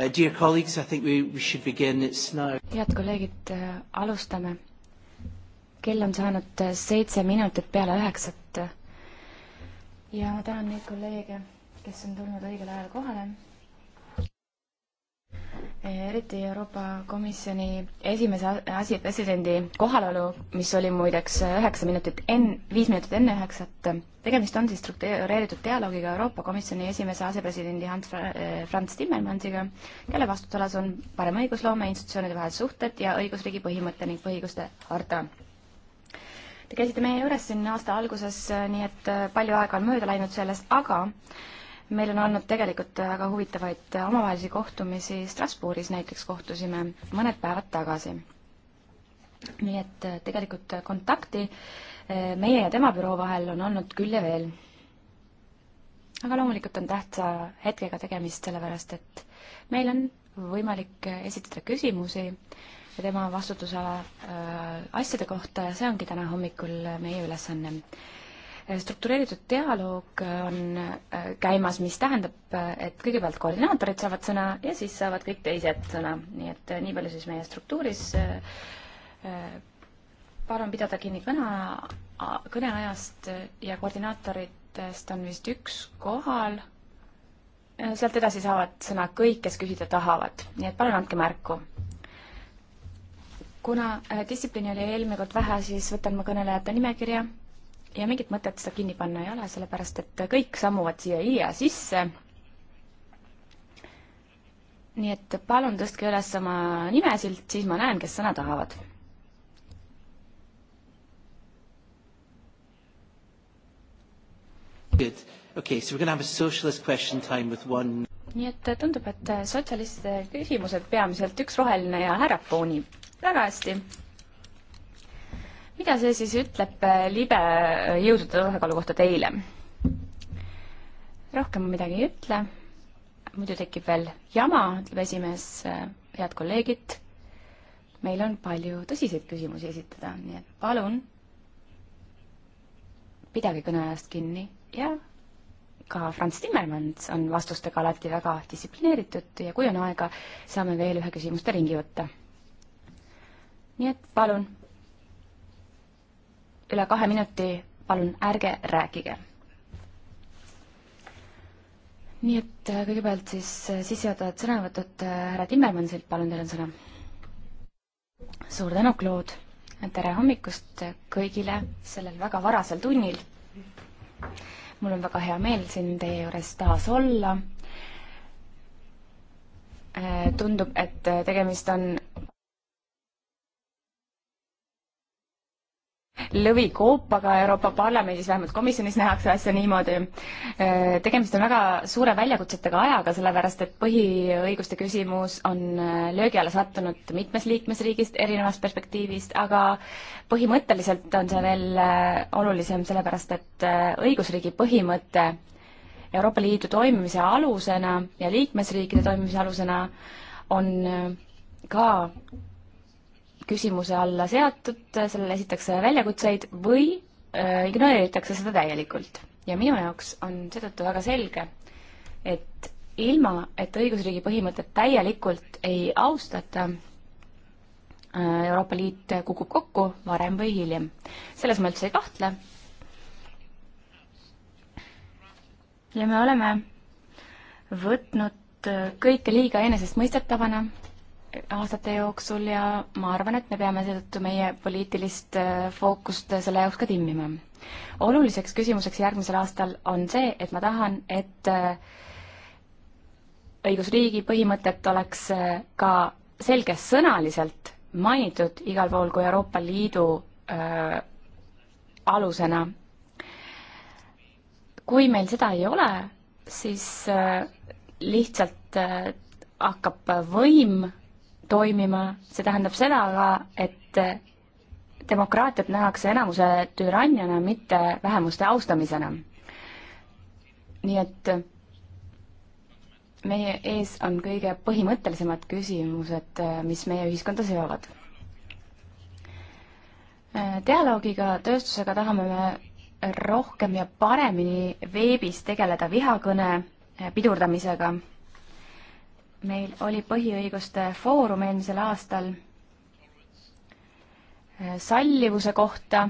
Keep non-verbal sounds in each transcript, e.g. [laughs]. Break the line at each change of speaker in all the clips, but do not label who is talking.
Uh, dear colleagues, I think we, we should begin. It's now...
head kolleegid, uh, alustame. kell on saanud uh, seitse minutit peale üheksat. ja ma tänan neid kolleege, kes on tulnud õigel ajal kohale eriti Euroopa Komisjoni esimese asepresidendi kohalolu, mis oli muideks üheksa minutit enn-, viis minutit enne üheksat, tegemist on siis struktureeritud dialoogiga Euroopa Komisjoni esimese asepresidendi Hans eh, Franz Timmermansiga, kelle vastutusalas on parem õigusloome, institutsioonide vahelised suhted ja õigusriigi põhimõte ning põhiõiguste harta. Te käisite meie juures siin aasta alguses, eh, nii et eh, palju aega on mööda läinud sellest, aga äh, meil on olnud tegelikult väga huvitavaid omavahelisi kohtumisi, Strasbourgis näiteks kohtusime mõned päevad tagasi. nii et äh, tegelikult kontakti äh, meie ja tema büroo vahel on olnud küll ja veel. aga loomulikult on tähtsa hetkega tegemist, sellepärast et meil on võimalik äh, esitada küsimusi ja tema vastutusala asjade kohta ja see ongi täna hommikul meie ülesanne struktureeritud dialoog äh, on äh, käimas, mis tähendab, äh, et kõigepealt koordinaatorid saavad sõna ja siis saavad kõik teised sõna, nii et nii palju siis meie struktuuris. palun pidada kinni kõne, kõneajast ja koordinaatoritest on vist üks kohal. sealt edasi saavad sõna kõik, kes küsida tahavad, nii et palun andke märku kuna distsipliini oli eelmine kord vähe, siis võtan ma kõnelejate nimekirja ja mingit mõtet seda kinni panna ei ole, sellepärast et kõik sammuvad siia IIA sisse. nii et palun tõstke üles oma nimesilt, siis ma näen, kes sõna tahavad.
Okay, so we're going to have a socialist question time with one
nii et tundub, et sotsialistide küsimused peamiselt üks roheline ja härra Pooni. väga hästi mida see siis ütleb äh, libe äh, jõudude tasakaalu kohta teile? rohkem ma midagi ei ütle, muidu tekib veel jama, ütleb esimees, äh, head kolleegid, meil on palju tõsiseid küsimusi esitada, nii et palun pidage kõneajast kinni ja ka Franz Timmermans on vastustega alati väga distsiplineeritud ja kui on aega, saame veel ühe küsimuste ringi võtta. nii et palun üle kahe minuti, palun ärge rääkige. nii et äh, kõigepealt siis äh, sissejuhatavad sõnavõtud äh, härra Timmermansilt, palun, teil on sõna. suur tänu, Claude. tere hommikust kõigile sellel väga varasel tunnil. mul on väga hea meel siin teie juures taas olla. tundub, et tegemist on lõvikoopaga Euroopa Parlamendis, vähemalt komisjonis nähakse asja niimoodi. Äh, tegemist on väga suure väljakutsetega ajaga, sellepärast et põhiõiguste küsimus on äh, löögi alla sattunud mitmes liikmesriigist erinevast perspektiivist, aga põhimõtteliselt on see veel äh, olulisem, sellepärast et õigusriigi põhimõte Euroopa Liidu toimimise alusena ja liikmesriikide toimimise alusena on ka küsimuse alla seatud, sellele esitatakse väljakutseid või äh, ignoreeritakse seda täielikult. ja minu jaoks on seetõttu väga selge, et ilma, et õigusriigi põhimõtet täielikult ei austata, äh, Euroopa Liit kukub kokku varem või hiljem. selles ma üldse ei kahtle. ja me oleme võtnud kõike liiga enesestmõistetavana aastate jooksul ja ma arvan, et me peame seetõttu meie poliitilist äh, fookust äh, selle jaoks ka timmima. oluliseks küsimuseks järgmisel aastal on see, et ma tahan, et äh, õigusriigi põhimõtet oleks ka selgesõnaliselt mainitud igal pool kui Euroopa Liidu äh, alusena. kui meil seda ei ole, siis äh, lihtsalt äh, hakkab võim toimima, see tähendab seda ka, et demokraatiat nähakse enamuse türanniana, mitte vähemuste austamisena. nii et meie ees on kõige põhimõttelisemad küsimused, mis meie ühiskonda seovad. dialoogiga tööstusega tahame me rohkem ja paremini veebis tegeleda vihakõne pidurdamisega meil oli põhiõiguste foorum eelmisel aastal äh, sallivuse kohta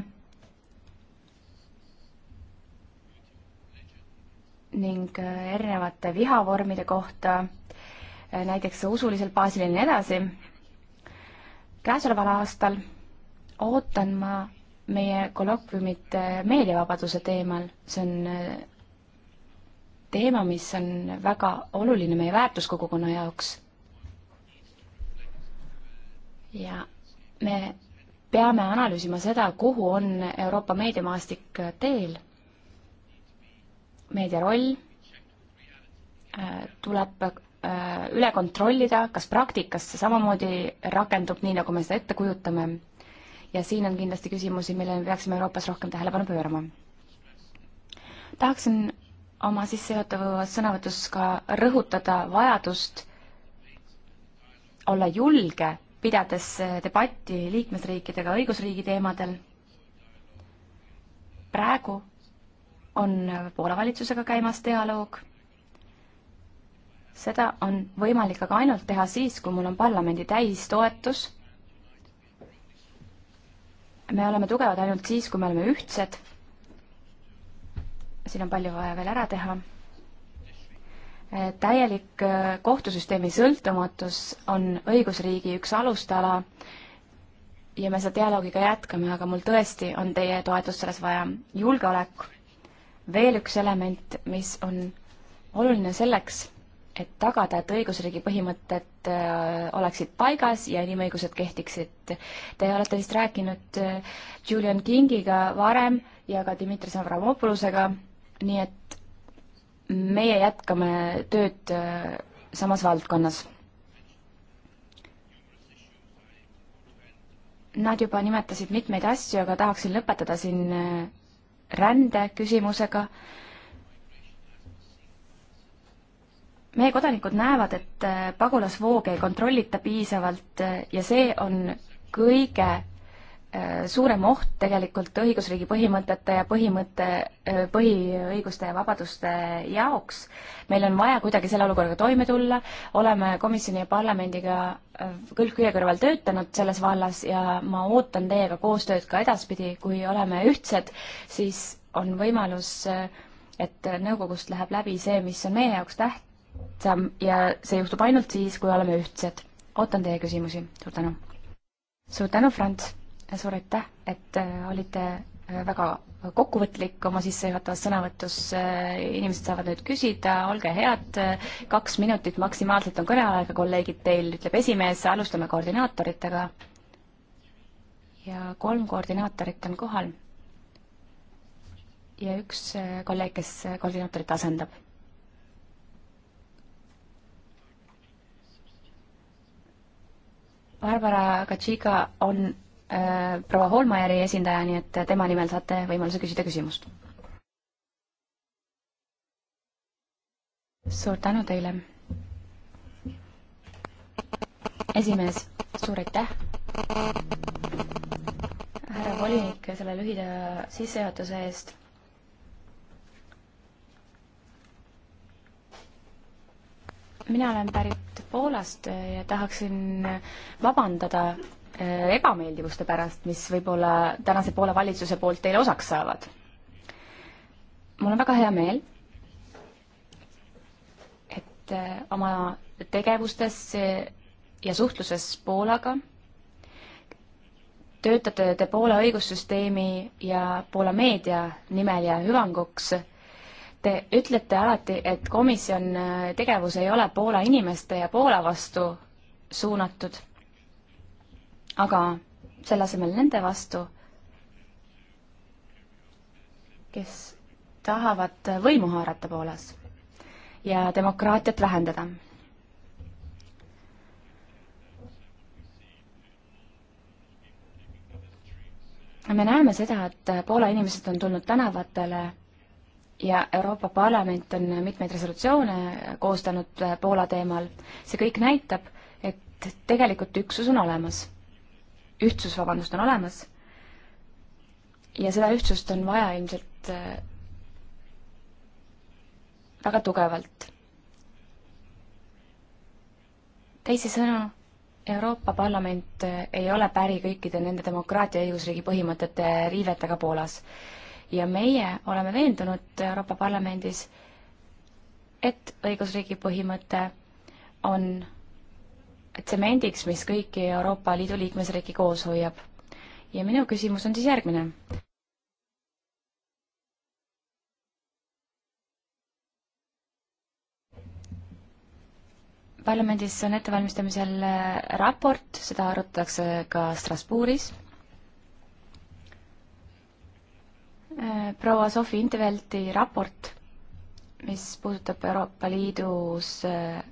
ning äh, erinevate vihavormide kohta, äh, näiteks usulisel baasil ja nii edasi. käesoleval aastal ootan ma meie kolokviumit meediavabaduse teemal, see on teema, mis on väga oluline meie väärtuskogukonna jaoks. ja me peame analüüsima seda, kuhu on Euroopa meediamaastik teel. meedia roll äh, tuleb äh, üle kontrollida, kas praktikas see samamoodi rakendub, nii nagu me seda ette kujutame. ja siin on kindlasti küsimusi, millele me peaksime Euroopas rohkem tähelepanu pöörama. tahaksin oma sissejuhatavas sõnavõtus ka rõhutada vajadust olla julge, pidades debatti liikmesriikidega õigusriigi teemadel. praegu on Poola valitsusega käimas dialoog. seda on võimalik aga ainult teha siis, kui mul on parlamendi täistoetus. me oleme tugevad ainult siis, kui me oleme ühtsed siin on palju vaja veel ära teha. Eh, täielik eh, kohtusüsteemi sõltumatus on õigusriigi üks alustala ja me seda dialoogi ka jätkame, aga mul tõesti on teie toetust selles vaja. julgeolek, veel üks element, mis on oluline selleks, et tagada, et õigusriigi põhimõtted eh, oleksid paigas ja inimõigused kehtiksid. Te olete vist rääkinud Julian Kingiga varem ja ka Dmitri Savramopoulosega nii et meie jätkame tööd äh, samas valdkonnas. Nad juba nimetasid mitmeid asju, aga tahaksin lõpetada siin äh, rände küsimusega. meie kodanikud näevad, et äh, pagulasvooge ei kontrollita piisavalt ja see on kõige Äh, suurem oht tegelikult õigusriigi põhimõtete ja põhimõtte, äh, põhiõiguste ja vabaduste jaoks. meil on vaja kuidagi selle olukorraga toime tulla, oleme komisjoni ja parlamendiga külg äh, külje kõrval töötanud selles vallas ja ma ootan teiega koostööd ka edaspidi, kui oleme ühtsed, siis on võimalus, et nõukogust läheb läbi see, mis on meie jaoks tähtsam ja see juhtub ainult siis, kui oleme ühtsed. ootan teie küsimusi, suur tänu! suur tänu, Franz! suur aitäh, et äh, olite äh, väga kokkuvõtlik oma sissejuhatavas sõnavõtus, äh, inimesed saavad nüüd küsida, olge head, kaks minutit maksimaalselt on kõneaega, kolleegid teil, ütleb esimees, alustame koordinaatoritega. ja kolm koordinaatorit on kohal. ja üks kolleeg, kes koordinaatorit asendab. Barbara Kachiga on Äh, proua Holmajärvi esindaja, nii et tema nimel saate võimaluse küsida küsimust. suur tänu teile. esimees, suur aitäh. härra volinik, selle lühida sissejuhatuse eest mina olen pärit Poolast ja tahaksin vabandada Äh, ebameeldivuste pärast, mis võib-olla tänase Poola valitsuse poolt teile osaks saavad. mul on väga hea meel, et äh, oma tegevustes äh, ja suhtluses Poolaga töötate te Poola õigussüsteemi ja Poola meedia nimel ja hüvanguks Te ütlete alati, et komisjon tegevus ei ole Poola inimeste ja Poola vastu suunatud aga selle asemel nende vastu, kes tahavad võimu haarata Poolas ja demokraatiat vähendada me näeme seda, et Poola inimesed on tulnud tänavatele ja Euroopa Parlament on mitmeid resolutsioone koostanud Poola teemal. see kõik näitab, et tegelikult üksus on olemas ühtsus, vabandust, on olemas ja seda ühtsust on vaja ilmselt äh, väga tugevalt. teisisõnu, Euroopa Parlament äh, ei ole päri kõikide nende demokraatia ja õigusriigi põhimõtete riivetega Poolas. ja meie oleme veendunud Euroopa Parlamendis, et õigusriigi põhimõte on tsemendiks, mis kõiki Euroopa Liidu liikmesriiki koos hoiab. ja minu küsimus on siis järgmine. parlamendis on ettevalmistamisel äh, raport, seda arutatakse ka Strasbourgis. Äh, proua Sofi Intevelti raport, mis puudutab Euroopa Liidus äh,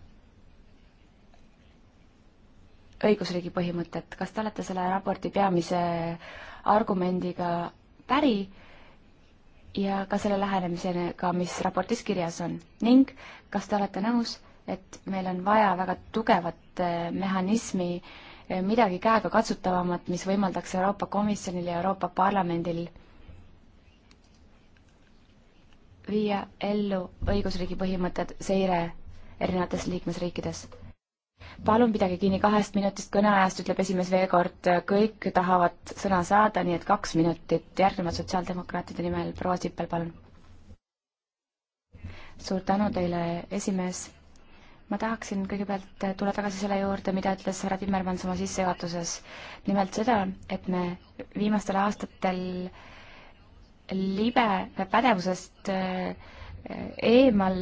õigusriigi põhimõtet. kas te olete selle raporti peamise argumendiga päri ja ka selle lähenemisega, mis raportis kirjas on? ning kas te olete nõus, et meil on vaja väga tugevat eh, mehhanismi, eh, midagi käegakatsutavamat, mis võimaldaks Euroopa Komisjonil ja Euroopa Parlamendil viia ellu õigusriigi põhimõtted seire erinevates liikmesriikides? palun pidage kinni kahest minutist kõneajast, ütleb esimees veel kord, kõik tahavad sõna saada, nii et kaks minutit, järgnevalt sotsiaaldemokraatide nimel proua Sippel, palun. suur tänu teile, esimees. ma tahaksin kõigepealt tulla tagasi selle juurde, mida ütles härra Timmermann oma sissejuhatuses. nimelt seda, et me viimastel aastatel libe pädevusest eh, eemal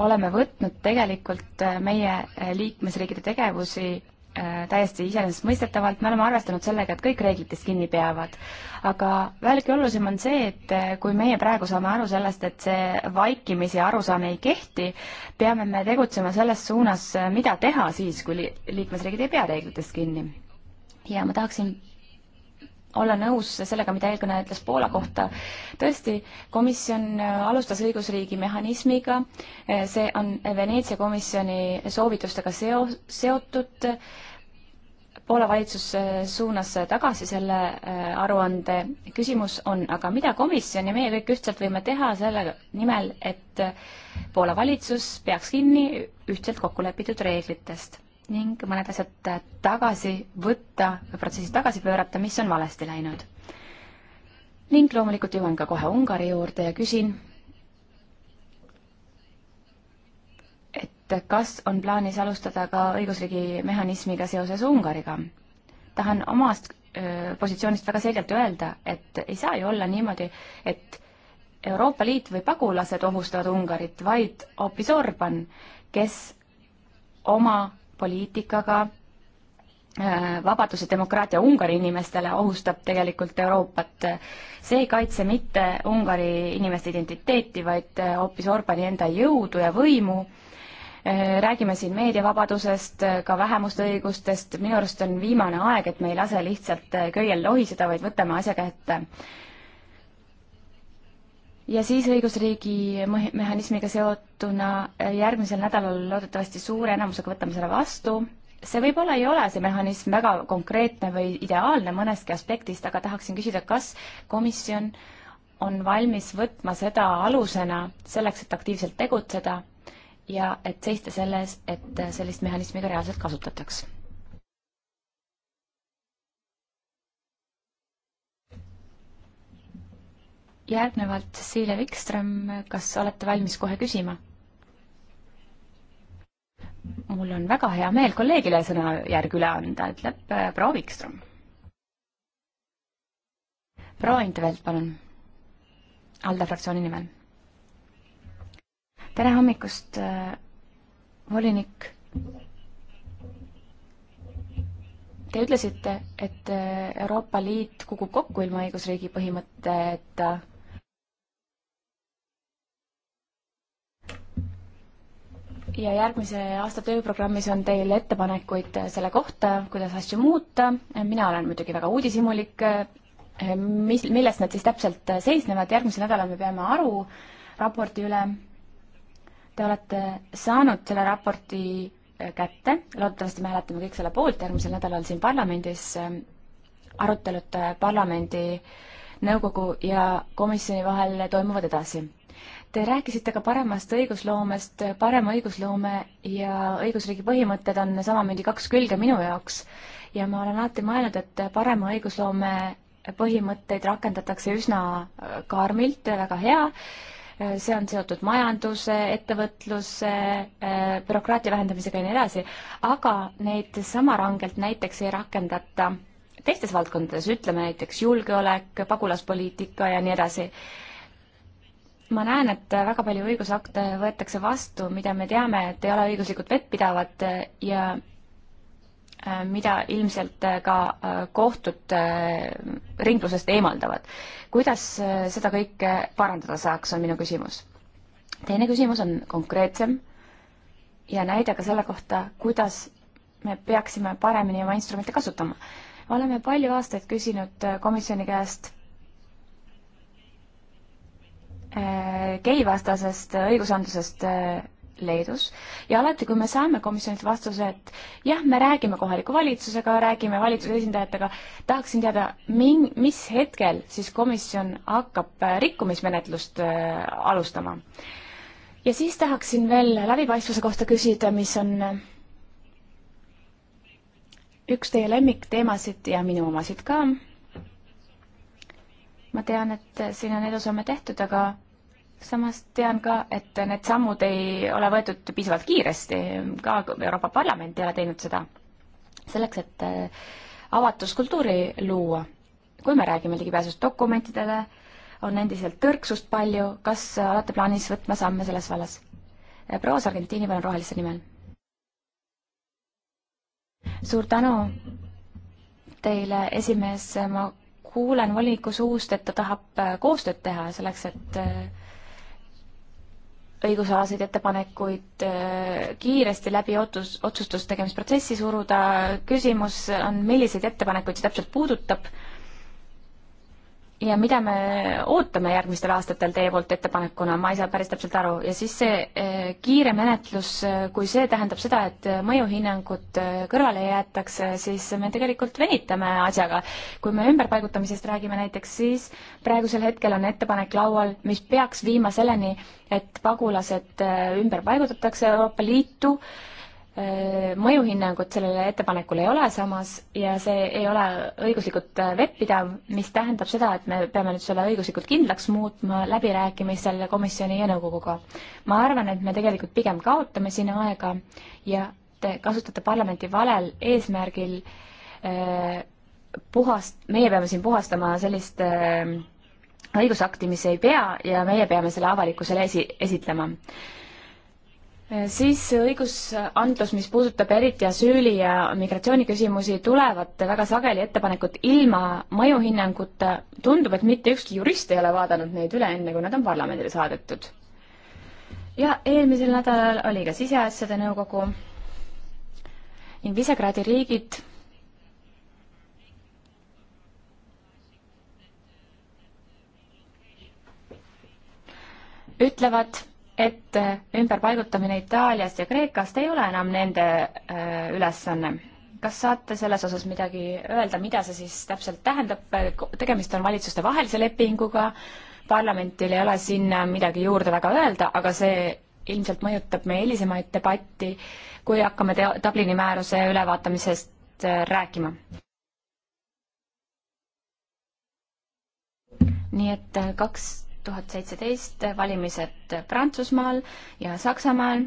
oleme võtnud tegelikult äh, meie äh, liikmesriikide tegevusi äh, täiesti iseenesestmõistetavalt, me oleme arvestanud sellega, et kõik reeglitest kinni peavad. aga veelgi olulisem on see, et kui meie praegu saame aru sellest, et see vaikimisi arusaam ei kehti, peame me tegutsema selles suunas, mida teha siis, kui liikmesriigid ei pea reeglitest kinni. ja ma tahaksin olla nõus sellega, mida eelkõneleja ütles Poola kohta. tõesti, komisjon äh, alustas õigusriigi mehhanismiga, äh, see on Veneetsia komisjoni soovitustega seo-, seotud. Poola valitsus äh, suunas tagasi selle aruande. küsimus on aga, mida komisjon ja meie kõik ühtselt võime teha selle nimel, et Poola valitsus peaks kinni ühtselt kokku lepitud reeglitest ning mõned asjad tagasi võtta, protsessi tagasi pöörata, mis on valesti läinud. ning loomulikult jõuan ka kohe Ungari juurde ja küsin, et kas on plaanis alustada ka õigusriigi mehhanismiga seoses Ungariga? tahan omast öö, positsioonist väga selgelt öelda, et ei saa ju olla niimoodi, et Euroopa Liit või pagulased ohustavad Ungarit, vaid hoopis Orban, kes oma poliitikaga vabaduse, demokraatia Ungari inimestele ohustab tegelikult Euroopat. see ei kaitse mitte Ungari inimeste identiteeti, vaid hoopis Orbani enda jõudu ja võimu. räägime siin meediavabadusest, ka vähemuste õigustest, minu arust on viimane aeg, et me ei lase lihtsalt köiel lohiseda, vaid võtame asja kätte ja siis õigusriigi mehhanismiga seotuna äh, järgmisel nädalal loodetavasti suure enamusega võtame selle vastu. see võib-olla ei ole see mehhanism väga konkreetne või ideaalne mõnestki aspektist, aga tahaksin küsida, kas komisjon on valmis võtma seda alusena selleks, et aktiivselt tegutseda ja et seista selle eest, et äh, sellist mehhanismi ka reaalselt kasutataks? järgnevalt Cecilia Wikström, kas olete valmis kohe küsima? mul on väga hea meel kolleegile sõnajärg üle anda, ütleb äh, proua Wikström. proua Intervelt, palun. ALDE fraktsiooni nimel. tere hommikust, äh, volinik. Te ütlesite, et äh, Euroopa Liit kukub kokku ilma õigusriigi põhimõteta et ja järgmise aasta tööprogrammis on teil ettepanekuid selle kohta, kuidas asju muuta. mina olen muidugi väga uudishimulik. mis, milles need siis täpselt seisnevad, järgmisel nädalal me peame aru raporti üle. Te olete saanud selle raporti kätte, loodetavasti me hääletame kõik selle poolt järgmisel nädalal siin parlamendis. arutelud parlamendi, nõukogu ja komisjoni vahel toimuvad edasi Te rääkisite ka paremast õigusloomest, parem õigusloome ja õigusriigi põhimõtted on samamoodi kaks külge minu jaoks ja ma olen alati mõelnud, et parema õigusloome põhimõtteid rakendatakse üsna äh, karmilt, väga hea, see on seotud majanduse, ettevõtluse, äh, bürokraatia vähendamisega ja nii edasi, aga neid sama rangelt näiteks ei rakendata teistes valdkondades, ütleme näiteks julgeolek, pagulaspoliitika ja nii edasi ma näen, et väga palju õigusakte võetakse vastu, mida me teame, et ei ole õiguslikult vettpidavad eh, ja eh, mida ilmselt eh, ka kohtud ringlusest eemaldavad. kuidas seda kõike parandada saaks, on minu küsimus. teine küsimus on konkreetsem ja näide ka selle kohta, kuidas me peaksime paremini oma instrumente kasutama. oleme palju aastaid küsinud komisjoni käest Äh, geivastasest äh, õigusandlusest äh, Leedus ja alati, kui me saame komisjonilt vastuse, et jah, me räägime kohaliku valitsusega, räägime valitsuse esindajatega, tahaksin teada, min-, mis hetkel siis komisjon hakkab rikkumismenetlust alustama. ja siis tahaksin veel läbipaistvuse kohta küsida, mis on üks teie lemmikteemasid ja minu omasid ka. ma tean, et siin on edusamme tehtud, aga samas tean ka, et need sammud ei ole võetud piisavalt kiiresti, ka Euroopa Parlament ei ole teinud seda, selleks et äh, avatuskultuuri luua. kui me räägime ligipääsust dokumentidele, on endiselt tõrksust palju, kas olete plaanis võtma samme selles vallas? proua Sargentini, palun rohelise nimel. suur tänu teile, esimees, ma kuulen voliniku suust, et ta tahab äh, koostööd teha selleks, et äh, õigusalaseid ettepanekuid äh, kiiresti läbi otus, otsustustegemisprotsessi suruda. küsimus on, milliseid ettepanekuid see täpselt puudutab ja mida me ootame järgmistel aastatel teie poolt ettepanekuna, ma ei saa päris täpselt aru, ja siis see eh, kiire menetlus, eh, kui see tähendab seda, et eh, mõjuhinnangud kõrvale jäetakse, siis me tegelikult venitame asjaga. kui me ümberpaigutamisest räägime näiteks, siis praegusel hetkel on ettepanek laual, mis peaks viima selleni, et pagulased ümber paigutatakse Euroopa Liitu äh, Äh, mõjuhinnangut sellele ettepanekule ei ole samas ja see ei ole õiguslikult äh, vettpidav, mis tähendab seda, et me peame nüüd selle õiguslikult kindlaks muutma läbirääkimisel komisjoni ja nõukoguga. ma arvan, et me tegelikult pigem kaotame siin aega ja te kasutate parlamenti valel eesmärgil äh, puhast, meie peame siin puhastama sellist äh, õigusakti, mis ei pea ja meie peame selle avalikkusele esi, esitlema. Äh, siis õigusandlus, mis puudutab eriti asüüli ja migratsiooniküsimusi, tulevad väga sageli ettepanekud ilma mõjuhinnanguta. tundub, et mitte ükski jurist ei ole vaadanud neid üle, enne kui nad on parlamendile saadetud. ja eelmisel nädalal oli ka Siseasjade Nõukogu ning Visegradi riigid ütlevad, et äh, ümberpaigutamine Itaaliast ja Kreekast ei ole enam nende äh, ülesanne. kas saate selles osas midagi öelda, mida see siis täpselt tähendab, tegemist on valitsustevahelise lepinguga, parlamentil ei ole sinna midagi juurde väga öelda, aga see ilmselt mõjutab meie hilisemaid debatti, kui hakkame te-, Dublini määruse ülevaatamisest äh, rääkima. nii et kaks tuhat seitseteist valimised Prantsusmaal ja Saksamaal,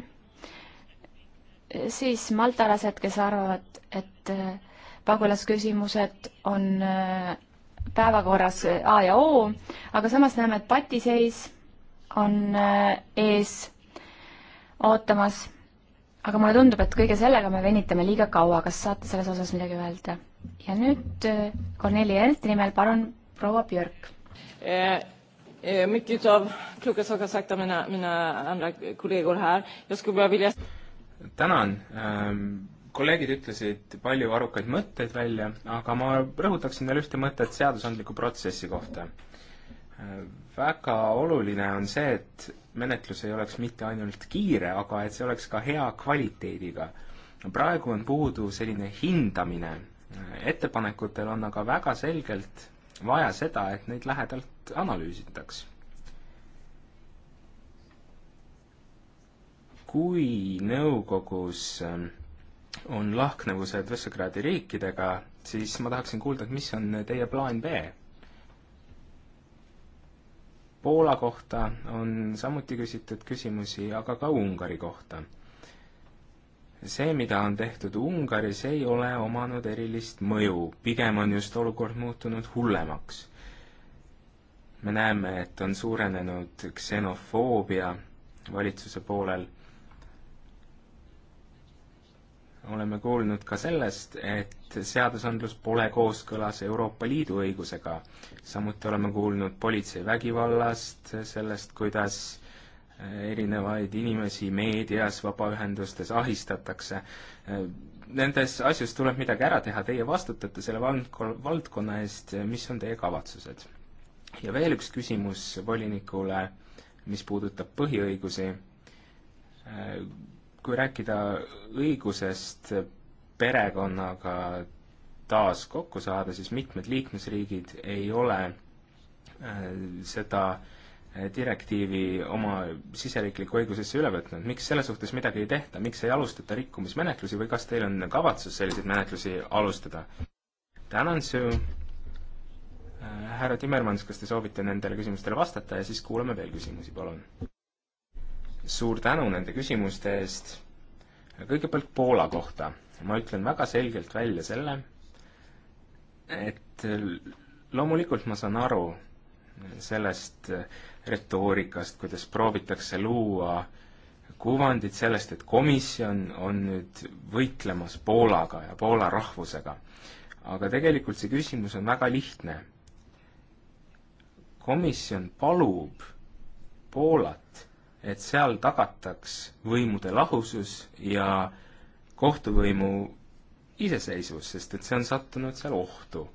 siis maltalased, kes arvavad, et äh, pagulasküsimused on äh, päevakorras äh, A ja O, aga samas näeme, et patiseis on ees ootamas. aga mulle tundub, et kõige sellega me venitame liiga kaua, kas saate selles osas midagi öelda? ja nüüd Korneli Ernsti nimel palun proua Björk
äh,. Eh, mycket av kloka saker har sagt av mina, mina andra kollegor här. Jag skulle bara vilja...
Tänan ähm,. kolleegid ütlesid palju arukaid mõtteid välja, aga ma rõhutaksin veel ühte mõtet seadusandliku protsessi kohta äh,. väga oluline on see, et menetlus ei oleks mitte ainult kiire, aga et see oleks ka hea kvaliteediga. praegu on puudu selline hindamine. Ehm, ettepanekutel on aga väga selgelt vaja seda, et neid lähedalt analüüsitaks. kui nõukogus ähm, on lahknevused Visegradi riikidega, siis ma tahaksin kuulda, et mis on teie plaan B? Poola kohta on samuti küsitud küsimusi, aga ka Ungari kohta see, mida on tehtud Ungaris, ei ole omanud erilist mõju, pigem on just olukord muutunud hullemaks. me näeme, et on suurenenud ksenofoobia valitsuse poolel. oleme kuulnud ka sellest, et seadusandlus pole kooskõlas Euroopa Liidu õigusega. samuti oleme kuulnud politsei vägivallast, sellest, kuidas erinevaid inimesi meedias, vabaühendustes ahistatakse. Nendes asjus tuleb midagi ära teha, teie vastutate selle valdkonna, valdkonna eest, mis on teie kavatsused? ja veel üks küsimus volinikule, mis puudutab põhiõigusi. kui rääkida õigusest perekonnaga taas kokku saada, siis mitmed liikmesriigid ei ole äh, seda äh, direktiivi oma siseriiklikku õigusesse üle võtnud, miks selle suhtes midagi ei tehta, miks ei alustata rikkumismenetlusi või kas teil on kavatsus selliseid menetlusi alustada? tänan su, äh, härra Timmermans, kas te soovite nendele küsimustele vastata ja siis kuulame veel küsimusi, palun. suur tänu nende küsimuste eest. kõigepealt Poola kohta. ma ütlen väga selgelt välja selle, et loomulikult ma saan aru sellest retoorikast, kuidas proovitakse luua kuvandit sellest, et komisjon on nüüd võitlemas Poolaga ja Poola rahvusega. aga tegelikult see küsimus on väga lihtne. komisjon palub Poolat, et seal tagataks võimude lahusus ja kohtuvõimu iseseisvus, sest et see on sattunud seal ohtu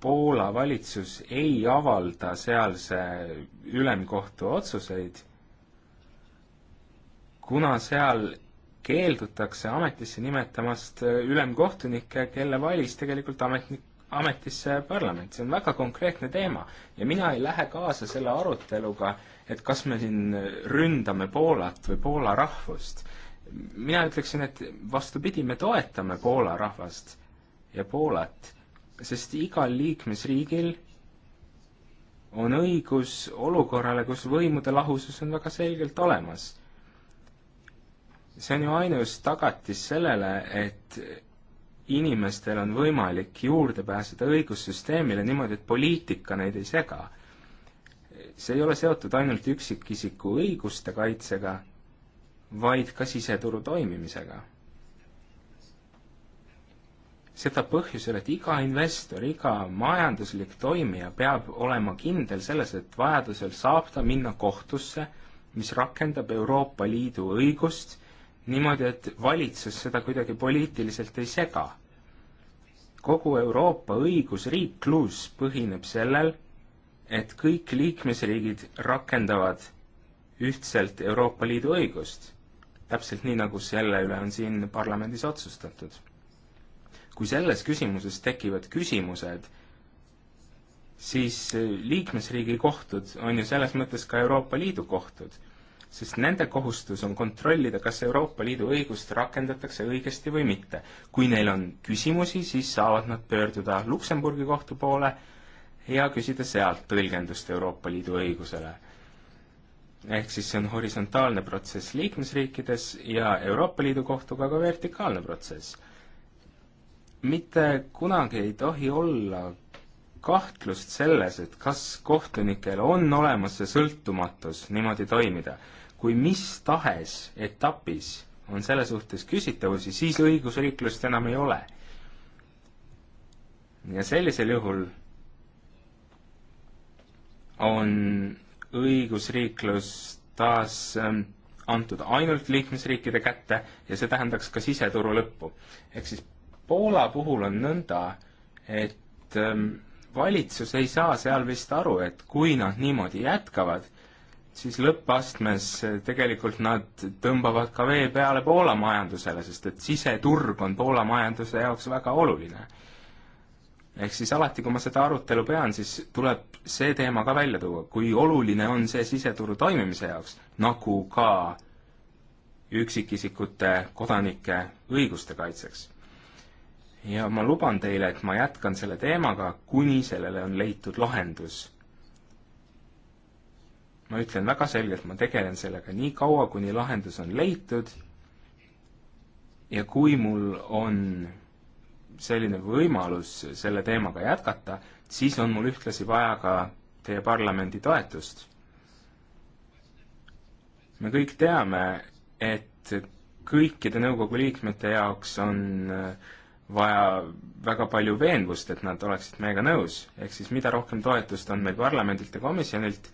Poola valitsus ei avalda sealse ülemkohtu otsuseid, kuna seal keeldutakse ametisse nimetamast ülemkohtunikke, kelle valis tegelikult ametnik, ametisse parlament, see on väga konkreetne teema. ja mina ei lähe kaasa selle aruteluga, et kas me siin ründame Poolat või Poola rahvust. mina ütleksin, et vastupidi, me toetame Poola rahvast ja Poolat sest igal liikmesriigil on õigus olukorrale, kus võimude lahusus on väga selgelt olemas. see on ju ainus tagatis sellele, et inimestel on võimalik juurde pääseda õigussüsteemile niimoodi, et poliitika neid ei sega. see ei ole seotud ainult üksikisiku õiguste kaitsega, vaid ka siseturu toimimisega seda põhjusel, et iga investor, iga majanduslik toimija peab olema kindel selles, et vajadusel saab ta minna kohtusse, mis rakendab Euroopa Liidu õigust niimoodi, et valitsus seda kuidagi poliitiliselt ei sega. kogu Euroopa õigusriiklus põhineb sellel, et kõik liikmesriigid rakendavad ühtselt Euroopa Liidu õigust, täpselt nii, nagu selle üle on siin parlamendis otsustatud kui selles küsimuses tekivad küsimused, siis eh, liikmesriigi kohtud on ju selles mõttes ka Euroopa Liidu kohtud, sest nende kohustus on kontrollida, kas Euroopa Liidu õigust rakendatakse õigesti või mitte. kui neil on küsimusi, siis saavad nad pöörduda Luksemburgi kohtu poole ja küsida sealt tõlgendust Euroopa Liidu õigusele. ehk siis see on horisontaalne protsess liikmesriikides ja Euroopa Liidu kohtuga ka vertikaalne protsess mitte kunagi ei tohi olla kahtlust selles, et kas kohtunikel on olemas see sõltumatus niimoodi toimida. kui mis tahes etapis on selle suhtes küsitavusi, siis õigusriiklust enam ei ole. ja sellisel juhul on õigusriiklus taas ähm, antud ainult liikmesriikide kätte ja see tähendaks ka siseturu lõppu. ehk siis Poola puhul on nõnda, et ähm, valitsus ei saa seal vist aru, et kui nad niimoodi jätkavad, siis lõppastmes äh, tegelikult nad tõmbavad ka vee peale Poola majandusele, sest et siseturg on Poola majanduse jaoks väga oluline. ehk siis alati, kui ma seda arutelu pean, siis tuleb see teema ka välja tuua, kui oluline on see siseturu toimimise jaoks, nagu ka üksikisikute kodanike õiguste kaitseks ja ma luban teile, et ma jätkan selle teemaga, kuni sellele on leitud lahendus. ma ütlen väga selgelt, ma tegelen sellega nii kaua, kuni lahendus on leitud ja kui mul on selline võimalus selle teemaga jätkata, siis on mul ühtlasi vaja ka teie parlamendi toetust. me kõik teame, et kõikide nõukogu liikmete jaoks on äh, vaja väga palju veenvust, et nad oleksid meiega nõus. ehk siis mida rohkem toetust on meil parlamendilt ja komisjonilt,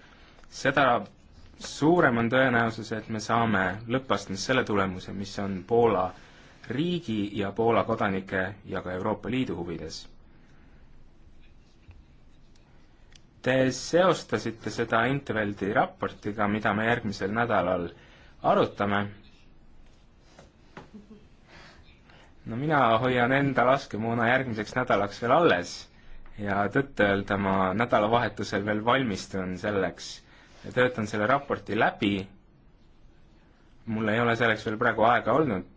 seda suurem on tõenäosus, et me saame lõppastmes selle tulemuse, mis on Poola riigi ja Poola kodanike ja ka Euroopa Liidu huvides. Te seostasite seda Interveldi raportiga, mida me järgmisel nädalal arutame no mina hoian enda laskemoona järgmiseks nädalaks veel alles ja tõtt-öelda ma nädalavahetusel veel valmistun selleks ja töötan selle raporti läbi. mul ei ole selleks veel praegu aega olnud,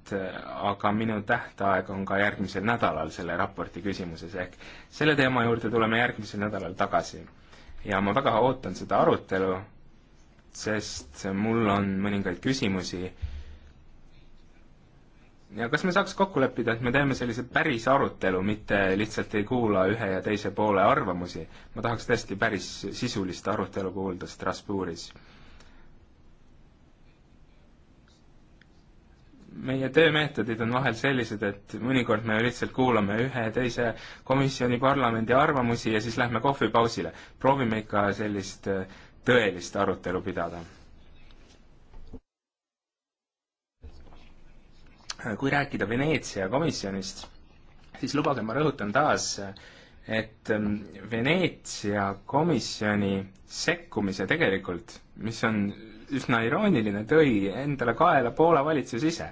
aga minu tähtaeg on ka järgmisel nädalal selle raporti küsimuses, ehk selle teema juurde tuleme järgmisel nädalal tagasi. ja ma väga ootan seda arutelu, sest mul on mõningaid küsimusi ja kas me saaks kokku leppida, et me teeme sellise päris arutelu, mitte lihtsalt ei kuula ühe ja teise poole arvamusi? ma tahaks tõesti päris sisulist arutelu kuulda Strasbourgis. meie töömeetodid on vahel sellised, et mõnikord me lihtsalt kuulame ühe ja teise komisjoni, parlamendi arvamusi ja siis lähme kohvipausile. proovime ikka sellist tõelist arutelu pidada kui rääkida Veneetsia komisjonist, siis lubage, ma rõhutan taas, et ähm, Veneetsia komisjoni sekkumise tegelikult, mis on üsna irooniline, tõi endale kaela Poola valitsus ise.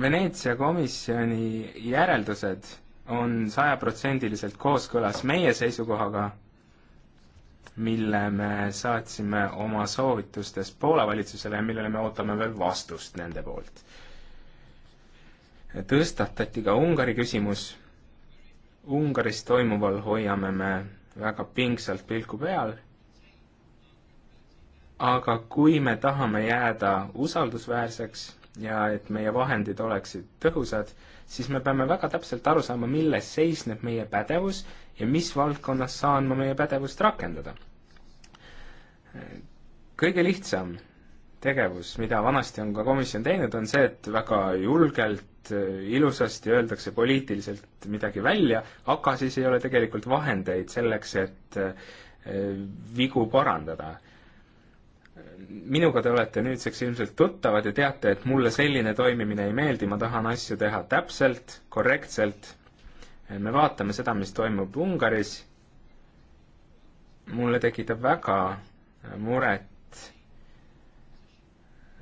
Veneetsia komisjoni järeldused on sajaprotsendiliselt kooskõlas meie seisukohaga mille me saatsime oma soovitustes Poola valitsusele ja millele me ootame veel vastust nende poolt. tõstatati ka Ungari küsimus. Ungaris toimuval hoiame me väga pingsalt pilku peal. aga kui me tahame jääda usaldusväärseks ja et meie vahendid oleksid tõhusad, siis me peame väga täpselt aru saama, milles seisneb meie pädevus ja mis valdkonnas saan ma meie pädevust rakendada. kõige lihtsam tegevus, mida vanasti on ka komisjon teinud, on see, et väga julgelt, ilusasti öeldakse poliitiliselt midagi välja, aga siis ei ole tegelikult vahendeid selleks, et eh, vigu parandada minuga te olete nüüdseks ilmselt tuttavad ja teate, et mulle selline toimimine ei meeldi, ma tahan asju teha täpselt, korrektselt me vaatame seda, mis toimub Ungaris, mulle tekitab väga äh, muret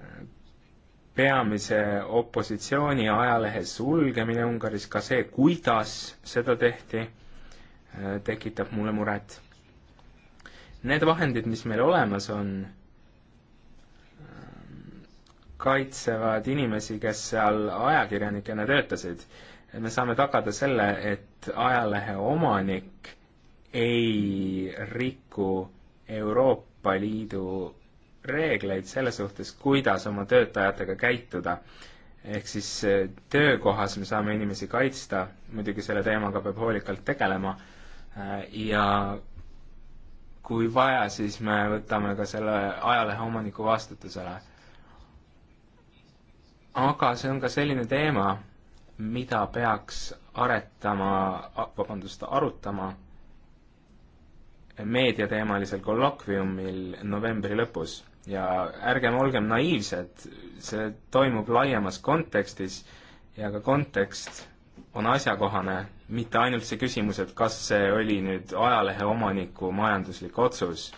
äh, peamise opositsiooni ajalehe sulgemine Ungaris, ka see, kuidas seda tehti, äh, tekitab mulle muret. Need vahendid, mis meil olemas on, ähm, kaitsevad inimesi, kes seal ajakirjanikena töötasid me saame tagada selle, et ajalehe omanik ei riku Euroopa Liidu reegleid selle suhtes, kuidas oma töötajatega käituda. ehk siis eh, töökohas me saame inimesi kaitsta, muidugi selle teemaga peab hoolikalt tegelema eh, ja kui vaja, siis me võtame ka selle ajalehe omaniku vastutusele. aga see on ka selline teema, mida peaks aretama, vabandust, arutama meediateemalisel kollokviumil novembri lõpus ja ärgem olgem naiivsed, see toimub laiemas kontekstis ja ka kontekst on asjakohane, mitte ainult see küsimus, et kas see oli nüüd ajalehe omaniku majanduslik otsus,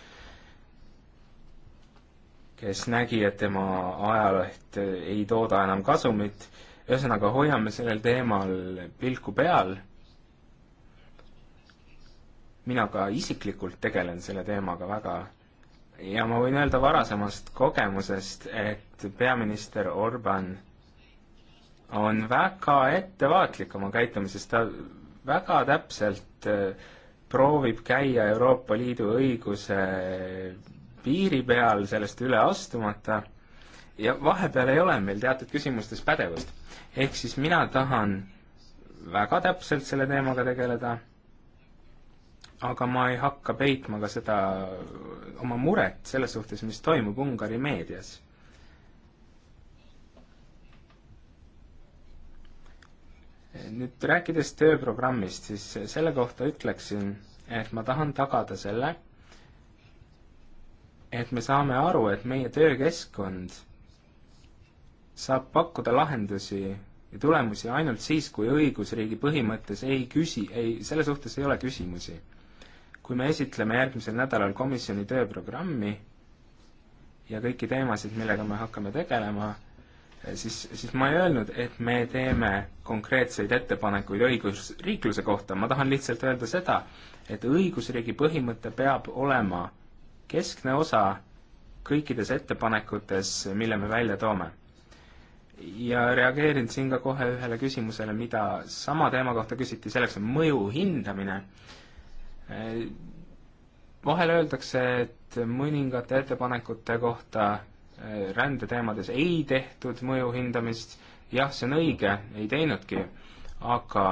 kes nägi, et tema ajaleht ei tooda enam kasumit ühesõnaga, hoiame sellel teemal pilku peal. mina ka isiklikult tegelen selle teemaga väga ja ma võin öelda varasemast kogemusest, et peaminister Orban on väga ettevaatlik oma käitumises, ta väga täpselt äh, proovib käia Euroopa Liidu õiguse piiri peal, sellest üle astumata ja vahepeal ei ole meil teatud küsimustes pädevust. ehk siis mina tahan väga täpselt selle teemaga tegeleda, aga ma ei hakka peitma ka seda oma muret selles suhtes, mis toimub Ungari meedias. nüüd rääkides tööprogrammist, siis selle kohta ütleksin, et ma tahan tagada selle, et me saame aru, et meie töökeskkond saab pakkuda lahendusi ja tulemusi ainult siis, kui õigusriigi põhimõttes ei küsi, ei, selle suhtes ei ole küsimusi. kui me esitleme järgmisel nädalal komisjoni tööprogrammi ja kõiki teemasid, millega me hakkame tegelema, siis, siis ma ei öelnud, et me teeme konkreetseid ettepanekuid õigusriikluse kohta, ma tahan lihtsalt öelda seda, et õigusriigi põhimõte peab olema keskne osa kõikides ettepanekutes, mille me välja toome ja reageerin siin ka kohe ühele küsimusele, mida sama teema kohta küsiti, selleks on mõju hindamine. vahel öeldakse, et mõningate ettepanekute kohta eh, rändeteemades ei tehtud mõju hindamist, jah, see on õige, ei teinudki, aga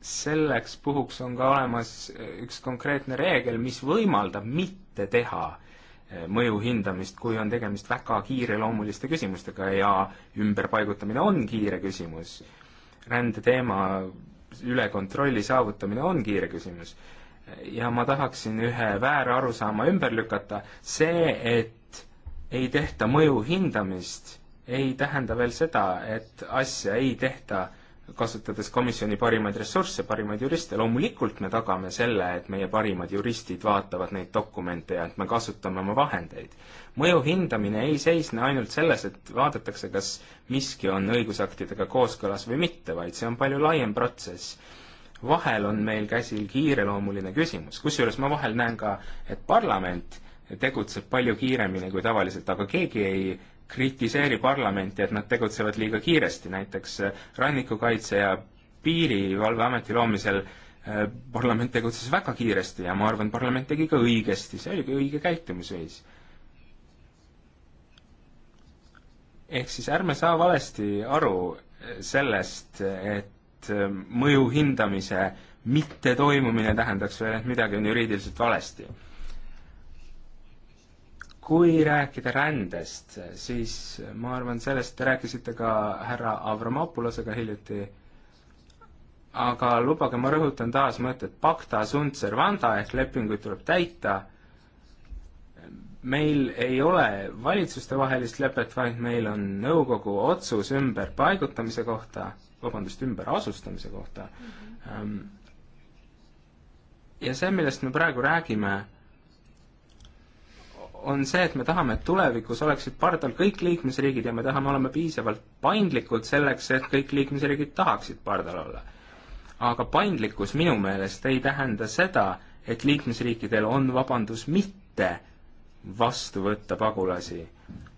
selleks puhuks on ka olemas eh, üks konkreetne reegel, mis võimaldab mitte teha Eh, mõju hindamist, kui on tegemist väga kiireloomuliste küsimustega ja ümberpaigutamine on kiire küsimus. rändeteema üle kontrolli saavutamine on kiire küsimus. ja ma tahaksin ühe väära arusaama ümber lükata, see, et ei tehta mõju hindamist, ei tähenda veel seda, et asja ei tehta kasutades komisjoni parimaid ressursse, parimaid juriste, loomulikult me tagame selle, et meie parimad juristid vaatavad neid dokumente ja et me kasutame oma vahendeid. mõju hindamine ei seisne ainult selles, et vaadatakse, kas miski on õigusaktidega kooskõlas või mitte, vaid see on palju laiem protsess. vahel on meil käsil kiireloomuline küsimus, kusjuures ma vahel näen ka, et parlament tegutseb palju kiiremini kui tavaliselt, aga keegi ei kritiseeri parlamenti, et nad tegutsevad liiga kiiresti, näiteks äh, Rannikukaitse ja Piirivalveameti loomisel äh, parlament tegutses väga kiiresti ja ma arvan, parlament tegi ka õigesti, see oli õige käitumisviis. ehk siis ärme saa valesti aru äh, sellest, et mõju hindamise mittetoimumine tähendaks veel, et midagi on juriidiliselt valesti kui rääkida rändest, siis ma arvan, sellest te rääkisite ka härra Avramopulasega hiljuti, aga lubage, ma rõhutan taas mõtet pacta sunt servanda ehk lepinguid tuleb täita. meil ei ole valitsustevahelist lepet, vaid meil on nõukogu otsus ümberpaigutamise kohta, vabandust, ümberasustamise kohta mm. -hmm. ja see, millest me praegu räägime on see, et me tahame, et tulevikus oleksid pardal kõik liikmesriigid ja me tahame olema piisavalt paindlikud selleks, et kõik liikmesriigid tahaksid pardal olla. aga paindlikkus minu meelest ei tähenda seda, et liikmesriikidel on vabandus mitte vastu võtta pagulasi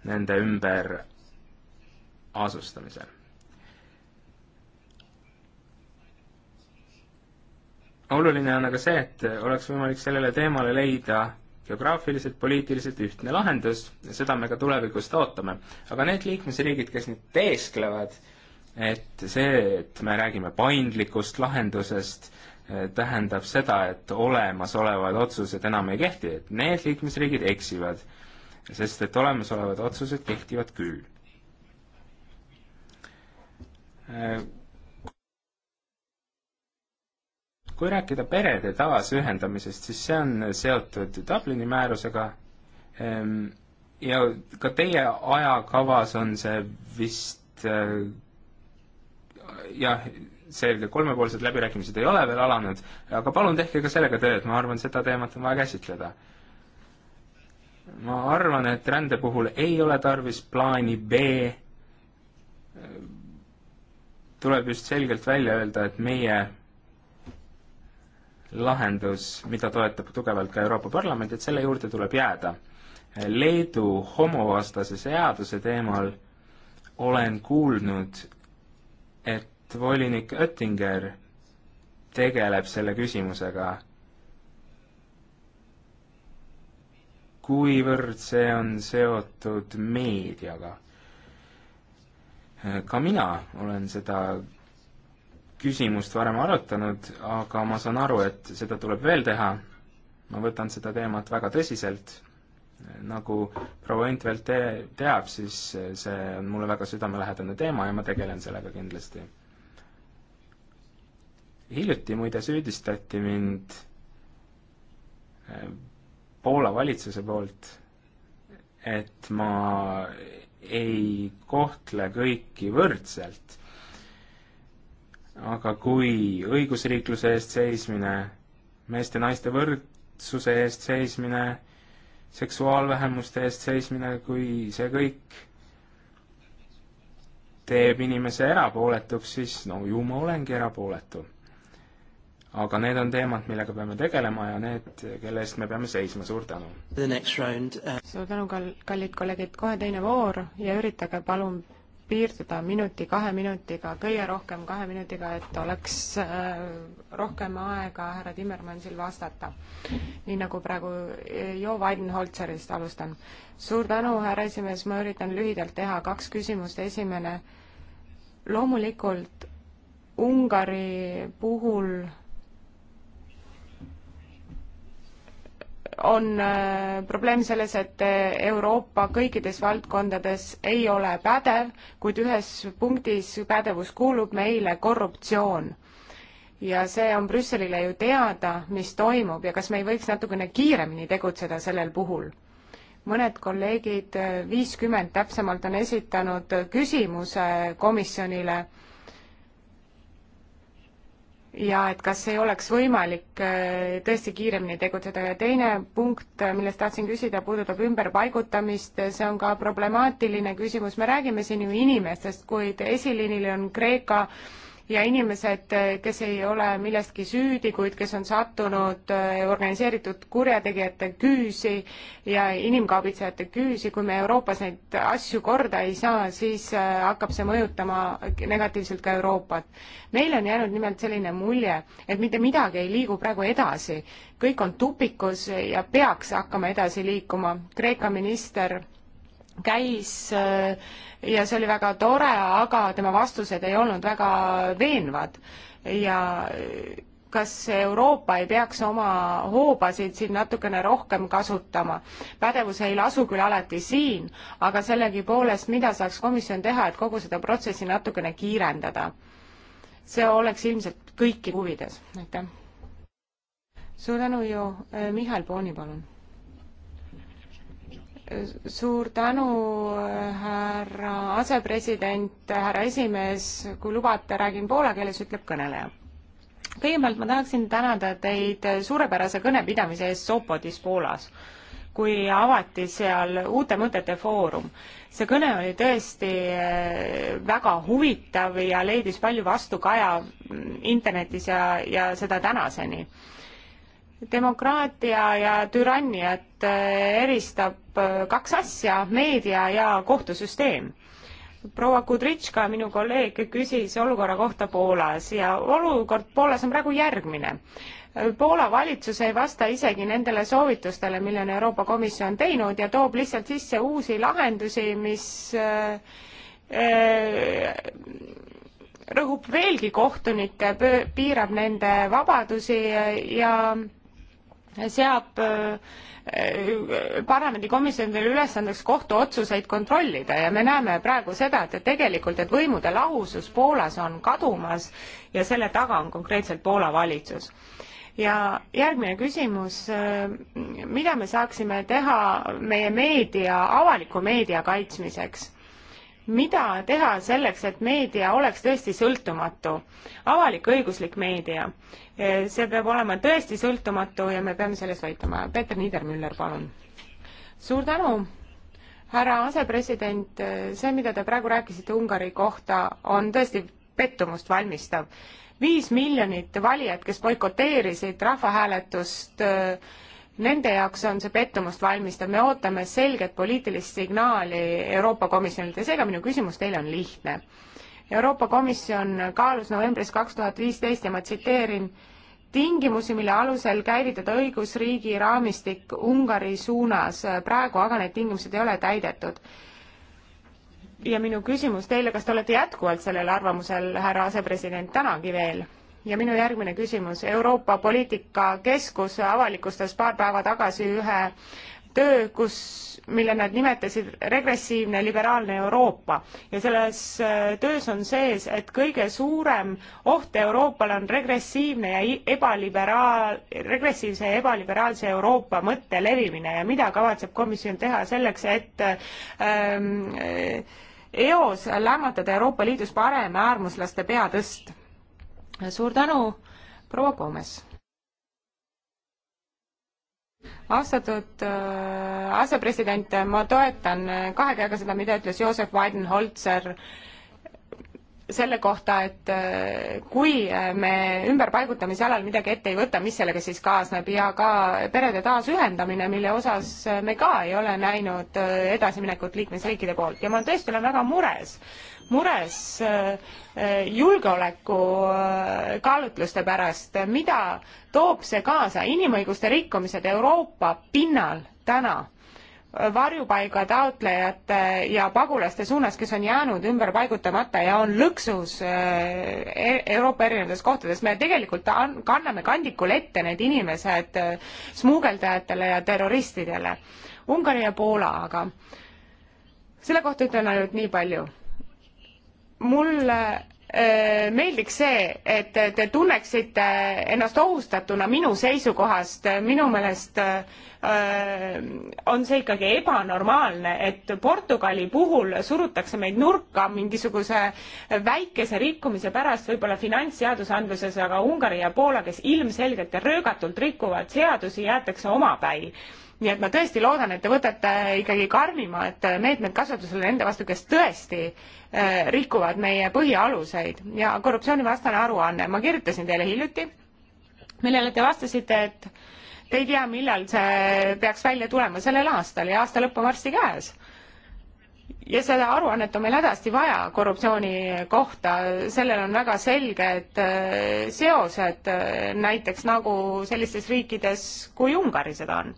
nende ümber asustamisel. oluline on aga see, et oleks võimalik sellele teemale leida geograafiliselt, poliitiliselt ühtne lahendus ja seda me ka tulevikust ootame. aga need liikmesriigid, kes nüüd teesklevad, et see, et me räägime paindlikust lahendusest, eh, tähendab seda, et olemasolevad otsused enam ei kehti, et need liikmesriigid eksivad, sest et olemasolevad otsused kehtivad küll eh, kui rääkida perede taasühendamisest, siis see on seotud Dublini määrusega ehm, ja ka teie ajakavas on see vist äh, jah, selge, kolmepoolsed läbirääkimised ei ole veel alanud, aga palun tehke ka sellega tööd, ma arvan, seda teemat on vaja käsitleda. ma arvan, et rände puhul ei ole tarvis plaani B ehm, tuleb just selgelt välja öelda, et meie lahendus, mida toetab tugevalt ka Euroopa Parlament, et selle juurde tuleb jääda. Leedu homovastase seaduse teemal olen kuulnud, et volinik Oettinger tegeleb selle küsimusega. kuivõrd see on seotud meediaga? ka mina olen seda küsimust varem arutanud, aga ma saan aru, et seda tuleb veel teha. ma võtan seda teemat väga tõsiselt. nagu proua Intvelt te teab, siis see on mulle väga südamelähedane teema ja ma tegelen sellega kindlasti. hiljuti muide süüdistati mind eh, Poola valitsuse poolt, et ma ei kohtle kõiki võrdselt aga kui õigusriikluse eest seismine, meeste-naiste võrdsuse eest seismine, seksuaalvähemuste eest seismine, kui see kõik teeb inimese erapooletuks, siis no ju ma olengi erapooletu. aga need on teemad, millega peame tegelema ja need, kelle eest me peame seisma, suur tänu! Uh
suur tänu, kall-, kallid kolleegid, kohe teine voor ja üritage palun piirduda minuti, kahe minutiga, kõige rohkem kahe minutiga, et oleks äh, rohkem aega härra Timmermansil vastata. nii nagu praegu äh, Jo Weidenholzerist alustan. suur tänu, härra esimees, ma üritan lühidalt teha kaks küsimust, esimene, loomulikult Ungari puhul on äh, probleem selles, et äh, Euroopa kõikides valdkondades ei ole pädev, kuid ühes punktis pädevus kuulub meile korruptsioon. ja see on Brüsselile ju teada, mis toimub ja kas me ei võiks natukene kiiremini tegutseda sellel puhul? mõned kolleegid, äh, viiskümmend täpsemalt, on esitanud küsimuse komisjonile ja et kas ei oleks võimalik äh, tõesti kiiremini tegutseda ja teine punkt, äh, millest tahtsin küsida, puudutab ümberpaigutamist, see on ka problemaatiline küsimus, me räägime siin ju inimestest, kuid esiliinil on Kreeka äh, ja inimesed, kes ei ole millestki süüdi, kuid kes on sattunud äh, organiseeritud kurjategijate küüsi ja inimkaabitsejate küüsi, kui me Euroopas neid asju korda ei saa, siis äh, hakkab see mõjutama negatiivselt ka Euroopat. meil on jäänud nimelt selline mulje, et mitte midagi ei liigu praegu edasi, kõik on tupikus ja peaks hakkama edasi liikuma. Kreeka minister käis äh, ja see oli väga tore, aga tema vastused ei olnud väga veenvad ja äh, kas Euroopa ei peaks oma hoobasid siin natukene rohkem kasutama? pädevus ei lasu küll alati siin, aga sellegipoolest, mida saaks komisjon teha, et kogu seda protsessi natukene kiirendada? see oleks ilmselt kõiki huvides, aitäh. suur tänu ju, äh, Mihhail Pooni, palun suur tänu, härra asepresident, härra esimees, kui lubate, räägin poola keeles, ütleb kõneleja. kõigepealt ma tahaksin tänada teid suurepärase kõnepidamise eest Sopotis Poolas, kui avati seal uute mõtete foorum. see kõne oli tõesti eh, väga huvitav ja leidis palju vastukaja internetis ja, ja seda tänaseni demokraatia ja türanniat äh, eristab äh, kaks asja, meedia ja kohtusüsteem. proua Kudritška, minu kolleeg, küsis olukorra kohta Poolas ja olukord Poolas on praegu järgmine. Äh, Poola valitsus ei vasta isegi nendele soovitustele, mille on Euroopa Komisjon teinud ja toob lihtsalt sisse uusi lahendusi, mis rõhub veelgi kohtunikke, piirab nende vabadusi ja, ja seab äh, parlamendikomisjonidele ülesandeks kohtuotsuseid kontrollida ja me näeme praegu seda, et tegelikult, et võimude lahusus Poolas on kadumas ja selle taga on konkreetselt Poola valitsus. ja järgmine küsimus, äh, mida me saaksime teha meie meedia, avaliku meedia kaitsmiseks? mida teha selleks, et meedia oleks tõesti sõltumatu, avalik-õiguslik meedia. see peab olema tõesti sõltumatu ja me peame selles võitlema. Peeter Niedermüller, palun. suur tänu, härra asepresident, see, mida te praegu rääkisite Ungari kohta, on tõesti pettumust valmistav. viis miljonit valijat, kes boikoteerisid rahvahääletust äh, nende jaoks on see pettumust valmistav, me ootame selget poliitilist signaali Euroopa Komisjonilt ja seega minu küsimus teile on lihtne. Euroopa Komisjon kaalus novembris kaks tuhat viisteist ja ma tsiteerin, tingimusi, mille alusel käivitada õigusriigi raamistik Ungari suunas, praegu aga need tingimused ei ole täidetud. ja minu küsimus teile, kas te olete jätkuvalt sellel arvamusel, härra asepresident, tänagi veel? ja minu järgmine küsimus, Euroopa Poliitikakeskus avalikustas paar päeva tagasi ühe töö, kus, mille nad nimetasid regressiivne liberaalne Euroopa ja selles äh, töös on sees, et kõige suurem oht Euroopale on regressiivne ja ebaliberaal, regressiivse ja ebaliberaalse Euroopa mõtte levimine ja mida kavatseb komisjon teha selleks, et ähm, eos lämmatada Euroopa Liidus paremäärmuslaste peatõst suur tänu, proua Gomes! austatud äh, asepresident, ma toetan kahe käega seda, mida ütles Joosep Weidenholzer selle kohta, et äh, kui äh, me ümberpaigutamise alal midagi ette ei võta, mis sellega siis kaasneb ja ka perede taasühendamine, mille osas me ka ei ole näinud äh, edasiminekut liikmesriikide poolt ja ma tõesti olen väga mures äh, mures äh, äh, julgeoleku äh, kaalutluste pärast, mida toob see kaasa, inimõiguste rikkumised Euroopa pinnal täna varjupaiga taotlejate ja pagulaste suunas, kes on jäänud ümber paigutamata ja on lõksus e, Euroopa erinevates kohtades. me tegelikult kanname kandikul ette need inimesed smuugeldajatele ja terroristidele. Ungari ja Poola aga, selle kohta ütlen ainult nii palju mulle äh, meeldiks see, et te tunneksite ennast ohustatuna minu seisukohast, minu meelest äh, on see ikkagi ebanormaalne, et Portugali puhul surutakse meid nurka mingisuguse väikese rikkumise pärast võib-olla finantsseadusandluses, aga Ungari ja Poola, kes ilmselgelt ja röögatult rikuvad seadusi, jäetakse omapäi nii et ma tõesti loodan, et te võtate ikkagi karmimad meetmed kasutusele nende vastu, kes tõesti äh, rikuvad meie põhialuseid ja korruptsioonivastane aruanne, ma kirjutasin teile hiljuti, millele te vastasite, et te ei tea, millal see peaks välja tulema sellel aastal ja aasta lõpp on varsti käes. ja seda aruannet on meil hädasti vaja korruptsiooni kohta, sellel on väga selged äh, seosed äh, näiteks nagu sellistes riikides kui Ungari seda on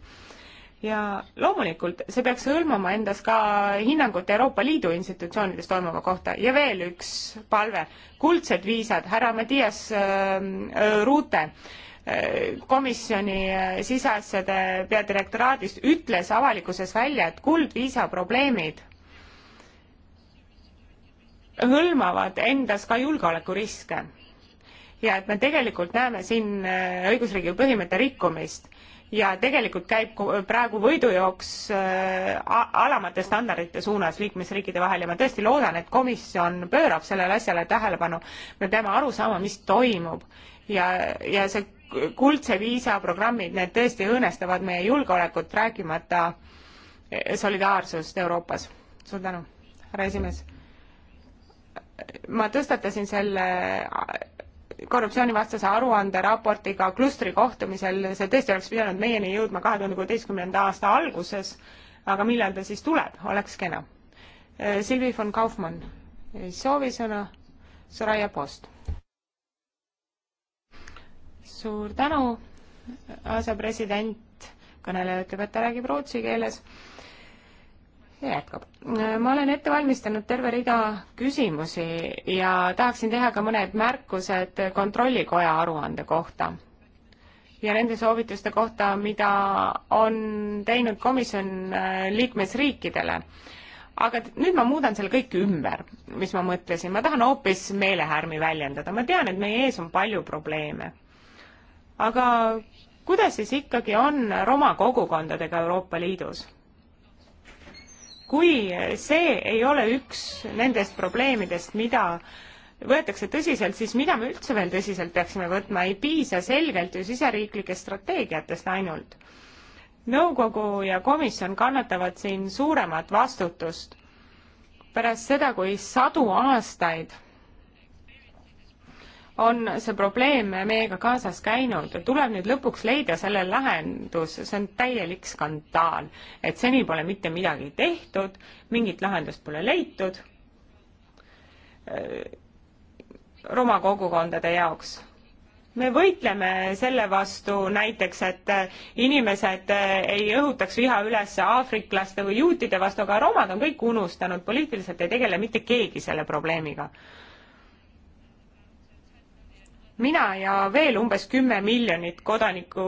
ja loomulikult see peaks hõlmama endas ka hinnangut Euroopa Liidu institutsioonides toimuva kohta ja veel üks palve, kuldsed viisad, härra Mattias ähm, äh, Ruute äh, komisjoni äh, siseasjade peadirektoraadist ütles avalikkuses välja, et kuldviisa probleemid hõlmavad endas ka julgeolekuriske ja et me tegelikult näeme siin äh, õigusriigi põhimõtte rikkumist ja tegelikult käib praegu võidujooks äh, alamate standardite suunas liikmesriikide vahel ja ma tõesti loodan, et komisjon pöörab sellele asjale tähelepanu. me peame aru saama, mis toimub ja, ja see kuldse viisa programmid, need tõesti õõnestavad meie julgeolekut, rääkimata äh, solidaarsust Euroopas. suur tänu, härra esimees. ma tõstatasin selle korruptsioonivastase aruande raportiga klustri kohtumisel, see tõesti oleks pidanud meieni jõudma kahe tuhande kuueteistkümnenda aasta alguses, aga millal ta siis tuleb, oleks kena. Äh, Silvi von Kaufmann, soovisõna, Soraya Post. suur tänu, asepresident, kõneleja ütleb, et ta räägib rootsi keeles ja jätkab. ma olen ette valmistanud terve rida küsimusi ja tahaksin teha ka mõned märkused Kontrollikoja aruande kohta ja nende soovituste kohta, mida on teinud komisjon äh, liikmesriikidele. aga nüüd ma muudan selle kõik ümber, mis ma mõtlesin, ma tahan hoopis meelehärmi väljendada, ma tean, et meie ees on palju probleeme. aga kuidas siis ikkagi on roma kogukondadega Euroopa Liidus? kui see ei ole üks nendest probleemidest, mida võetakse tõsiselt, siis mida me üldse veel tõsiselt peaksime võtma, ei piisa selgelt ju siseriiklikest strateegiatest ainult. nõukogu ja komisjon kannatavad siin suuremat vastutust pärast seda, kui sadu aastaid on see probleem meiega kaasas käinud. tuleb nüüd lõpuks leida sellele lahendus, see on täielik skandaal, et seni pole mitte midagi tehtud, mingit lahendust pole leitud äh, Roma kogukondade jaoks me võitleme selle vastu näiteks, et äh, inimesed äh, ei õhutaks viha üles aafriklaste või juutide vastu, aga romad on kõik unustanud, poliitiliselt ei tegele mitte keegi selle probleemiga mina ja veel umbes kümme miljonit kodanikku,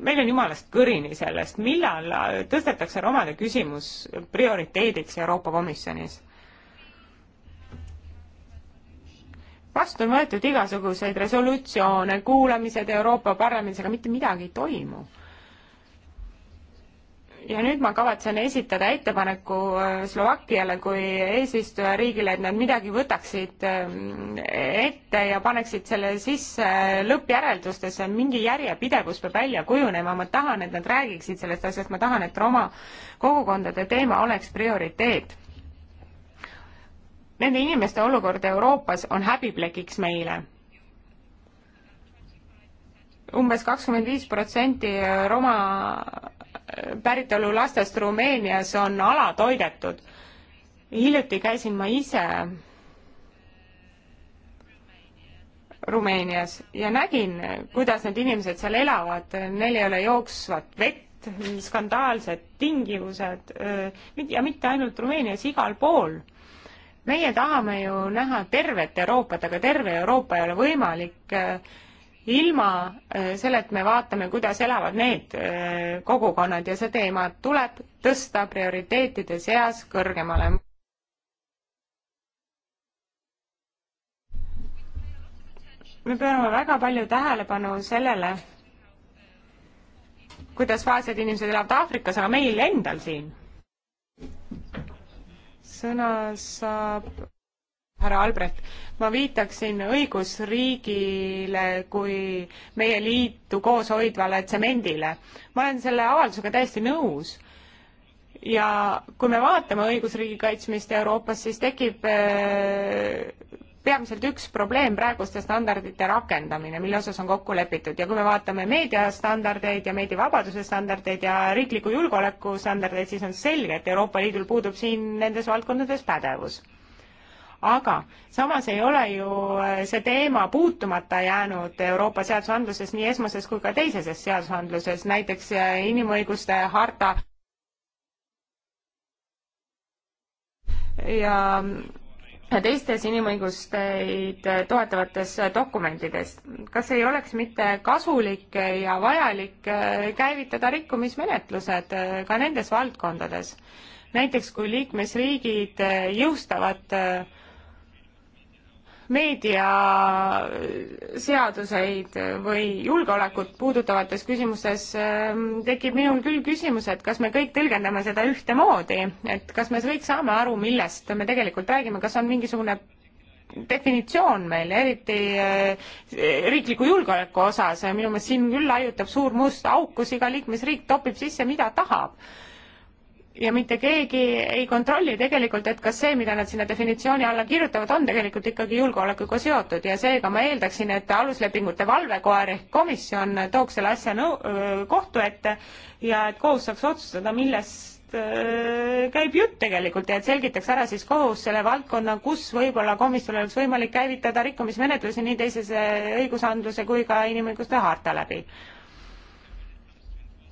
meil on jumalast kõrini sellest, millal tõstetakse romade küsimus prioriteediks Euroopa Komisjonis? vastu on võetud igasuguseid resolutsioone, kuulamised Euroopa Parlamendis, aga mitte midagi ei toimu ja nüüd ma kavatsen esitada ettepaneku äh, Slovakkiale kui eesistujariigile, et nad midagi võtaksid äh, ette ja paneksid selle sisse lõppjäreldustesse, mingi järjepidevus peab välja kujunema, ma tahan, et nad räägiksid sellest asjast, ma tahan, et Roma kogukondade teema oleks prioriteet. Nende inimeste olukord Euroopas on häbiplekiks meile umbes kakskümmend viis protsenti Roma päritolu lastest Rumeenias on alatoidetud. hiljuti käisin ma ise Rumeenias ja nägin, kuidas need inimesed seal elavad, neil ei ole jooksvat vett, skandaalsed tingimused äh, ja mitte ainult Rumeenias, igal pool. meie tahame ju näha tervet Euroopat, aga terve Euroopa ei ole võimalik äh, ilma äh, selle, et me vaatame, kuidas elavad need äh, kogukonnad ja see teema tuleb tõsta prioriteetide seas kõrgemale. me pöörame väga palju tähelepanu sellele, kuidas vaesed inimesed elavad Aafrikas, aga meil endal siin. sõna saab härra Albrecht, ma viitaksin õigusriigile kui meie liitu koos hoidvale tsemendile. ma olen selle avaldusega täiesti nõus. ja kui me vaatame õigusriigi kaitsmist Euroopas, siis tekib äh, peamiselt üks probleem praeguste standardite rakendamine, mille osas on kokku lepitud ja kui me vaatame meediastandardeid ja meediavabaduse standardeid ja riikliku julgeoleku standardeid, siis on selge, et Euroopa Liidul puudub siin nendes valdkondades pädevus aga samas ei ole ju äh, see teema puutumata jäänud Euroopa seadusandluses, nii esmases kui ka teiseses seadusandluses, näiteks äh, inimõiguste harta ja äh, teistes inimõigusteid toetavates dokumentides. kas ei oleks mitte kasulik ja vajalik käivitada rikkumismenetlused ka nendes valdkondades? näiteks kui liikmesriigid jõustavad meediaseaduseid või julgeolekut puudutavates küsimustes ähm, tekib minul küll küsimus, et kas me kõik tõlgendame seda ühtemoodi, et kas me kõik saame aru, millest me tegelikult räägime, kas on mingisugune definitsioon meil, eriti äh, riikliku julgeoleku osas, minu meelest siin küll laiutab suur must auk, kus iga liikmesriik topib sisse, mida tahab ja mitte keegi ei kontrolli tegelikult, et kas see, mida nad sinna definitsiooni alla kirjutavad, on tegelikult ikkagi julgeolekuga seotud ja seega ma eeldaksin, et aluslepingute valvekoer ehk komisjon tooks selle asja nõu-, kohtu ette ja et kohus saaks otsustada, millest öö, käib jutt tegelikult ja et selgitaks ära siis kohus selle valdkonna, kus võib-olla komisjonil oleks võimalik käivitada rikkumismenetlusi nii teises õigusandluse kui ka inimõiguste harta läbi.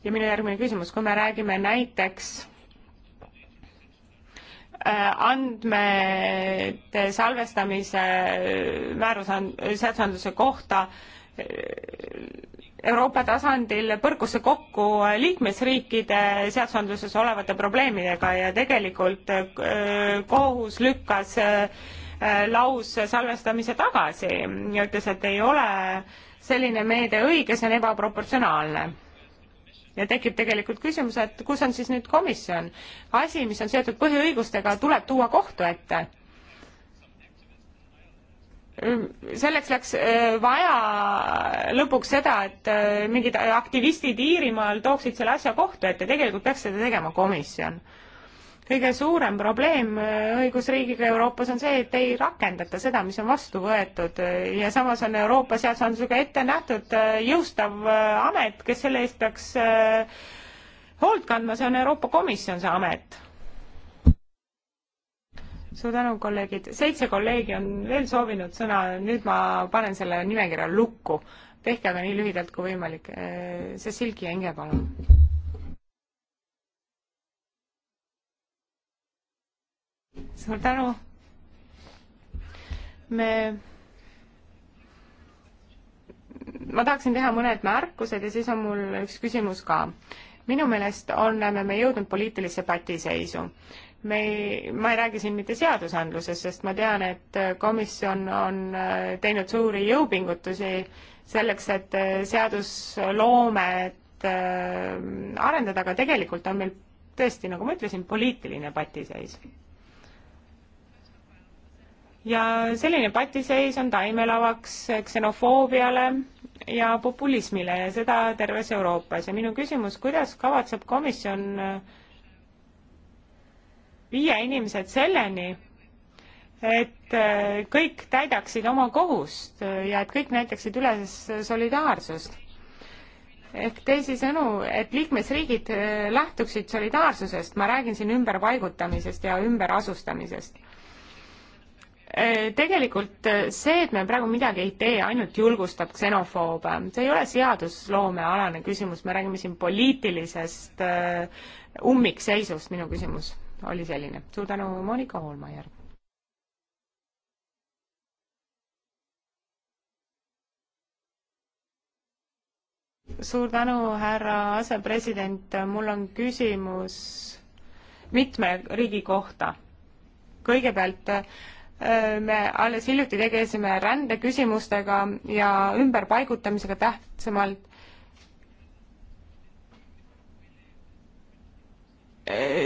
ja minu järgmine küsimus, kui me räägime näiteks Äh, andmete salvestamise määrusand-, seadusandluse kohta äh, Euroopa tasandil põrkus see kokku liikmesriikide seadusandluses olevate probleemidega ja tegelikult äh, kohus lükkas laus salvestamise tagasi ja ütles, et ei ole selline meede õige, see on ebaproportsionaalne ja tekib tegelikult küsimus, et kus on siis nüüd komisjon. asi, mis on seotud põhiõigustega, tuleb tuua kohtu ette. selleks läks äh, vaja lõpuks seda, et äh, mingid aktivistid Iirimaal tooksid selle asja kohtu ette, tegelikult peaks seda tegema komisjon kõige suurem probleem äh, õigusriigiga Euroopas on see, et ei rakendata seda, mis on vastu võetud ja samas on Euroopa seadusandlusega ette nähtud äh, jõustav äh, amet, kes selle eest peaks hoolt kandma, see on Euroopa Komisjon, see amet. suur tänu, kolleegid. seitse kolleegi on veel soovinud sõna, nüüd ma panen selle nimekirja lukku. tehke aga nii lühidalt kui võimalik. Cecil Kienge, palun
suur tänu. me,
ma tahaksin teha mõned märkused ja siis on mul üks küsimus ka. minu meelest oleme me jõudnud poliitilisse patiseisu. me ei, ma ei räägi siin mitte seadusandlusest, sest ma tean, et komisjon on äh, teinud suuri jõupingutusi selleks, et äh, seadusloomet äh, arendada, aga tegelikult on meil tõesti, nagu ma ütlesin, poliitiline patiseis ja selline patiseis on taimelavaks ksenofoobiale ja populismile ja seda terves Euroopas ja minu küsimus, kuidas kavatseb komisjon äh, viia inimesed selleni, et äh, kõik täidaksid oma kohust ja et kõik näitaksid üles solidaarsust. ehk teisisõnu, et liikmesriigid äh, lähtuksid solidaarsusest, ma räägin siin ümberpaigutamisest ja ümberasustamisest Äh, tegelikult äh, see, et me praegu midagi ei tee, ainult julgustab ksenofoobe. see ei ole seadusloomealane küsimus, me räägime siin poliitilisest äh, ummikseisust, minu küsimus oli selline. suur tänu, Monika Hoolmeier. suur tänu, härra asepresident, mul on küsimus mitme riigi kohta. kõigepealt äh, me alles hiljuti tegelesime rändeküsimustega ja ümberpaigutamisega tähtsamalt.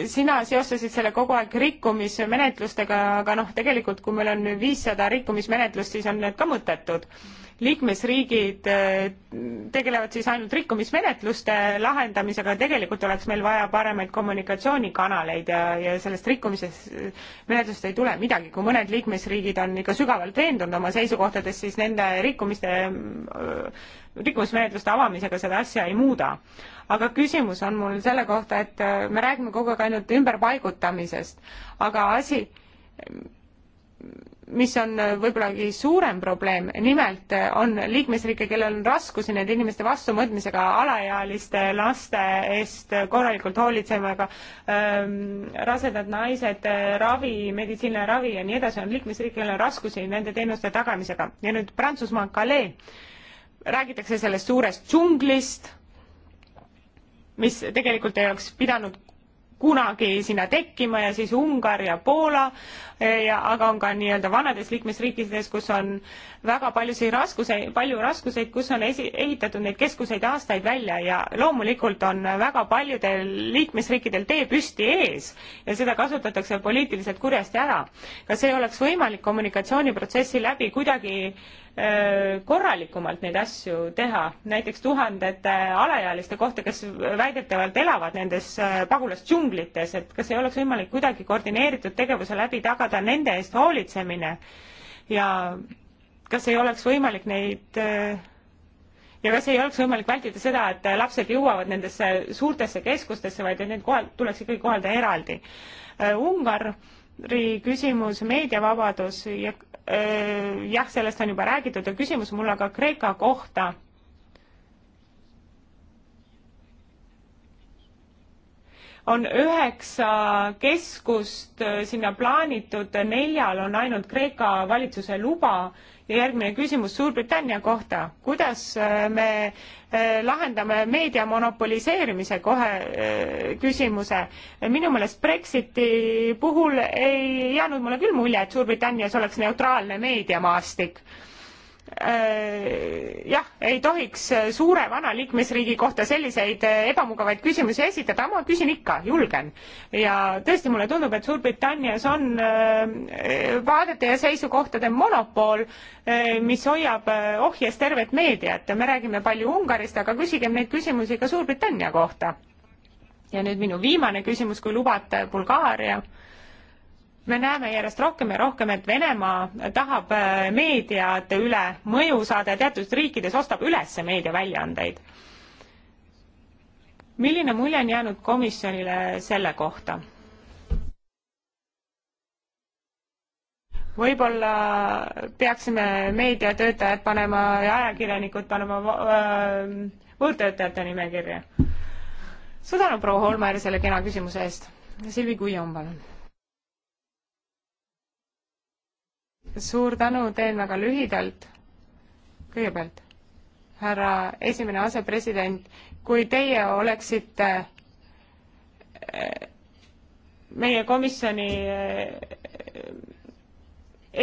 sina seostasid selle kogu aeg rikkumismenetlustega, aga noh, tegelikult kui meil on viissada rikkumismenetlust, siis on need ka mõttetud liikmesriigid eh, tegelevad siis ainult rikkumismenetluste lahendamisega, tegelikult oleks meil vaja paremaid kommunikatsioonikanaleid ja, ja sellest rikkumisest, menetlust ei tule midagi, kui mõned liikmesriigid on ikka sügavalt veendunud oma seisukohtades, siis nende rikkumiste, eh, rikkumismenetluste avamisega seda asja ei muuda. aga küsimus on mul selle kohta, et eh, me räägime kogu aeg ainult ümberpaigutamisest, aga asi mis on võib-olla suurem probleem, nimelt on liikmesriike, kellel on raskusi nende inimeste vastuvõtmisega, alaealiste laste eest korralikult hoolitsemaga ähm,, rasedad naised, ravi, meditsiiniline ravi ja nii edasi, on liikmesriike, kellel on raskusi nende teenuste tagamisega. ja nüüd Prantsusmaa Calais, räägitakse sellest suurest džunglist, mis tegelikult ei oleks pidanud kunagi sinna tekkima ja siis Ungar ja Poola eh, ja aga on ka nii-öelda vanades liikmesriikides, kus on väga paljusid raskuseid, palju raskuseid, kus on esi-, ehitatud neid keskuseid aastaid välja ja loomulikult on väga paljudel liikmesriikidel tee püsti ees ja seda kasutatakse poliitiliselt kurjasti ära. kas ei oleks võimalik kommunikatsiooniprotsessi läbi kuidagi äh, Äh, korralikumalt neid asju teha, näiteks tuhandete alaealiste kohta, kes väidetavalt elavad nendes äh, pagulasdžunglites, et kas ei oleks võimalik kuidagi koordineeritud tegevuse läbi tagada nende eest hoolitsemine ja kas ei oleks võimalik neid äh, ja kas ei oleks võimalik vältida seda, et lapsed jõuavad nendesse suurtesse keskustesse, vaid et neid kohal, tuleks ikkagi kohelda eraldi. Ungari küsimus, meediavabadus ja Äh, jah, sellest on juba räägitud ja küsimus mul aga Kreeka kohta. on üheksa keskust äh, sinna plaanitud, neljal on ainult Kreeka valitsuse luba ja järgmine küsimus Suurbritannia kohta. kuidas äh, me äh, lahendame meedia monopoliseerimise kohe äh, küsimuse? minu meelest Brexiti puhul ei jäänud mulle küll mulje, et Suurbritannias oleks neutraalne meediamaastik Äh, jah, ei tohiks suure vana liikmesriigi kohta selliseid äh, ebamugavaid küsimusi esitada, ma küsin ikka, julgen. ja tõesti, mulle tundub, et Suurbritannias on äh, vaadete ja seisukohtade monopol, mis hoiab ohjes tervet meediat. me räägime palju Ungarist, aga küsigem neid küsimusi ka Suurbritannia kohta. ja nüüd minu viimane küsimus, kui lubate, Bulgaaria me näeme järjest rohkem ja rohkem, et Venemaa tahab äh, meediate üle mõju saada ja teatud riikides ostab üles meediaväljaandeid. milline mulje on jäänud komisjonile selle kohta? võib-olla peaksime meediatöötajad panema ja ajakirjanikud panema äh, võõrtöötajate nimekirja. suur tänu, proua Holmer, selle kena küsimuse eest. Silvi Kuiom, palun suur tänu, teen väga lühidalt. kõigepealt, härra esimene asepresident, kui teie oleksite eh, meie komisjoni eh,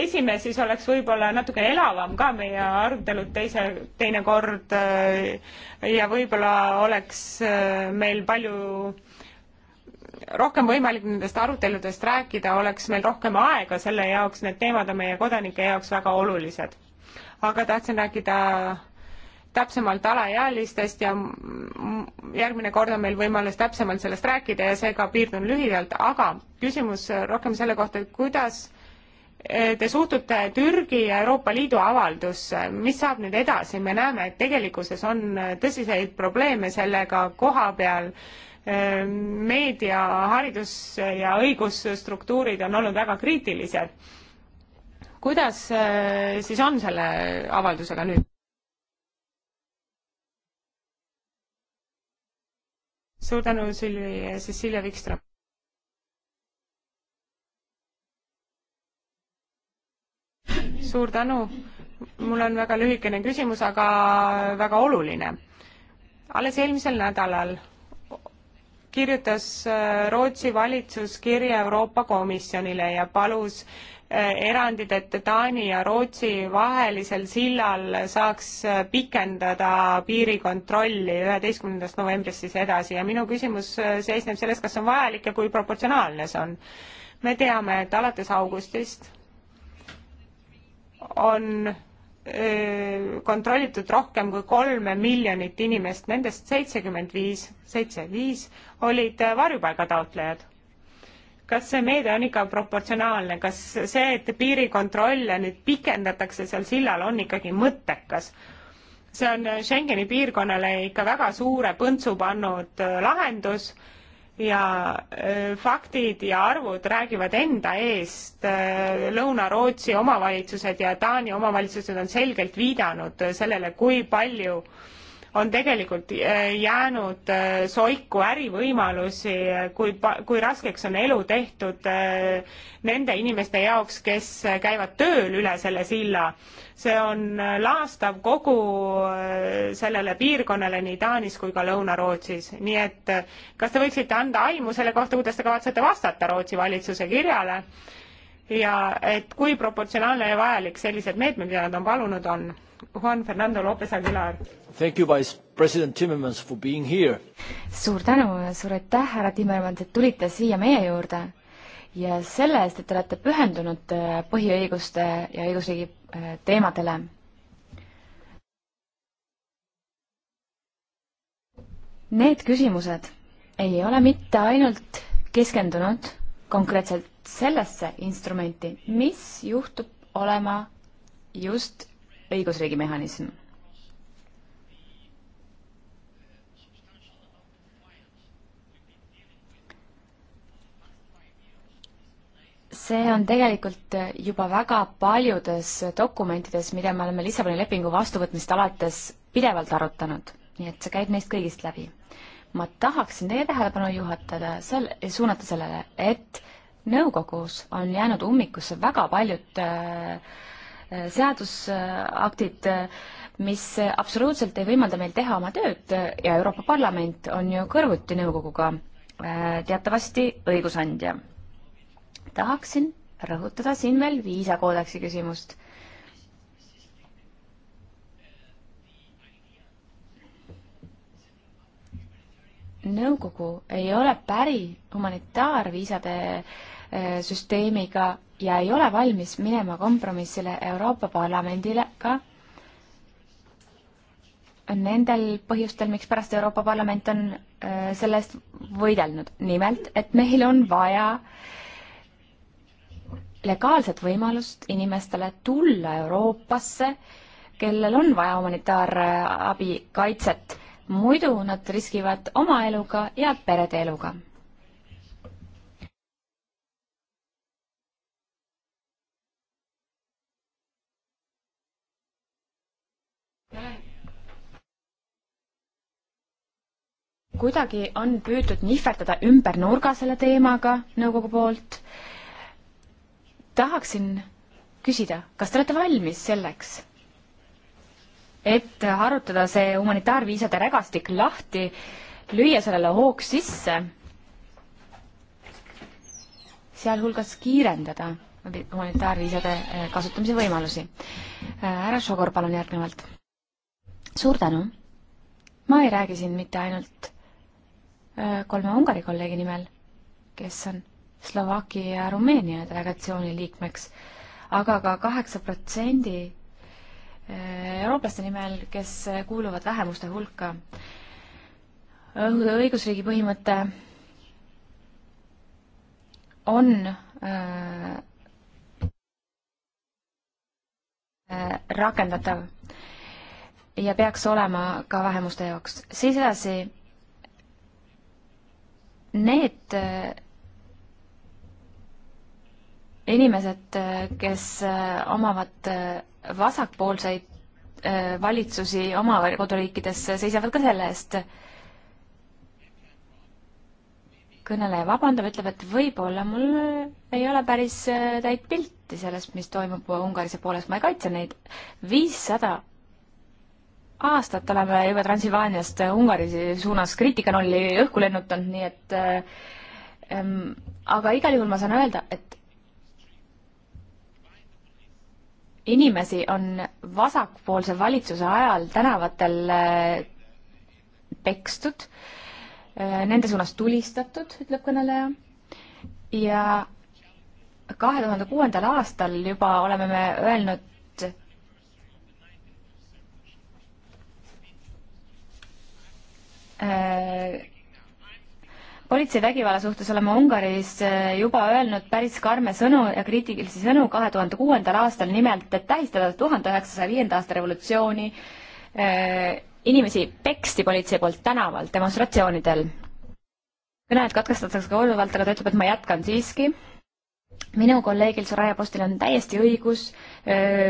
esimees, siis oleks võib-olla natuke elavam ka meie arutelud teise, teinekord eh, ja võib-olla oleks meil palju rohkem võimalik nendest aruteludest rääkida, oleks meil rohkem aega selle jaoks, need teemad on meie kodanike jaoks väga olulised. aga tahtsin rääkida täpsemalt alaealistest ja järgmine kord on meil võimalus täpsemalt sellest rääkida ja seega piirdun lühidalt, aga küsimus rohkem selle kohta, et kuidas eh, te suhtute Türgi ja Euroopa Liidu avaldusse, mis saab nüüd edasi, me näeme, et tegelikkuses on eh, tõsiseid probleeme sellega koha peal meedia, haridus ja õigusstruktuurid on olnud väga kriitilised. kuidas äh, siis on selle avaldusega nüüd? suur tänu, Silvi, Cecilia Wikström. suur tänu. mul on väga lühikene küsimus, aga väga oluline. alles eelmisel nädalal kirjutas äh, Rootsi valitsus kirja Euroopa Komisjonile ja palus äh, erandid, et Taani ja Rootsi vahelisel sillal saaks äh, pikendada piirikontrolli üheteistkümnendast novembrist siis edasi ja minu küsimus seisneb selles, kas see on vajalik ja kui proportsionaalne see on. me teame, et alates augustist on Ehm, kontrollitud rohkem kui kolme miljonit inimest, nendest seitsekümmend viis, seitse viis olid äh, varjupaigataotlejad. kas see meede on ikka proportsionaalne, kas see, et piirikontrolle nüüd pikendatakse seal sillal, on ikkagi mõttekas? see on Schengeni piirkonnale ikka väga suure põntsu pannud äh, lahendus ja faktid ja arvud räägivad enda eest. Lõuna-Rootsi omavalitsused ja Taani omavalitsused on selgelt viidanud sellele, kui palju äh, on tegelikult äh, jäänud äh, soiku ärivõimalusi, äh, kui, kui raskeks on elu tehtud nende inimeste jaoks, kes käivad tööl üle selle silla. see on laastav kogu sellele piirkonnale nii Taanis kui ka Lõuna-Rootsis, nii et kas te võiksite anda aimu selle kohta, kuidas te kavatsete vastata Rootsi valitsuse kirjale ja et kui proportsionaalne ja vajalik sellised meetmed, mida nad on palunud, on? Juan Fernando Lopez Aguilar.
Thank you, Vice President Timmermans for being here. suur tänu ja suur aitäh, härra Timmermans, et tulite siia meie juurde ja selle eest, et te olete pühendunud äh, põhiõiguste ja õigusriigi äh, teemadele. Need küsimused ei ole mitte ainult keskendunud konkreetselt sellesse instrumenti, mis juhtub olema just õigusriigi mehhanism. see on tegelikult juba väga paljudes dokumentides, mida me oleme Lissaboni lepingu vastuvõtmist alates pidevalt arutanud, nii et see käib neist kõigist läbi. ma tahaksin teie tähelepanu juhatada sel-, suunata sellele, et nõukogus on jäänud ummikusse väga paljud äh, seadusaktid, mis absoluutselt ei võimalda meil teha oma tööd ja Euroopa Parlament on ju kõrvuti nõukoguga äh, teatavasti õigusandja. tahaksin rõhutada siin veel viisakoodeksi küsimust. nõukogu ei ole päri humanitaarviisade äh, Eh, süsteemiga ja ei ole valmis minema kompromissile Euroopa Parlamendile ka nendel põhjustel, mikspärast Euroopa Parlament on eh, selle eest võidelnud. nimelt, et meil on vaja legaalset võimalust inimestele tulla Euroopasse, kellel on vaja humanitaarabi kaitset, muidu nad riskivad oma eluga ja perede eluga kuidagi on püütud nihvetada ümber nurga selle teemaga nõukogu poolt. tahaksin küsida, kas te olete valmis selleks, et harutada see humanitaarviisade rägastik lahti, lüüa sellele hoog sisse, sealhulgas kiirendada humanitaarviisade kasutamise võimalusi. härra Šogor, palun järgnevalt suur tänu! ma ei räägi siin mitte ainult äh, kolme Ungari kolleegi nimel, kes on Slovakkia ja Rumeenia delegatsiooni liikmeks, aga ka kaheksa protsendi äh, eurooplaste nimel, kes äh, kuuluvad vähemuste hulka. õigusriigi põhimõte on äh, rakendatav ja peaks olema ka vähemuste jaoks. siis edasi, need äh, inimesed, äh, kes äh, omavad vasakpoolseid valitsusi oma koduriikides, seisavad ka selle eest. kõneleja vabandab, ütleb, et võib-olla mul ei ole päris täit pilti sellest, mis toimub Ungaris ja Poolas, ma ei kaitse neid. viissada aastat oleme juba Transilvaaniast Ungari suunas kriitikanolli õhku lennutanud, nii et ähm, aga igal juhul ma saan öelda, et inimesi on vasakpoolse valitsuse ajal tänavatel äh, pekstud, äh, nende suunas tulistatud, ütleb kõneleja, ja kahe tuhande kuuendal aastal juba oleme me öelnud Äh, politseivägivalla suhtes oleme Ungaris äh, juba öelnud päris karme sõnu ja kriitilisi sõnu kahe tuhande kuuendal aastal nimelt, et tähistada tuhande üheksasaja viienda aasta revolutsiooni. Äh, inimesi peksti politsei poolt tänaval demonstratsioonidel. kõned katkestatakse korduvalt, aga ta ütleb, et ma jätkan siiski minu kolleegil Soraya Postil on täiesti õigus,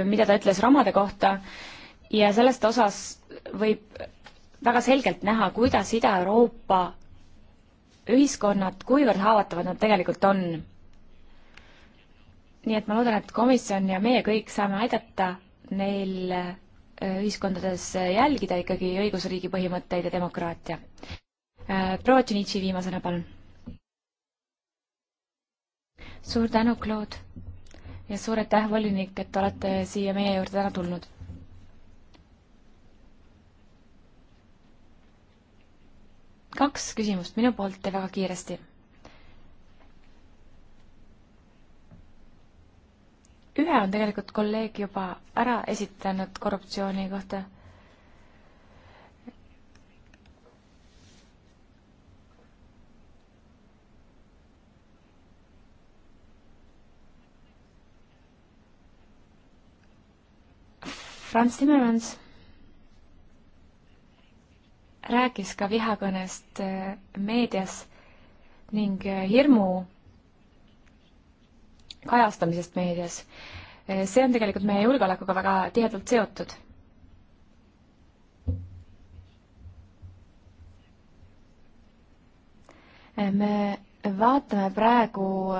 mida ta ütles ramade kohta ja sellest osas võib väga selgelt näha, kuidas Ida-Euroopa ühiskonnad, kuivõrd haavatavad nad tegelikult on. nii et ma loodan, et komisjon ja meie kõik saame aidata neil äh, ühiskondades jälgida ikkagi õigusriigi põhimõtteid ja demokraatia. Äh, proua Tšinitši viimasena, palun. suur tänu, Claude, ja suur aitäh, volinik, et olete siia meie juurde täna tulnud kaks küsimust minu poolt ja väga kiiresti. ühe on tegelikult kolleeg juba ära esitanud korruptsiooni kohta. Franz Timmermans rääkis ka vihakõnest äh, meedias ning äh, hirmu kajastamisest meedias. Äh, see on tegelikult meie julgeolekuga väga tihedalt seotud. me vaatame praegu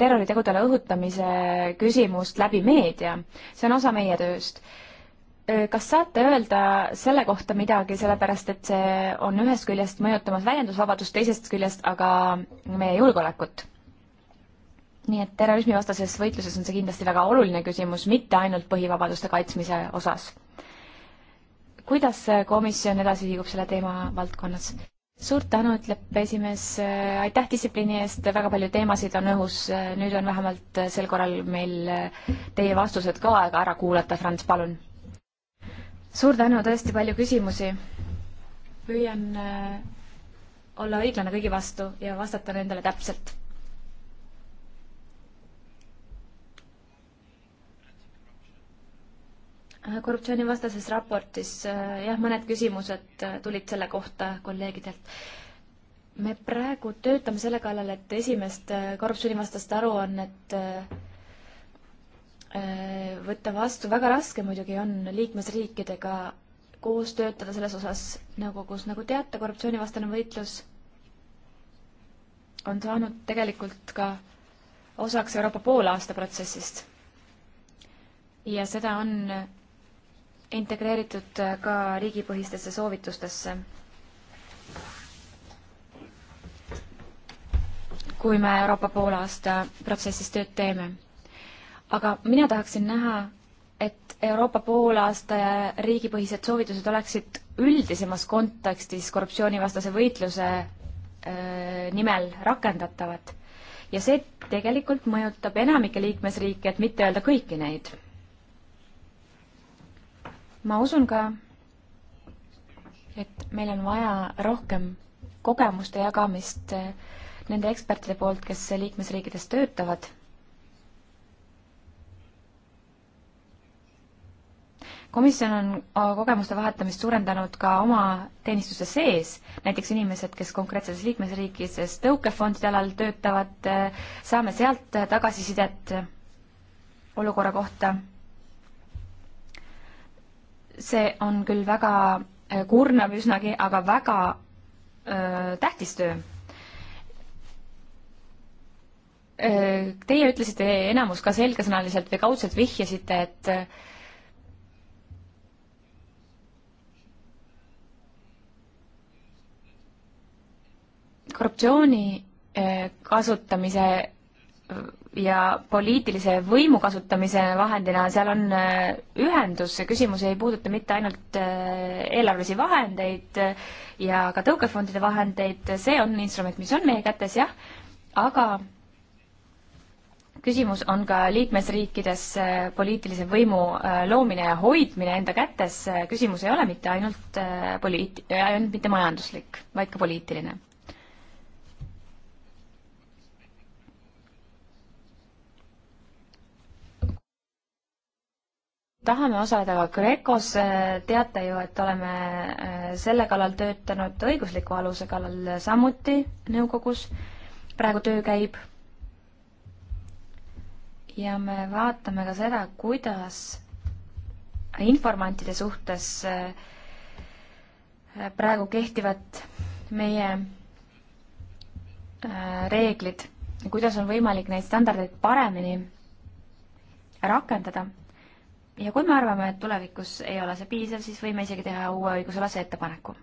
terroritegudele õhutamise küsimust läbi meedia, see on osa meie tööst Äh, kas saate öelda selle kohta midagi, sellepärast et see on ühest küljest mõjutamas väljendusvabadust, teisest küljest aga meie julgeolekut? nii et terrorismivastases võitluses on see kindlasti väga oluline küsimus, mitte ainult põhivabaduste kaitsmise osas. kuidas komisjon edasi liigub selle teema valdkonnas? suur tänu, ütleb esimees, äh, aitäh distsipliini eest, väga palju teemasid on õhus, äh, nüüd on vähemalt sel korral meil teie vastused ka aega ära kuulata, Franz, palun suur tänu, tõesti palju küsimusi. püüan äh, olla õiglane kõigi vastu ja vastata nendele täpselt. Äh, korruptsioonivastases raportis äh, jah, mõned küsimused tulid selle kohta kolleegidelt. me praegu töötame selle kallal, et esimest korruptsioonivastast aruannet äh, Äh, võtta vastu, väga raske muidugi on liikmesriikidega koos töötada selles osas nõukogus, nagu teate, korruptsioonivastane võitlus on saanud tegelikult ka osaks Euroopa poolaasta protsessist. ja seda on integreeritud ka riigipõhistesse soovitustesse. kui me Euroopa poolaasta protsessis tööd teeme aga mina tahaksin näha, et Euroopa poolaasta ja riigipõhised soovitused oleksid üldisemas kontekstis korruptsioonivastase võitluse nimel rakendatavad. ja see tegelikult mõjutab enamikke liikmesriike, et mitte öelda kõiki neid. ma usun ka, et meil on vaja rohkem kogemuste jagamist nende ekspertide poolt, kes liikmesriikides töötavad komisjon on äh, kogemuste vahetamist suurendanud ka oma teenistuse sees, näiteks inimesed, kes konkreetses liikmesriikides tõukefondide alal töötavad, äh, saame sealt tagasisidet olukorra kohta. see on küll väga äh, kurnav üsnagi, aga väga öö, tähtis töö Teie ütlesite enamus ka selgesõnaliselt või kaudselt vihjasite, et korruptsiooni eh, kasutamise eh, ja poliitilise võimu kasutamise vahendina, seal on eh, ühendus, see küsimus ei puuduta mitte ainult eelarvelisi vahendeid ja ka tõukefondide vahendeid, see on instrument, mis on meie kätes, jah, aga küsimus on ka liikmesriikides poliitilise võimu loomine ja hoidmine enda kätes, küsimus ei ole mitte ainult poliit-, ainult mitte majanduslik, vaid ka poliitiline tahame osaleda ka Kreekos, äh, teate ju, et oleme äh, selle kallal töötanud õigusliku aluse kallal samuti nõukogus, praegu töö käib. ja me vaatame ka seda, kuidas informantide suhtes äh, praegu kehtivat meie reeglid, kuidas on võimalik neid standardeid paremini rakendada ja kui me arvame, et tulevikus ei ole see piisav, siis võime isegi teha uue õigusalase ettepaneku.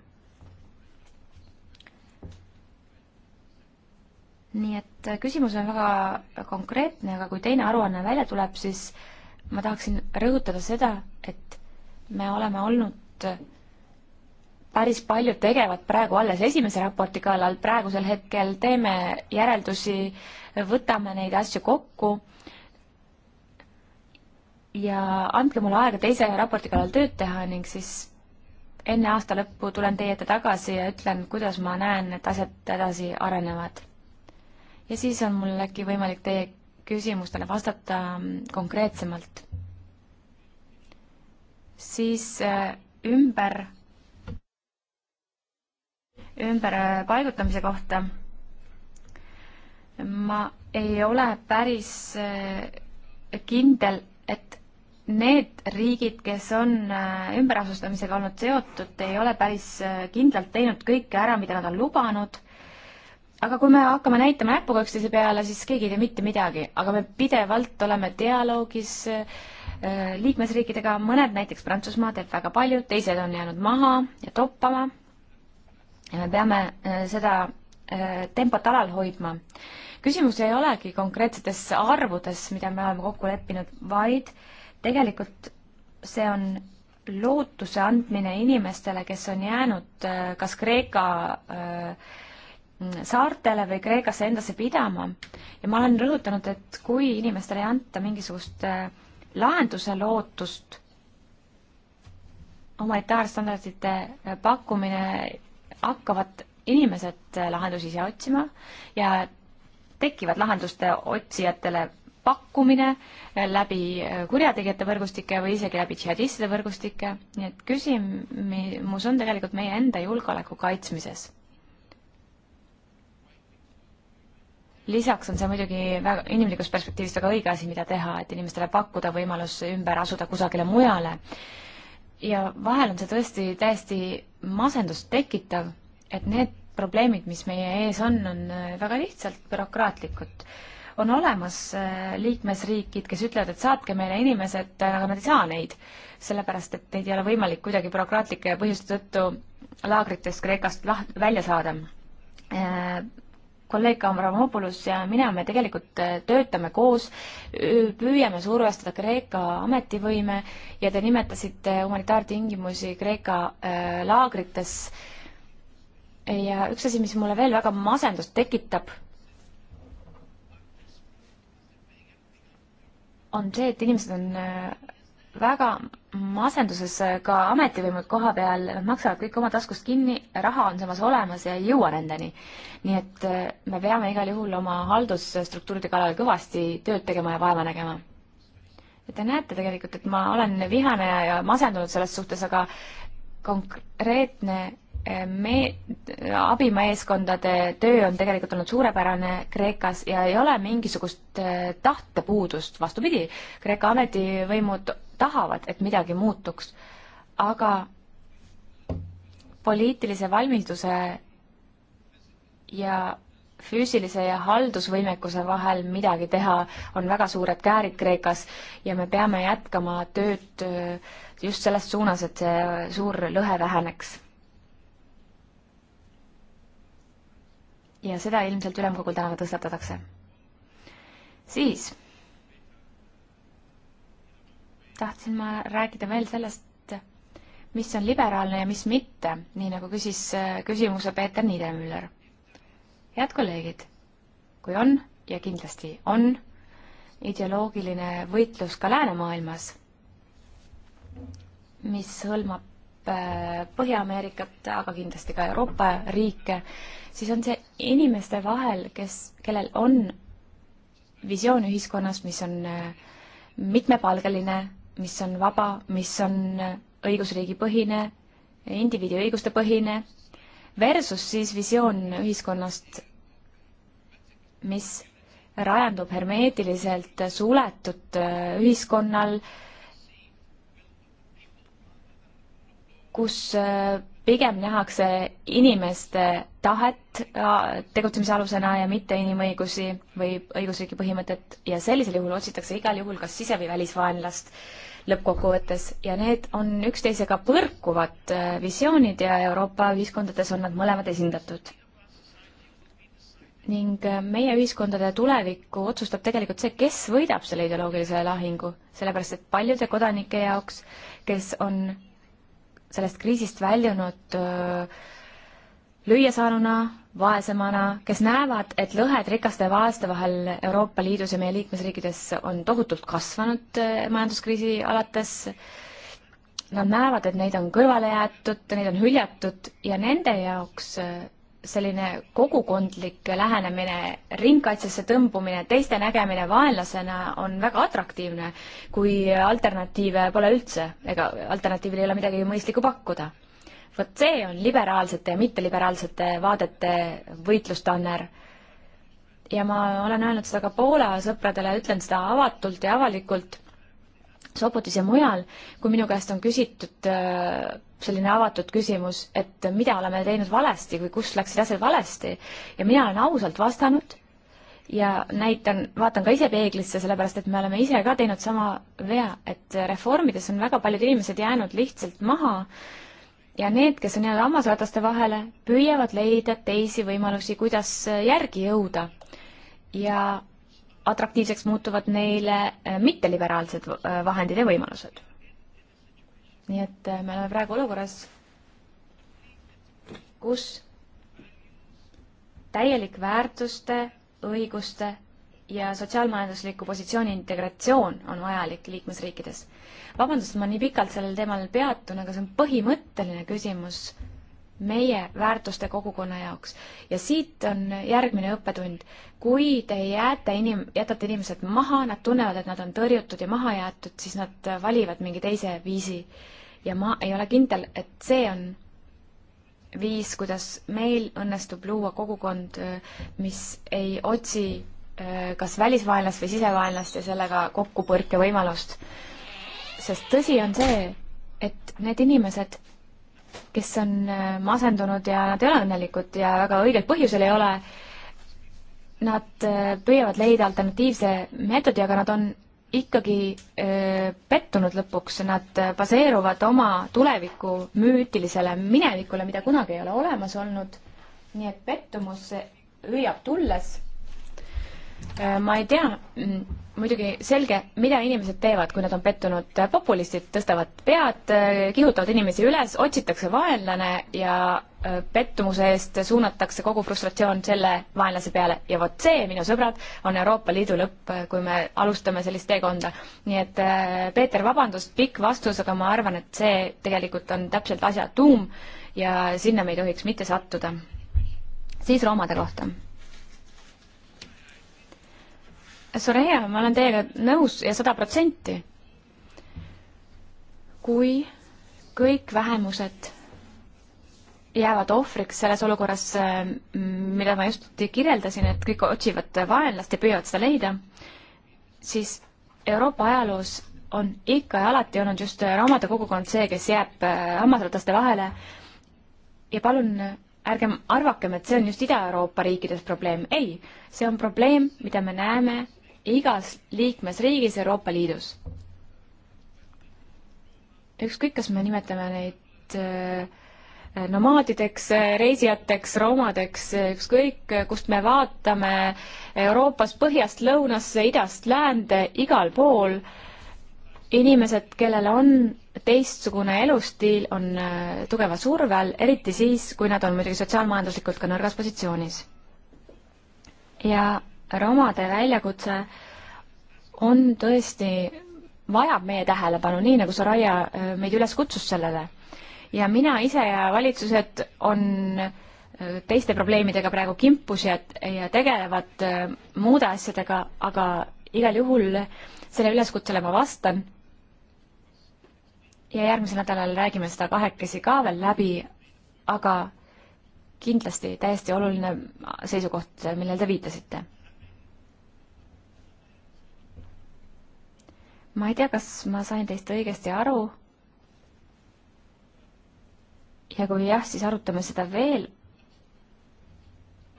nii et küsimus on väga konkreetne, aga kui teine aruanne välja tuleb, siis ma tahaksin rõhutada seda, et me oleme olnud päris palju tegevad praegu alles esimese raporti kallal, praegusel hetkel teeme järeldusi, võtame neid asju kokku ja andke mulle aega teise raporti kallal tööd teha ning siis enne aasta lõppu tulen teie ette tagasi ja ütlen, kuidas ma näen, et asjad edasi arenevad. ja siis on mul äkki võimalik teie küsimustele vastata mm, konkreetsemalt. siis äh, ümber, ümberpaigutamise äh, kohta ma ei ole päris äh, kindel, et need riigid, kes on äh, ümberasustamisega olnud seotud, ei ole päris äh, kindlalt teinud kõike ära, mida nad on lubanud. aga kui me hakkame näitama näpuga üksteise peale, siis keegi ei tee mitte midagi, aga me pidevalt oleme dialoogis äh, liikmesriikidega, mõned näiteks Prantsusmaa teeb väga palju, teised on jäänud maha ja toppama. ja me peame seda tempot alal hoidma. küsimus ei olegi konkreetsetes arvudes, mida me oleme kokku leppinud, vaid äh, tegelikult see on lootuse andmine inimestele, kes on jäänud äh, kas Kreeka äh, saartele või Kreekasse endasse pidama ja ma olen rõhutanud, et kui inimestele ei anta mingisugust äh, lahenduse lootust, humanitaarstandardite äh, pakkumine, hakkavad inimesed lahendusi ise otsima ja tekivad lahenduste otsijatele pakkumine läbi kurjategijate võrgustike või isegi läbi džihadistide võrgustike, nii et küsimus on tegelikult meie enda julgeoleku kaitsmises. lisaks on see muidugi väga, inimlikust perspektiivist väga õige asi, mida teha, et inimestele pakkuda võimalus ümber asuda kusagile mujale. ja vahel on see tõesti täiesti masendust tekitav, et need probleemid, mis meie ees on, on väga lihtsalt bürokraatlikud on olemas äh, liikmesriigid, kes ütlevad, et saatke meile inimesed, äh, aga nad ei saa neid, sellepärast et neid ei ole võimalik kuidagi bürokraatlike põhjuste tõttu laagritest Kreekast laht-, välja saada äh, kolleeg Amramopoulos ja mina, me tegelikult töötame koos, püüame survestada Kreeka ametivõime ja te nimetasite humanitaartingimusi Kreeka laagrites. ja üks asi, mis mulle veel väga masendust tekitab, on see, et inimesed on äh, väga masenduses, äh, ka ametivõimud koha peal, nad maksavad kõik oma taskust kinni, raha on samas olemas ja ei jõua nendeni. nii et äh, me peame igal juhul oma haldusstruktuuride kallal kõvasti tööd tegema ja vaeva nägema. Te näete tegelikult, et ma olen vihane ja masendunud selles suhtes, aga konkreetne me-, abimeeskondade töö on tegelikult olnud suurepärane Kreekas ja ei ole mingisugust äh, tahtepuudust, vastupidi, Kreeka ametivõimud tahavad, et midagi muutuks. aga poliitilise valmiduse ja füüsilise ja haldusvõimekuse vahel midagi teha, on väga suured käärid Kreekas ja me peame jätkama tööd äh, just selles suunas, et see suur lõhe väheneks ja seda ilmselt ülemkogul täna ka tõstatatakse. siis tahtsin ma rääkida veel sellest, mis on liberaalne ja mis mitte, nii nagu küsis äh, küsimuse Peeter Niidemüller. head kolleegid, kui on ja kindlasti on ideoloogiline võitlus ka läänemaailmas, mis hõlmab Äh, Põhja-Ameerikat, aga kindlasti ka Euroopa riike, siis on see inimeste vahel, kes, kellel on visioon ühiskonnas, mis on äh, mitmepalgeline, mis on vaba, mis on äh, õigusriigi põhine, indiviidi õiguste põhine, versus siis visioon ühiskonnast, mis rajandub hermeetiliselt suletud ühiskonnal äh,, kus äh, pigem nähakse inimeste tahet äh, tegutsemise alusena ja mitte inimõigusi või õigusriigi põhimõtet ja sellisel juhul otsitakse igal juhul kas sise- või välisvaenlast lõppkokkuvõttes ja need on üksteisega põrkuvad äh, visioonid ja Euroopa ühiskondades on nad mõlemad esindatud. ning meie ühiskondade tulevikku otsustab tegelikult see, kes võidab selle ideoloogilise lahingu, sellepärast et paljude kodanike jaoks, kes on sellest kriisist väljunud lüüasaanuna, vaesemana, kes näevad, et lõhed rikaste ja vaeste vahel Euroopa Liidus ja meie liikmesriikides on tohutult kasvanud majanduskriisi alates. Nad näevad, et neid on kõrvale jäetud, neid on hüljatud ja nende jaoks selline kogukondlik lähenemine, ringkaitsesse tõmbumine, teiste nägemine vaenlasena on väga atraktiivne, kui alternatiive pole üldse ega alternatiivil ei ole midagi mõistlikku pakkuda. vot see on liberaalsete ja mitteliberaalsete vaadete võitlustanner. ja ma olen öelnud seda ka Poola sõpradele, ütlen seda avatult ja avalikult, Sopotis ja mujal, kui minu käest on küsitud äh, selline avatud küsimus, et mida oleme teinud valesti või kus läksid asjad valesti ja mina olen ausalt vastanud ja näitan, vaatan ka ise peeglisse, sellepärast et me oleme ise ka teinud sama vea, et reformides on väga paljud inimesed jäänud lihtsalt maha ja need, kes on jäänud hammasrataste vahele, püüavad leida teisi võimalusi, kuidas järgi jõuda. ja atraktiivseks muutuvad neile äh, mitteliberaalsed äh, vahendid ja võimalused. nii et äh, me oleme praegu olukorras, kus täielik väärtuste, õiguste ja sotsiaalmajandusliku positsiooni integratsioon on vajalik liikmesriikides. vabandust, ma nii pikalt sellel teemal peatun, aga see on põhimõtteline küsimus meie väärtuste kogukonna jaoks. ja siit on järgmine õppetund. kui te jääte inim-, jätate inimesed maha, nad tunnevad, et nad on tõrjutud ja maha jäetud, siis nad valivad mingi teise viisi. ja ma ei ole kindel, et see on viis, kuidas meil õnnestub luua kogukond, mis ei otsi äh, kas välisvaenlast või sisevaenlast ja sellega kokkupõrke võimalust. sest tõsi on see, et need inimesed kes on masendunud ähm, ja nad ei ole õnnelikud ja väga õigel põhjusel ei ole. Nad äh, püüavad leida alternatiivse meetodi, aga nad on ikkagi öö, äh, pettunud lõpuks, nad äh, baseeruvad oma tuleviku müütilisele minevikule, mida kunagi ei ole olemas olnud. nii et pettumus hüüab tulles. ma ei tea, mm, muidugi selge, mida inimesed teevad, kui nad on pettunud. populistid tõstavad pead, kihutavad inimesi üles, otsitakse vaenlane ja äh, pettumuse eest suunatakse kogu frustratsioon selle vaenlase peale. ja vot see, minu sõbrad, on Euroopa Liidu lõpp, kui me alustame sellist teekonda. nii et äh, Peeter, vabandust, pikk vastus, aga ma arvan, et see tegelikult on täpselt asja tuum ja sinna me ei tohiks mitte sattuda. siis roomade kohta Soreja, ma olen teiega nõus ja sada protsenti. kui kõik vähemused jäävad ohvriks selles olukorras, mida ma just kirjeldasin, et kõik otsivad vaenlast ja püüavad seda leida, siis Euroopa ajaloos on ikka ja alati olnud just raamatu kogukond see, kes jääb äh, hammasrataste vahele. ja palun ärgem arvakem, et see on just Ida-Euroopa riikides probleem, ei, see on probleem, mida me näeme igas liikmesriigis Euroopa Liidus. ükskõik, kas me nimetame neid äh, nomaadideks, äh, reisijateks, roomadeks, äh, ükskõik kust me vaatame, Euroopas põhjast lõunasse, idast läände, igal pool inimesed, kellel on teistsugune elustiil, on tugeva surve all, eriti siis, kui nad on muidugi sotsiaalmajanduslikult ka nõrgas positsioonis. ja romade väljakutse on tõesti, vajab meie tähelepanu, nii nagu Soraya äh, meid üles kutsus sellele. ja mina ise ja valitsused on äh, teiste probleemidega praegu kimpus ja, ja tegelevad äh, muude asjadega, aga igal juhul selle üleskutsele ma vastan. ja järgmisel nädalal räägime seda kahekesi ka veel läbi, aga kindlasti täiesti oluline seisukoht, millele te viitasite ma ei tea, kas ma sain teist õigesti aru. ja kui jah, siis arutame seda veel.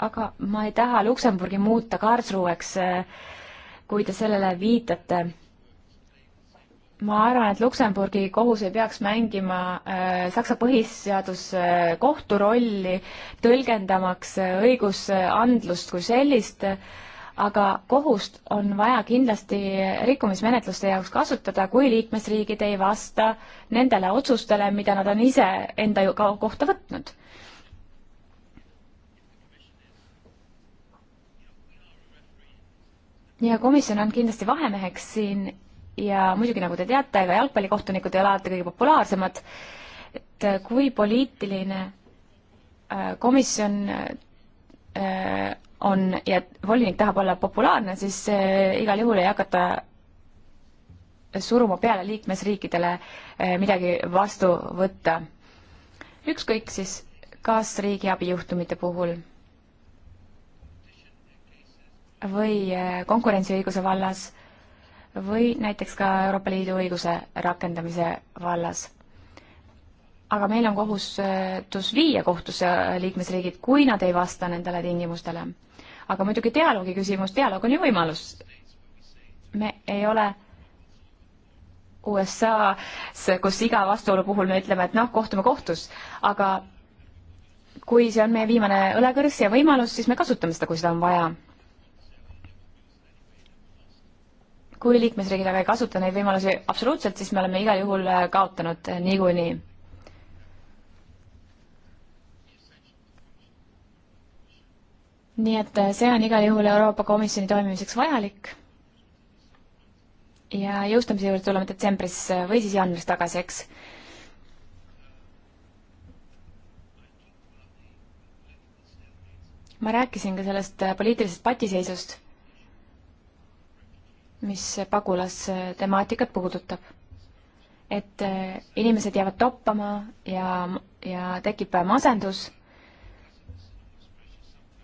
aga ma ei taha Luksemburgi muuta Karlsruheks, eh, kui te sellele viitate. ma arvan, et Luksemburgi kohus ei peaks mängima eh, Saksa põhiseaduskohtu eh, rolli, tõlgendamaks õigusandlust kui sellist aga kohust on vaja kindlasti rikkumismenetluste jaoks kasutada, kui liikmesriigid ei vasta nendele otsustele, mida nad on ise enda kohta võtnud. ja komisjon on kindlasti vahemeheks siin ja muidugi, nagu te teate, ka jalgpallikohtunikud ei ole alati kõige populaarsemad, et kui poliitiline äh, komisjon äh, on ja volinik tahab olla populaarne, siis eh, igal juhul ei hakata suruma peale liikmesriikidele eh, midagi vastu võtta. ükskõik siis, kas riigiabi juhtumite puhul või eh, konkurentsiõiguse vallas või näiteks ka Euroopa Liidu õiguse rakendamise vallas aga meil on kohustus viia kohtusse liikmesriigid, kui nad ei vasta nendele tingimustele aga muidugi dialoogi küsimus, dialoog on ju võimalus. me ei ole USA-s, kus iga vastuolu puhul me ütleme, et noh, kohtume kohtus, aga kui see on meie viimane õlekõrs ja võimalus, siis me kasutame seda, kui seda on vaja. kui liikmesriigid aga ei kasuta neid võimalusi absoluutselt, siis me oleme igal juhul kaotanud niikuinii nii et äh, see on igal juhul Euroopa Komisjoni toimimiseks vajalik. ja jõustamise juurde tuleme detsembris äh, või siis jaanuaris tagasi, eks. ma rääkisin ka sellest äh, poliitilisest patiseisust, mis pagulastemaatikat puudutab. et inimesed jäävad toppama ja, ja tekib masendus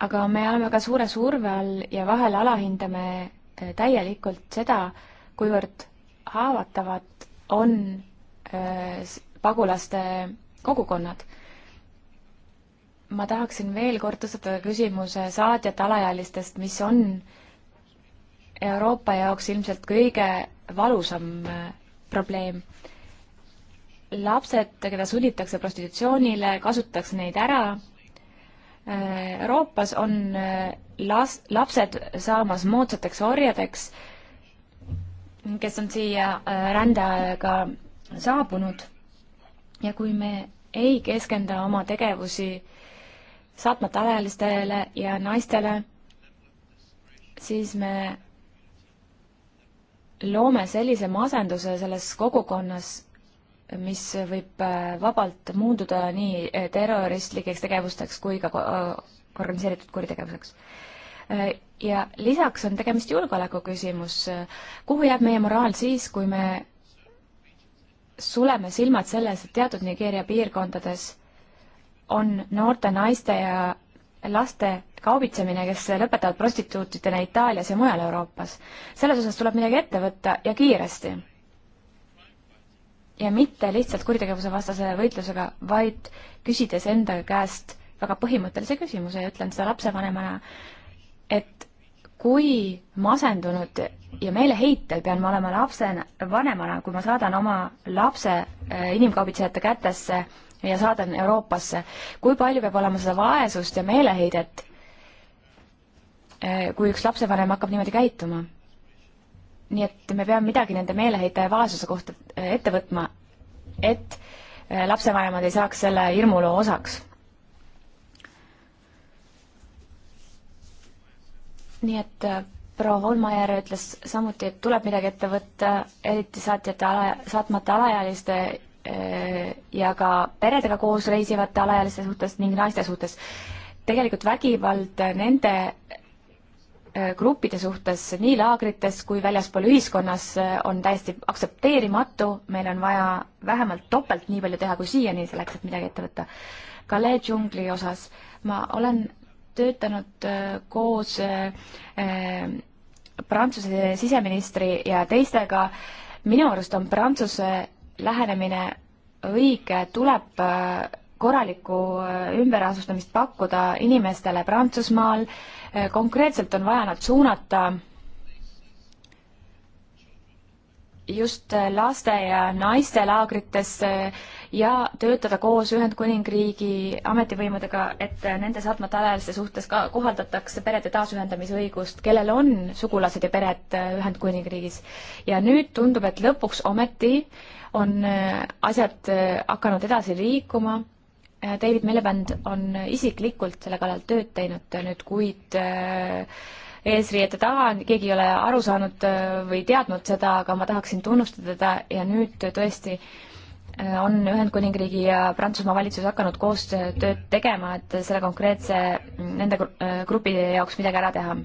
aga me oleme ka suure surve all ja vahel alahindame äh, täielikult seda, kuivõrd haavatavad on äh, pagulaste kogukonnad. ma tahaksin veel kord tõstatada küsimuse saadjate alaealistest, mis on Euroopa jaoks ilmselt kõige valusam äh, probleem. lapsed, keda sunnitakse prostitutsioonile, kasutatakse neid ära Euroopas on äh, las-, lapsed saamas moodsateks orjadeks, kes on siia äh, rändeaega saabunud ja kui me ei keskenda oma tegevusi saatmata alaealistele ja naistele, siis me loome sellise masenduse selles kogukonnas, mis võib äh, vabalt muunduda nii äh, terroristlikeks tegevusteks kui ka äh, organiseeritud kuritegevuseks. ja lisaks on tegemist julgeoleku küsimus, kuhu jääb meie moraal siis, kui me suleme silmad selles, et teatud Nigeeria piirkondades on noorte naiste ja laste kaubitsemine, kes lõpetavad prostituutidena Itaalias ja mujal Euroopas. selles osas tuleb midagi ette võtta ja kiiresti ja mitte lihtsalt kuritegevuse vastase võitlusega, vaid küsides enda käest väga põhimõttelise küsimuse ja ütlen seda lapsevanemana, et kui masendunud ja meeleheitel pean ma olema lapsena, vanemana, kui ma saadan oma lapse äh, inimkaubitsejate kätesse ja saadan Euroopasse, kui palju peab olema seda vaesust ja meeleheidet, äh, kui üks lapsevanem hakkab niimoodi käituma nii et me peame midagi nende meeleheite ja vaesuse kohta äh, ette võtma, et äh, lapsevanemad ei saaks selle hirmuloo osaks. nii et äh, proua Holmajärv ütles samuti, et tuleb midagi ette võtta, eriti saatjate ala, saatmata alaealiste ja ka peredega koos reisivate alaealiste suhtes ning naiste suhtes. tegelikult vägivald nende gruppide suhtes nii laagrites kui väljaspool ühiskonnas eh, on täiesti aktsepteerimatu, meil on vaja vähemalt topelt nii palju teha kui siiani selleks, et midagi ette võtta. Calais džungli osas ma olen töötanud eh, koos eh, Prantsuse siseministri ja teistega, minu arust on Prantsuse lähenemine õige, tuleb korralikku äh, ümberasustamist pakkuda inimestele Prantsusmaal. Äh, konkreetselt on vaja nad suunata just äh, laste ja naistelaagritesse ja töötada koos Ühendkuningriigi ametivõimudega, et nende saatmata alaealiste suhtes ka kohaldatakse perede taasühendamise õigust, kellel on sugulased ja pered Ühendkuningriigis. ja nüüd tundub, et lõpuks ometi on asjad hakanud edasi liikuma Äh, David Milleband on isiklikult selle kallal tööd teinud nüüd kuid äh, eesriiete taha, keegi ei ole aru saanud äh, või teadnud seda, aga ma tahaksin tunnustada teda ja nüüd tõesti on Ühendkuningriigi ja Prantsusmaa valitsus hakanud koostööd tegema, et selle konkreetse mm, nende grupi jaoks midagi ära teha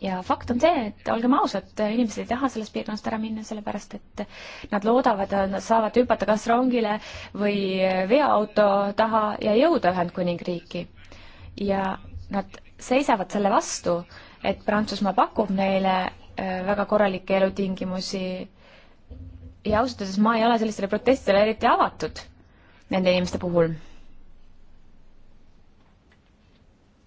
ja fakt on see, et olgem ausad, inimesed ei taha sellest piirkonnast ära minna, sellepärast et nad loodavad, nad saavad hüpata kas rongile või veoauto taha ja jõuda Ühendkuningriiki. ja nad seisavad selle vastu, et Prantsusmaa pakub neile äh, väga korralikke elutingimusi ja ausalt öeldes ma ei ole sellistele protestidele eriti avatud nende inimeste puhul.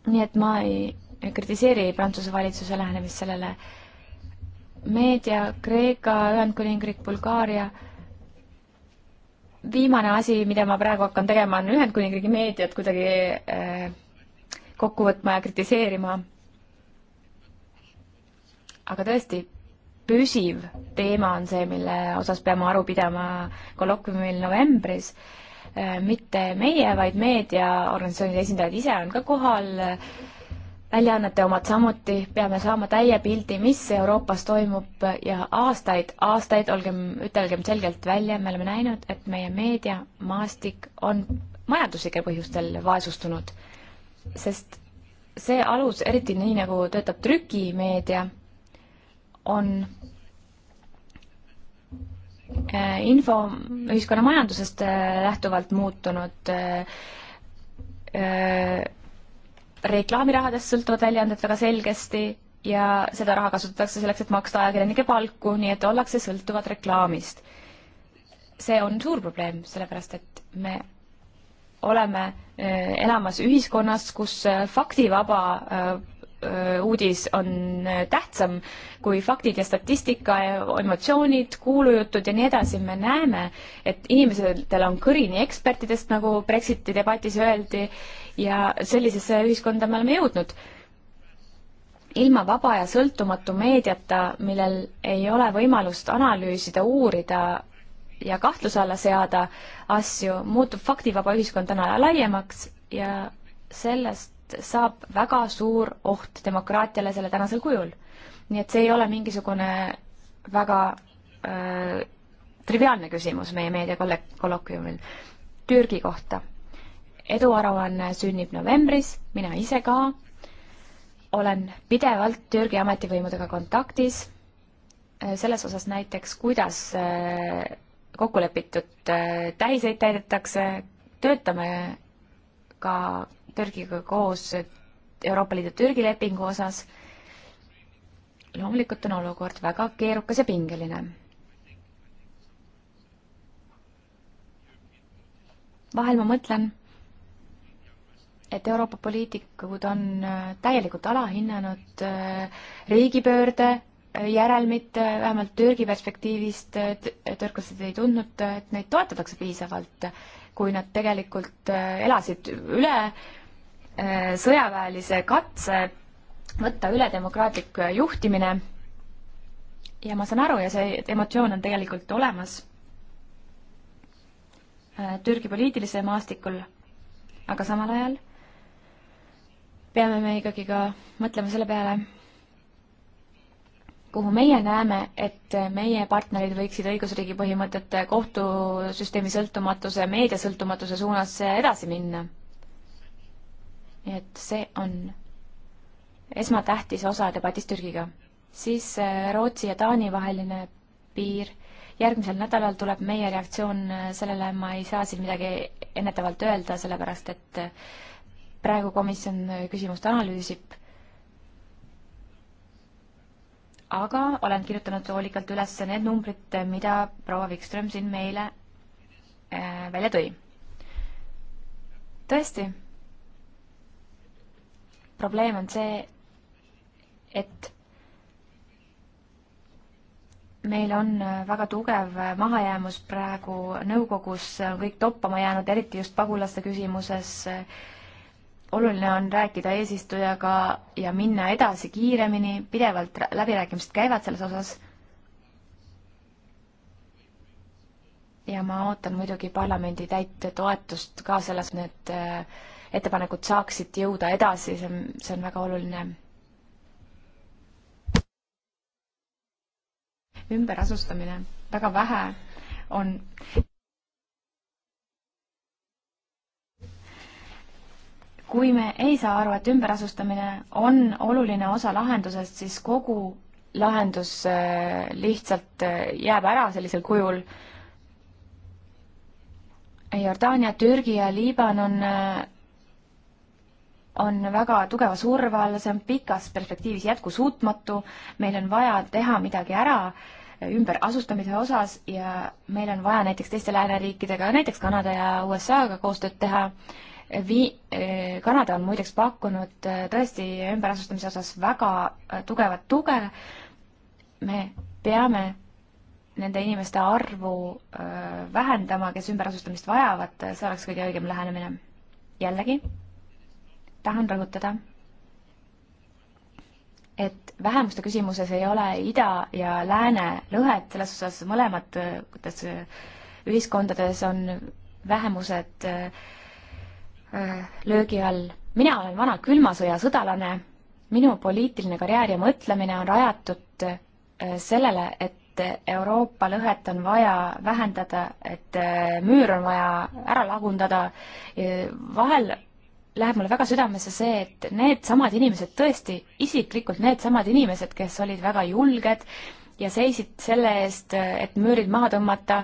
nii et ma ei kritiseeri Prantsuse valitsuse lähenemist sellele. meedia, Kreeka, Ühendkuningriik, Bulgaaria, viimane asi, mida ma praegu hakkan tegema, on Ühendkuningriigi meediat kuidagi äh, kokku võtma ja kritiseerima. aga tõesti, püsiv teema on see, mille osas peame aru pidama kolokviumil novembris. Äh, mitte meie, vaid meediaorganisatsioonide esindajad ise on ka kohal, väljaannete omad samuti, peame saama täie pildi, mis Euroopas toimub ja aastaid, aastaid, olgem, ütelgem selgelt välja, me oleme näinud, et meie meediamaastik on majanduslikel põhjustel vaesustunud. sest see alus, eriti nii, nagu töötab trükimeedia, on äh, info ühiskonna majandusest äh, lähtuvalt muutunud äh, reklaamirahadest sõltuvad väljaanded väga selgesti ja seda raha kasutatakse selleks, et maksta ajakirjanike palku, nii et ollakse sõltuvad reklaamist. see on suur probleem, sellepärast et me oleme äh, elamas ühiskonnas, kus äh, faktivaba äh, Äh, uudis on äh, tähtsam kui faktid ja statistika ja emotsioonid, kuulujutud ja nii edasi, me näeme, et inimesedel on kõrini ekspertidest, nagu Brexiti debatis öeldi, ja sellisesse ühiskonda me oleme jõudnud. ilma vaba ja sõltumatu meediata, millel ei ole võimalust analüüsida, uurida ja kahtluse alla seada asju, muutub faktivaba ühiskond täna laiemaks ja sellest sellest saab väga suur oht demokraatiale selle tänasel kujul. nii et see ei ole mingisugune väga äh, triviaalne küsimus meie meediakolloquiumil. Türgi kohta. eduaruanne sünnib novembris, mina ise ka olen pidevalt Türgi ametivõimudega kontaktis äh, selles osas näiteks, kuidas äh, kokku lepitud äh, tähiseid täidetakse, töötame ka Türgiga koos Euroopa Liidu Türgi lepingu osas. loomulikult on olukord väga keerukas ja pingeline. vahel ma mõtlen, et Euroopa poliitikud on äh, täielikult alahinnanud äh, riigipöörde äh, järelmit vähemalt Türgi perspektiivist, türklased ei tundnud, et neid toetatakse piisavalt, kui nad tegelikult elasid üle Äh, sõjaväelise katse võtta üle demokraatlik juhtimine. ja ma saan aru ja see emotsioon on tegelikult olemas äh, Türgi poliitilisel maastikul, aga samal ajal peame me ikkagi ka mõtlema selle peale, kuhu meie näeme, et meie partnerid võiksid õigusriigi põhimõtete, kohtusüsteemi sõltumatuse, meedia sõltumatuse suunas edasi minna nii et see on esmatähtis osa debatist Türgiga. siis äh, Rootsi ja Taani vaheline piir, järgmisel nädalal tuleb meie reaktsioon äh, sellele, ma ei saa siin midagi ennetavalt öelda, sellepärast et äh, praegu komisjon küsimust analüüsib. aga olen kirjutanud hoolikalt üles need numbrid, mida proua Wikström siin meile välja tõi. tõesti probleem on see, et meil on äh, väga tugev äh, mahajäämus praegu nõukogus, kõik toppama jäänud, eriti just pagulaste küsimuses. oluline on rääkida eesistujaga ja minna edasi kiiremini, pidevalt läbirääkimised käivad selles osas. ja ma ootan muidugi parlamendi täit toetust ka selles, et äh, ettepanekud saaksid jõuda edasi, see on, see on väga oluline. ümberasustamine, väga vähe on. kui me ei saa aru, et ümberasustamine on oluline osa lahendusest, siis kogu lahendus äh, lihtsalt äh, jääb ära sellisel kujul Jordaania, Türgi ja Liibanon äh, on väga tugeva surve all, see on pikas perspektiivis jätkusuutmatu, meil on vaja teha midagi ära ümberasustamise osas ja meil on vaja näiteks teiste lääneriikidega, näiteks Kanada ja USA-ga koostööd teha. Vi-, eh, Kanada on muideks pakkunud eh, tõesti ümberasustamise osas väga eh, tugevat tuge, me peame nende inimeste arvu vähendama, kes ümberasustamist vajavad, see oleks kõige õigem lähenemine. jällegi tahan rõhutada, et vähemuste küsimuses ei ole ida ja lääne lõhet, selles osas mõlemad kuidas äh, ühiskondades on vähemused äh, äh, löögi all. mina olen vana külma sõja sõdalane, minu poliitiline karjäär ja mõtlemine on rajatud sellele, et Euroopa lõhet on vaja vähendada, et müür on vaja ära lagundada, vahel läheb mulle väga südamesse see, et needsamad inimesed, tõesti isiklikult needsamad inimesed, kes olid väga julged ja seisid selle eest, et müürid maha tõmmata,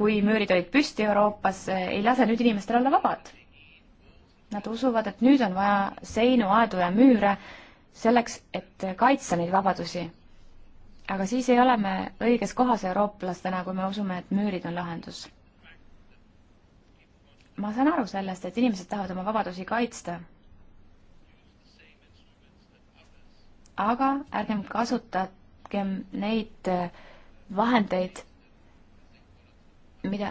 kui müürid olid püsti Euroopas, ei lase nüüd inimestel olla vabad. Nad usuvad, et nüüd on vaja seinu, aedu ja müüre selleks, et kaitsta neid vabadusi. aga siis ei ole me õiges kohas eurooplastena, kui me usume, et müürid on lahendus ma saan aru sellest, et inimesed tahavad oma vabadusi kaitsta. aga ärgem kasutagem neid äh, vahendeid, mida,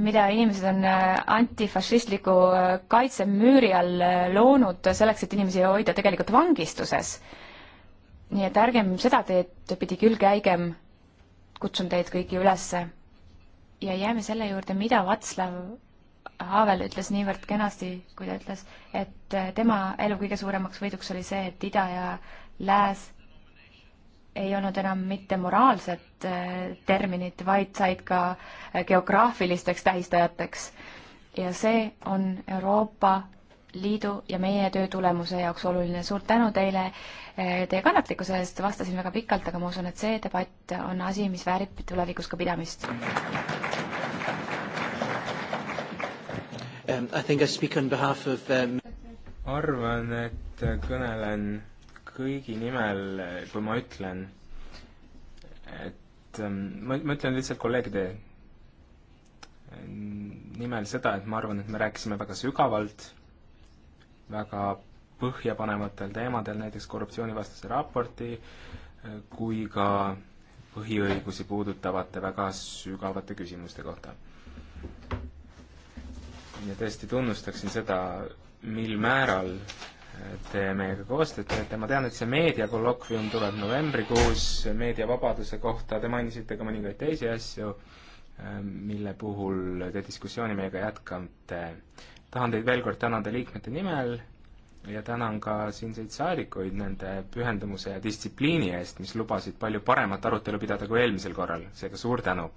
mida inimesed on äh, antifašistliku äh, kaitsemüüri all loonud selleks, et inimesi hoida tegelikult vangistuses. nii et ärgem seda teed pidi küll käigem. kutsun teid kõiki ülesse ja jääme selle juurde, mida Vatslav Havel ütles niivõrd kenasti, kui ta ütles, et eh, tema elu kõige suuremaks võiduks oli see, et ida ja lääs ei olnud enam mitte moraalsed eh, terminid, vaid said ka eh, geograafilisteks tähistajateks. ja see on Euroopa Liidu ja meie töö tulemuse jaoks oluline. suur tänu teile eh, teie kannatlikkuse eest, vastasin väga pikalt, aga ma usun, et see debatt on asi, mis väärib tulevikus ka pidamist um,.
Of... Um,
arvan, et kõnelen kõigi nimel, kui ma ütlen, et um, ma, ma ütlen lihtsalt kolleegide nimel seda, et ma arvan, et me rääkisime väga sügavalt väga põhjapanevatel teemadel, näiteks korruptsioonivastase raporti, äh, kui ka põhiõigusi puudutavate väga sügavate küsimuste kohta. ja tõesti tunnustaksin seda, mil määral äh, te meiega koostööd teete, ma tean, et see meediakolokvium tuleb novembrikuus meediavabaduse kohta, te mainisite ka mõningaid teisi asju, äh, mille puhul te diskussiooni meiega jätkate tahan teid veel kord tänada liikmete nimel ja tänan ka siinseid saadikuid nende pühendumuse ja distsipliini eest, mis lubasid palju paremat arutelu pidada kui eelmisel korral, seega suur tänu!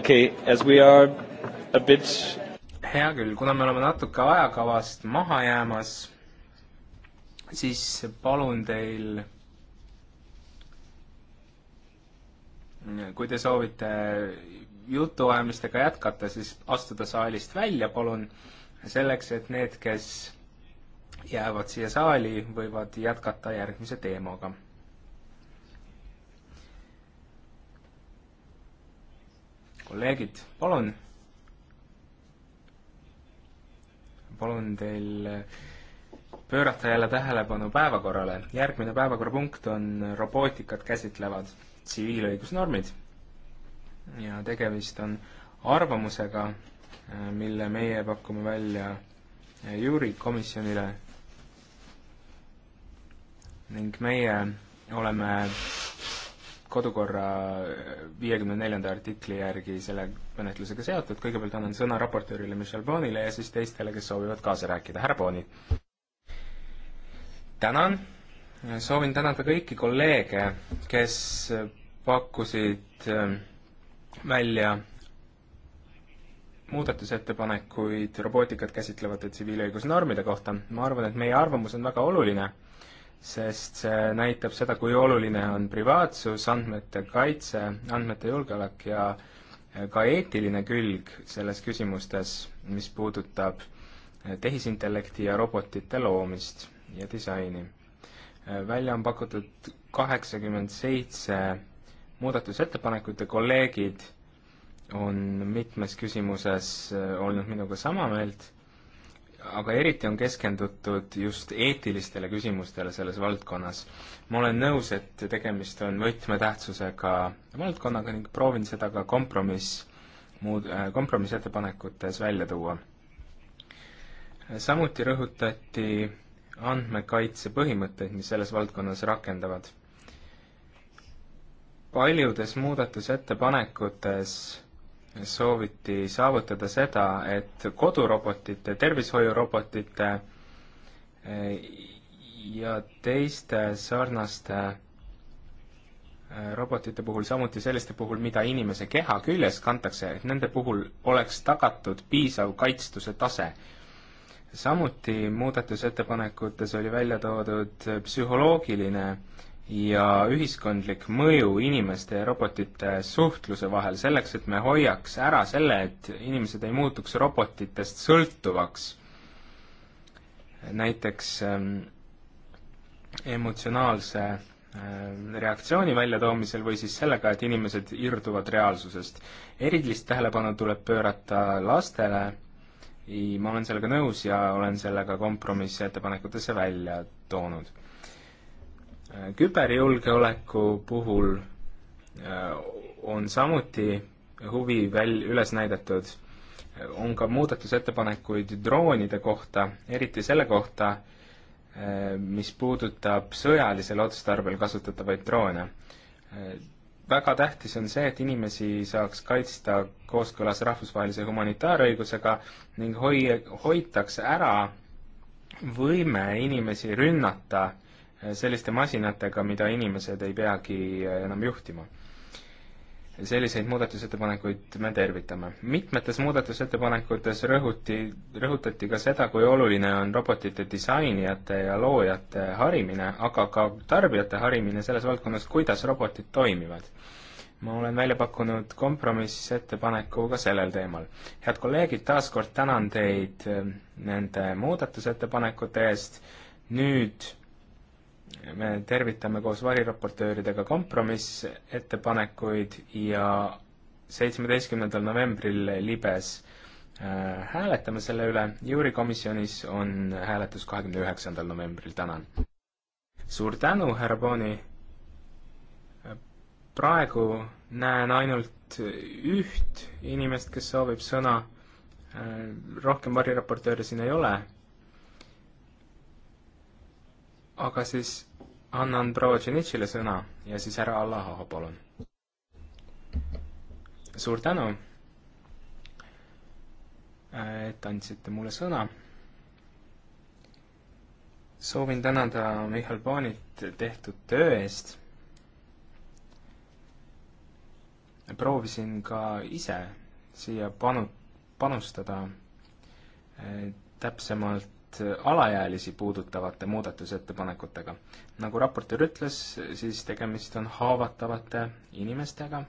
okei okay,, as we are a bit hea küll, kuna me oleme natuke ajakavast maha jäämas, siis palun teil, kui te soovite jutuajamistega jätkata, siis astuda saalist välja, palun, selleks, et need, kes jäävad siia saali, võivad jätkata järgmise teemaga kolleegid, palun, palun teil pöörata jälle tähelepanu päevakorrale. järgmine päevakorrapunkt on robootikat käsitlevad tsiviilõigusnormid. ja tegemist on arvamusega, mille meie pakume välja juurikomisjonile ning meie oleme kodukorra viiekümne neljanda artikli järgi selle menetlusega seotud, kõigepealt annan sõna raportöörile Michel Boonile ja siis teistele, kes soovivad kaasa rääkida, härra Booni. tänan, soovin tänada kõiki kolleege, kes pakkusid ähm, välja muudatusettepanekuid robootikat käsitlevate tsiviilõigusnormide kohta, ma arvan, et meie arvamus on väga oluline sest see näitab seda, kui oluline on privaatsus, andmete kaitse, andmete julgeolek ja eh, ka eetiline külg selles küsimustes, mis puudutab eh, tehisintellekti ja robotite loomist ja disaini. Eh, välja on pakutud kaheksakümmend seitse muudatusettepanekut ja kolleegid on mitmes küsimuses olnud minuga sama meelt aga eriti on keskendutud just eetilistele küsimustele selles valdkonnas. ma olen nõus, et tegemist on võtmetähtsusega valdkonnaga ning proovin seda ka kompromiss, muud, äh, kompromissettepanekutes välja tuua. samuti rõhutati andmekaitse põhimõtteid, mis selles valdkonnas rakenduvad. paljudes muudatusettepanekutes sooviti saavutada seda, et kodurobotite, tervishoiurobotite eh, ja teiste sarnaste eh, robotite puhul, samuti selliste puhul, mida inimese keha küljes kantakse, et nende puhul oleks tagatud piisav kaitstuse tase. samuti muudatusettepanekutes oli välja toodud psühholoogiline ja ühiskondlik mõju inimeste ja robotite suhtluse vahel, selleks et me hoiaks ära selle, et inimesed ei muutuks robotitest sõltuvaks. näiteks ähm, emotsionaalse ähm, reaktsiooni väljatoomisel või siis sellega, et inimesed irduvad reaalsusest. erilist tähelepanu tuleb pöörata lastele, ma olen sellega nõus ja olen sellega kompromissettepanekutesse välja toonud Äh, küberjulgeoleku puhul äh, on samuti huvi väl-, üles näidatud, äh, on ka muudatusettepanekuid droonide kohta, eriti selle kohta, mis puudutab sõjalisel otstarbel kasutatavaid droone. väga tähtis on see, et inimesi saaks kaitsta kooskõlas rahvusvahelise humanitaarõigusega ning hoi-, hoitakse ära võime inimesi rünnata äh, selliste masinatega, mida inimesed ei peagi eh, enam juhtima. selliseid muudatusettepanekuid me tervitame. mitmetes muudatusettepanekutes rõhuti, rõhutati ka seda, kui oluline on robotite disainijate ja loojate harimine, aga ka tarbijate harimine selles valdkonnas, kuidas robotid toimivad ma olen välja pakkunud kompromissettepaneku ka sellel teemal. head kolleegid, taas kord tänan teid eh, nende muudatusettepanekute eest, nüüd me tervitame koos variraportööridega kompromissettepanekuid ja seitsmeteistkümnendal novembril libes äh, hääletame selle üle, juurikomisjonis on hääletus kahekümne üheksandal novembril, tänan. suur tänu, härra Booni. Äh, praegu näen ainult üht inimest, kes soovib sõna, äh, rohkem variraportööre siin ei ole aga siis annan proua Tšenitšile sõna ja siis härra Allahoho, palun. suur tänu, et andsite mulle sõna. soovin tänada Mihhail Paanit tehtud töö eest. proovisin ka ise siia panu, panustada eh, täpsemalt Äh, alaealisi puudutavate muudatusettepanekutega. nagu raportöör ütles, siis tegemist on haavatavate inimestega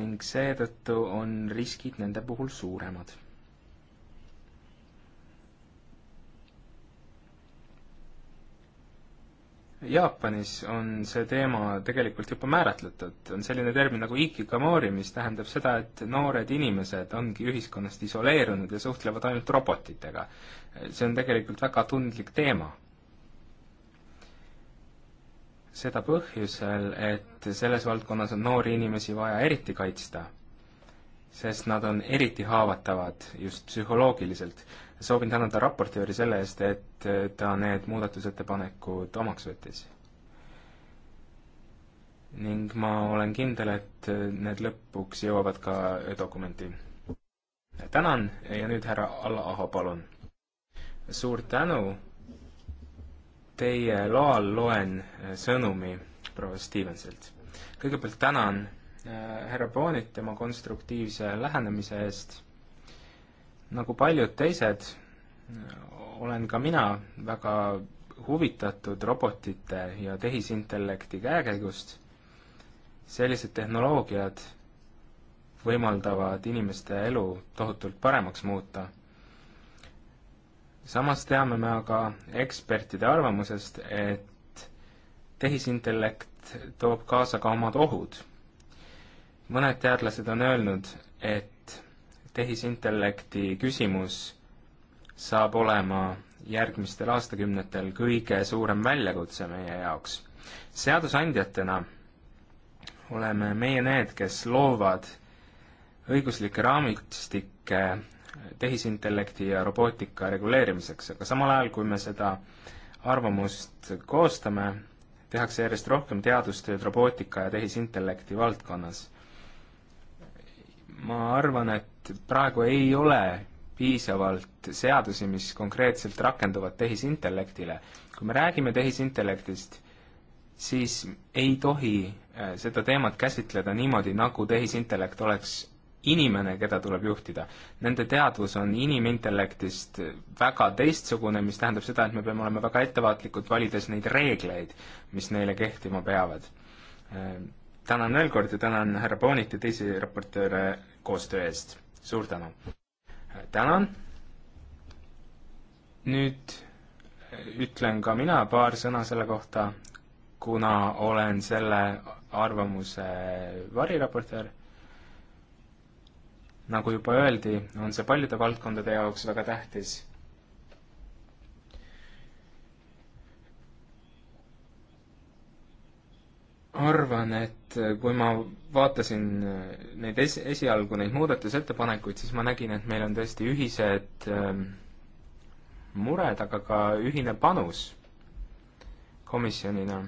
ning seetõttu on riskid nende puhul suuremad Jaapanis on see teema tegelikult juba määratletud, on selline termin nagu ikigamori, mis tähendab seda, et noored inimesed ongi ühiskonnast isoleerunud ja suhtlevad ainult robotitega. see on tegelikult väga tundlik teema. seda põhjusel, et selles valdkonnas on noori inimesi vaja eriti kaitsta sest nad on eriti haavatavad just psühholoogiliselt. soovin tänada raportööri selle eest, et ta need muudatusettepanekud omaks võttis. ning ma olen kindel, et need lõpuks jõuavad ka dokumenti. tänan ja nüüd härra Alla-Aho, palun. suur tänu. Teie loal loen sõnumi proua Stevensilt. kõigepealt tänan Äh, härra Boonit tema konstruktiivse lähenemise eest. nagu paljud teised, olen ka mina väga huvitatud robotite ja tehisintellekti käekäigust. sellised tehnoloogiad võimaldavad inimeste elu tohutult paremaks muuta. samas teame me aga ekspertide arvamusest, et tehisintellekt toob kaasa ka omad ohud mõned teadlased on öelnud, et tehisintellekti küsimus saab olema järgmistel aastakümnetel kõige suurem väljakutse meie jaoks. seadusandjatena oleme meie need, kes loovad õiguslikke raamistikke tehisintellekti ja robootika reguleerimiseks, aga samal ajal, kui me seda arvamust koostame, tehakse järjest rohkem teadustööd robootika ja tehisintellekti valdkonnas ma arvan, et praegu ei ole piisavalt seadusi, mis konkreetselt rakenduvad tehisintellektile. kui me räägime tehisintellektist, siis ei tohi äh, seda teemat käsitleda niimoodi, nagu tehisintellekt oleks inimene, keda tuleb juhtida. Nende teadvus on inimintellektist väga teistsugune, mis tähendab seda, et me peame olema väga ettevaatlikud, valides neid reegleid, mis neile kehtima peavad. Äh, tänan veel kord ja tänan härra Poonit ja teisi raportööre koostöö eest. suur tänu! tänan! nüüd ütlen ka mina paar sõna selle kohta, kuna olen selle arvamuse variraportöör. nagu juba öeldi, on see paljude valdkondade jaoks väga tähtis arvan, et äh, kui ma vaatasin äh, neid es-, esialgu neid muudatusettepanekuid, siis ma nägin, et meil on tõesti ühised ähm, mured, aga ka ühine panus komisjonina.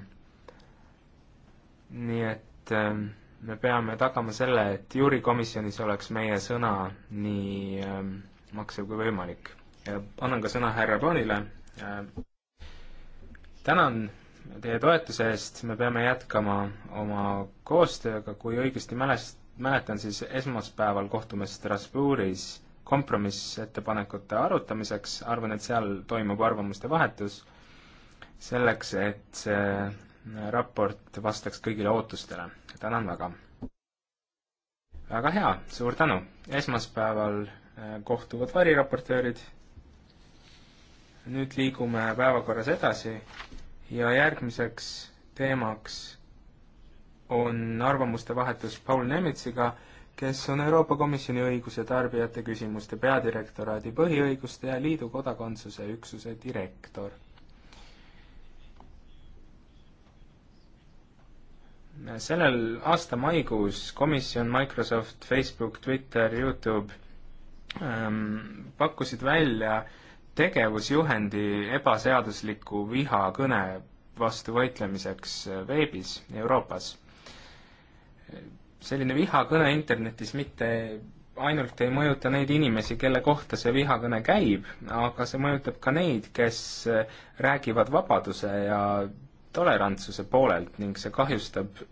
nii et ähm, me peame tagama selle, et juurikomisjonis oleks meie sõna nii ähm, maksev kui võimalik. ja annan ka sõna härra Paanile äh,. tänan teie toetuse eest, me peame jätkama oma koostööga, kui õigesti mälest-, mäletan, siis esmaspäeval kohtume Strasbourgis kompromissettepanekute arutamiseks, arvan, et seal toimub arvamuste vahetus, selleks, et see raport vastaks kõigile ootustele. tänan väga! väga hea, suur tänu! esmaspäeval äh, kohtuvad variraportöörid, nüüd liigume päevakorras edasi ja järgmiseks teemaks on arvamuste vahetus Paul Nemitsiga, kes on Euroopa Komisjoni õiguse tarbijate küsimuste peadirektoraadi põhiõiguste ja liidu kodakondsuse üksuse direktor. sellel aasta maikuus komisjon Microsoft, Facebook, Twitter, Youtube ähm, pakkusid välja äh, tegevusjuhendi ebaseadusliku vihakõne vastu võitlemiseks veebis Euroopas. selline vihakõne internetis mitte ainult ei mõjuta neid inimesi, kelle kohta see vihakõne käib, aga see mõjutab ka neid, kes räägivad vabaduse ja tolerantsuse poolelt ning see kahjustab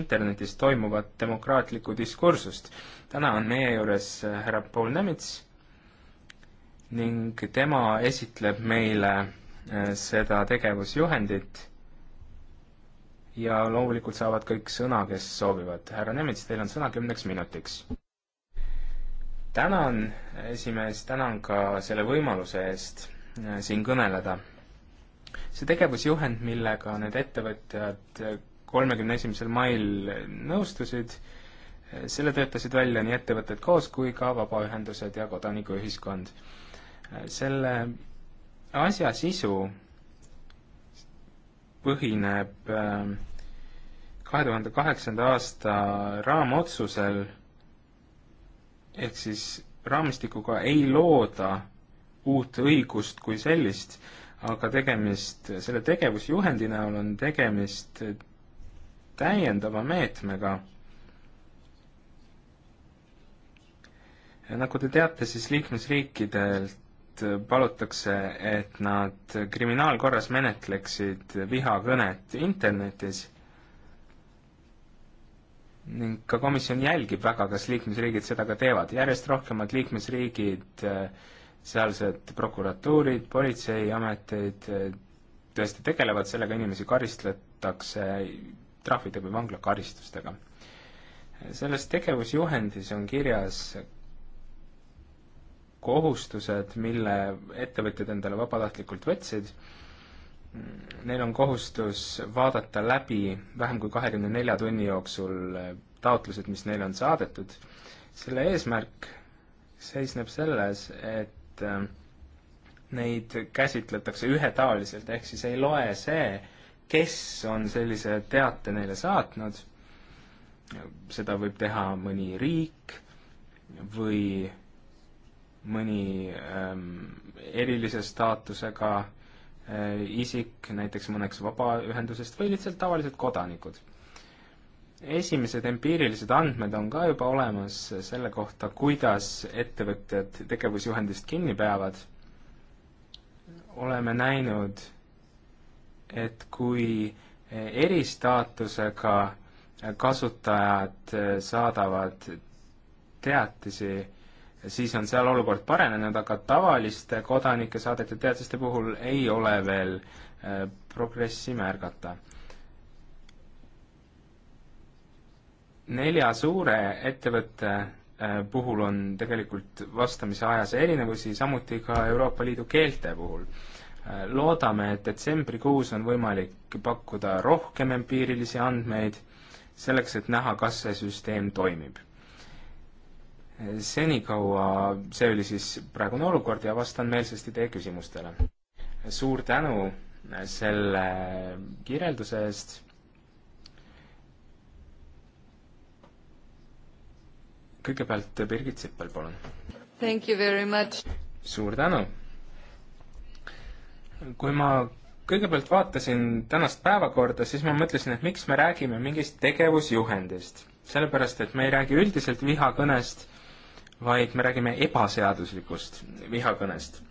internetis toimuvat demokraatlikku diskursust. täna on meie juures härra Paul Nemets ning tema esitleb meile eh, seda tegevusjuhendit ja loomulikult saavad kõik sõna, kes soovivad. härra Nemets, teil on sõna kümneks minutiks. tänan, esimees, tänan ka selle võimaluse eest eh, siin kõneleda. see tegevusjuhend, millega need ettevõtjad kolmekümne esimesel mail nõustusid, eh, selle töötasid välja nii ettevõtted koos kui ka vabaühendused ja kodanikuühiskond selle asja sisu põhineb ähm, kahe tuhande kaheksanda aasta raamotsusel, ehk siis raamistikuga ei looda uut õigust kui sellist, aga tegemist, selle tegevusjuhendi näol on tegemist täiendava meetmega. nagu te teate, siis liikmesriikidelt palutakse, et nad kriminaalkorras menetleksid vihakõnet internetis ning ka komisjon jälgib väga, kas liikmesriigid seda ka teevad. järjest rohkemad liikmesriigid, sealsed prokuratuurid, politseiametid tõesti tegelevad sellega, inimesi karistatakse trahvide või vanglakaristustega. selles tegevusjuhendis on kirjas kohustused, mille ettevõtjad endale vabatahtlikult võtsid, neil on kohustus vaadata läbi vähem kui kahekümne nelja tunni jooksul taotlused, mis neile on saadetud. selle eesmärk seisneb selles, et äh, neid käsitletakse ühetaoliselt, ehk siis ei loe see, kes on sellise teate neile saatnud, seda võib teha mõni riik või mõni ähm, erilise staatusega äh, isik, näiteks mõneks vabaühendusest või lihtsalt tavalised kodanikud. esimesed empiirilised andmed on ka juba olemas selle kohta, kuidas ettevõtjad tegevusjuhendist kinni peavad. oleme näinud, et kui äh, eristaatusega kasutajad äh, saadavad teatisi siis on seal olukord paranenud, aga tavaliste kodanike saadetud teadlaste puhul ei ole veel äh, progressi märgata. nelja suure ettevõtte äh, puhul on tegelikult vastamise ajas erinevusi, samuti ka Euroopa Liidu keelte puhul. Äh, loodame, et detsembrikuus on võimalik pakkuda rohkem empiirilisi andmeid selleks, et näha, kas see süsteem toimib senikaua, see oli siis praegune olukord ja vastan meelsasti teie küsimustele. suur tänu selle kirjelduse eest. kõigepealt Birgit Sippel, palun.
Thank you very much.
suur tänu. kui ma kõigepealt vaatasin tänast päevakorda, siis ma mõtlesin, et miks me räägime mingist tegevusjuhendist. sellepärast, et me ei räägi üldiselt vihakõnest vaid me räägime ebaseaduslikust vihakõnest.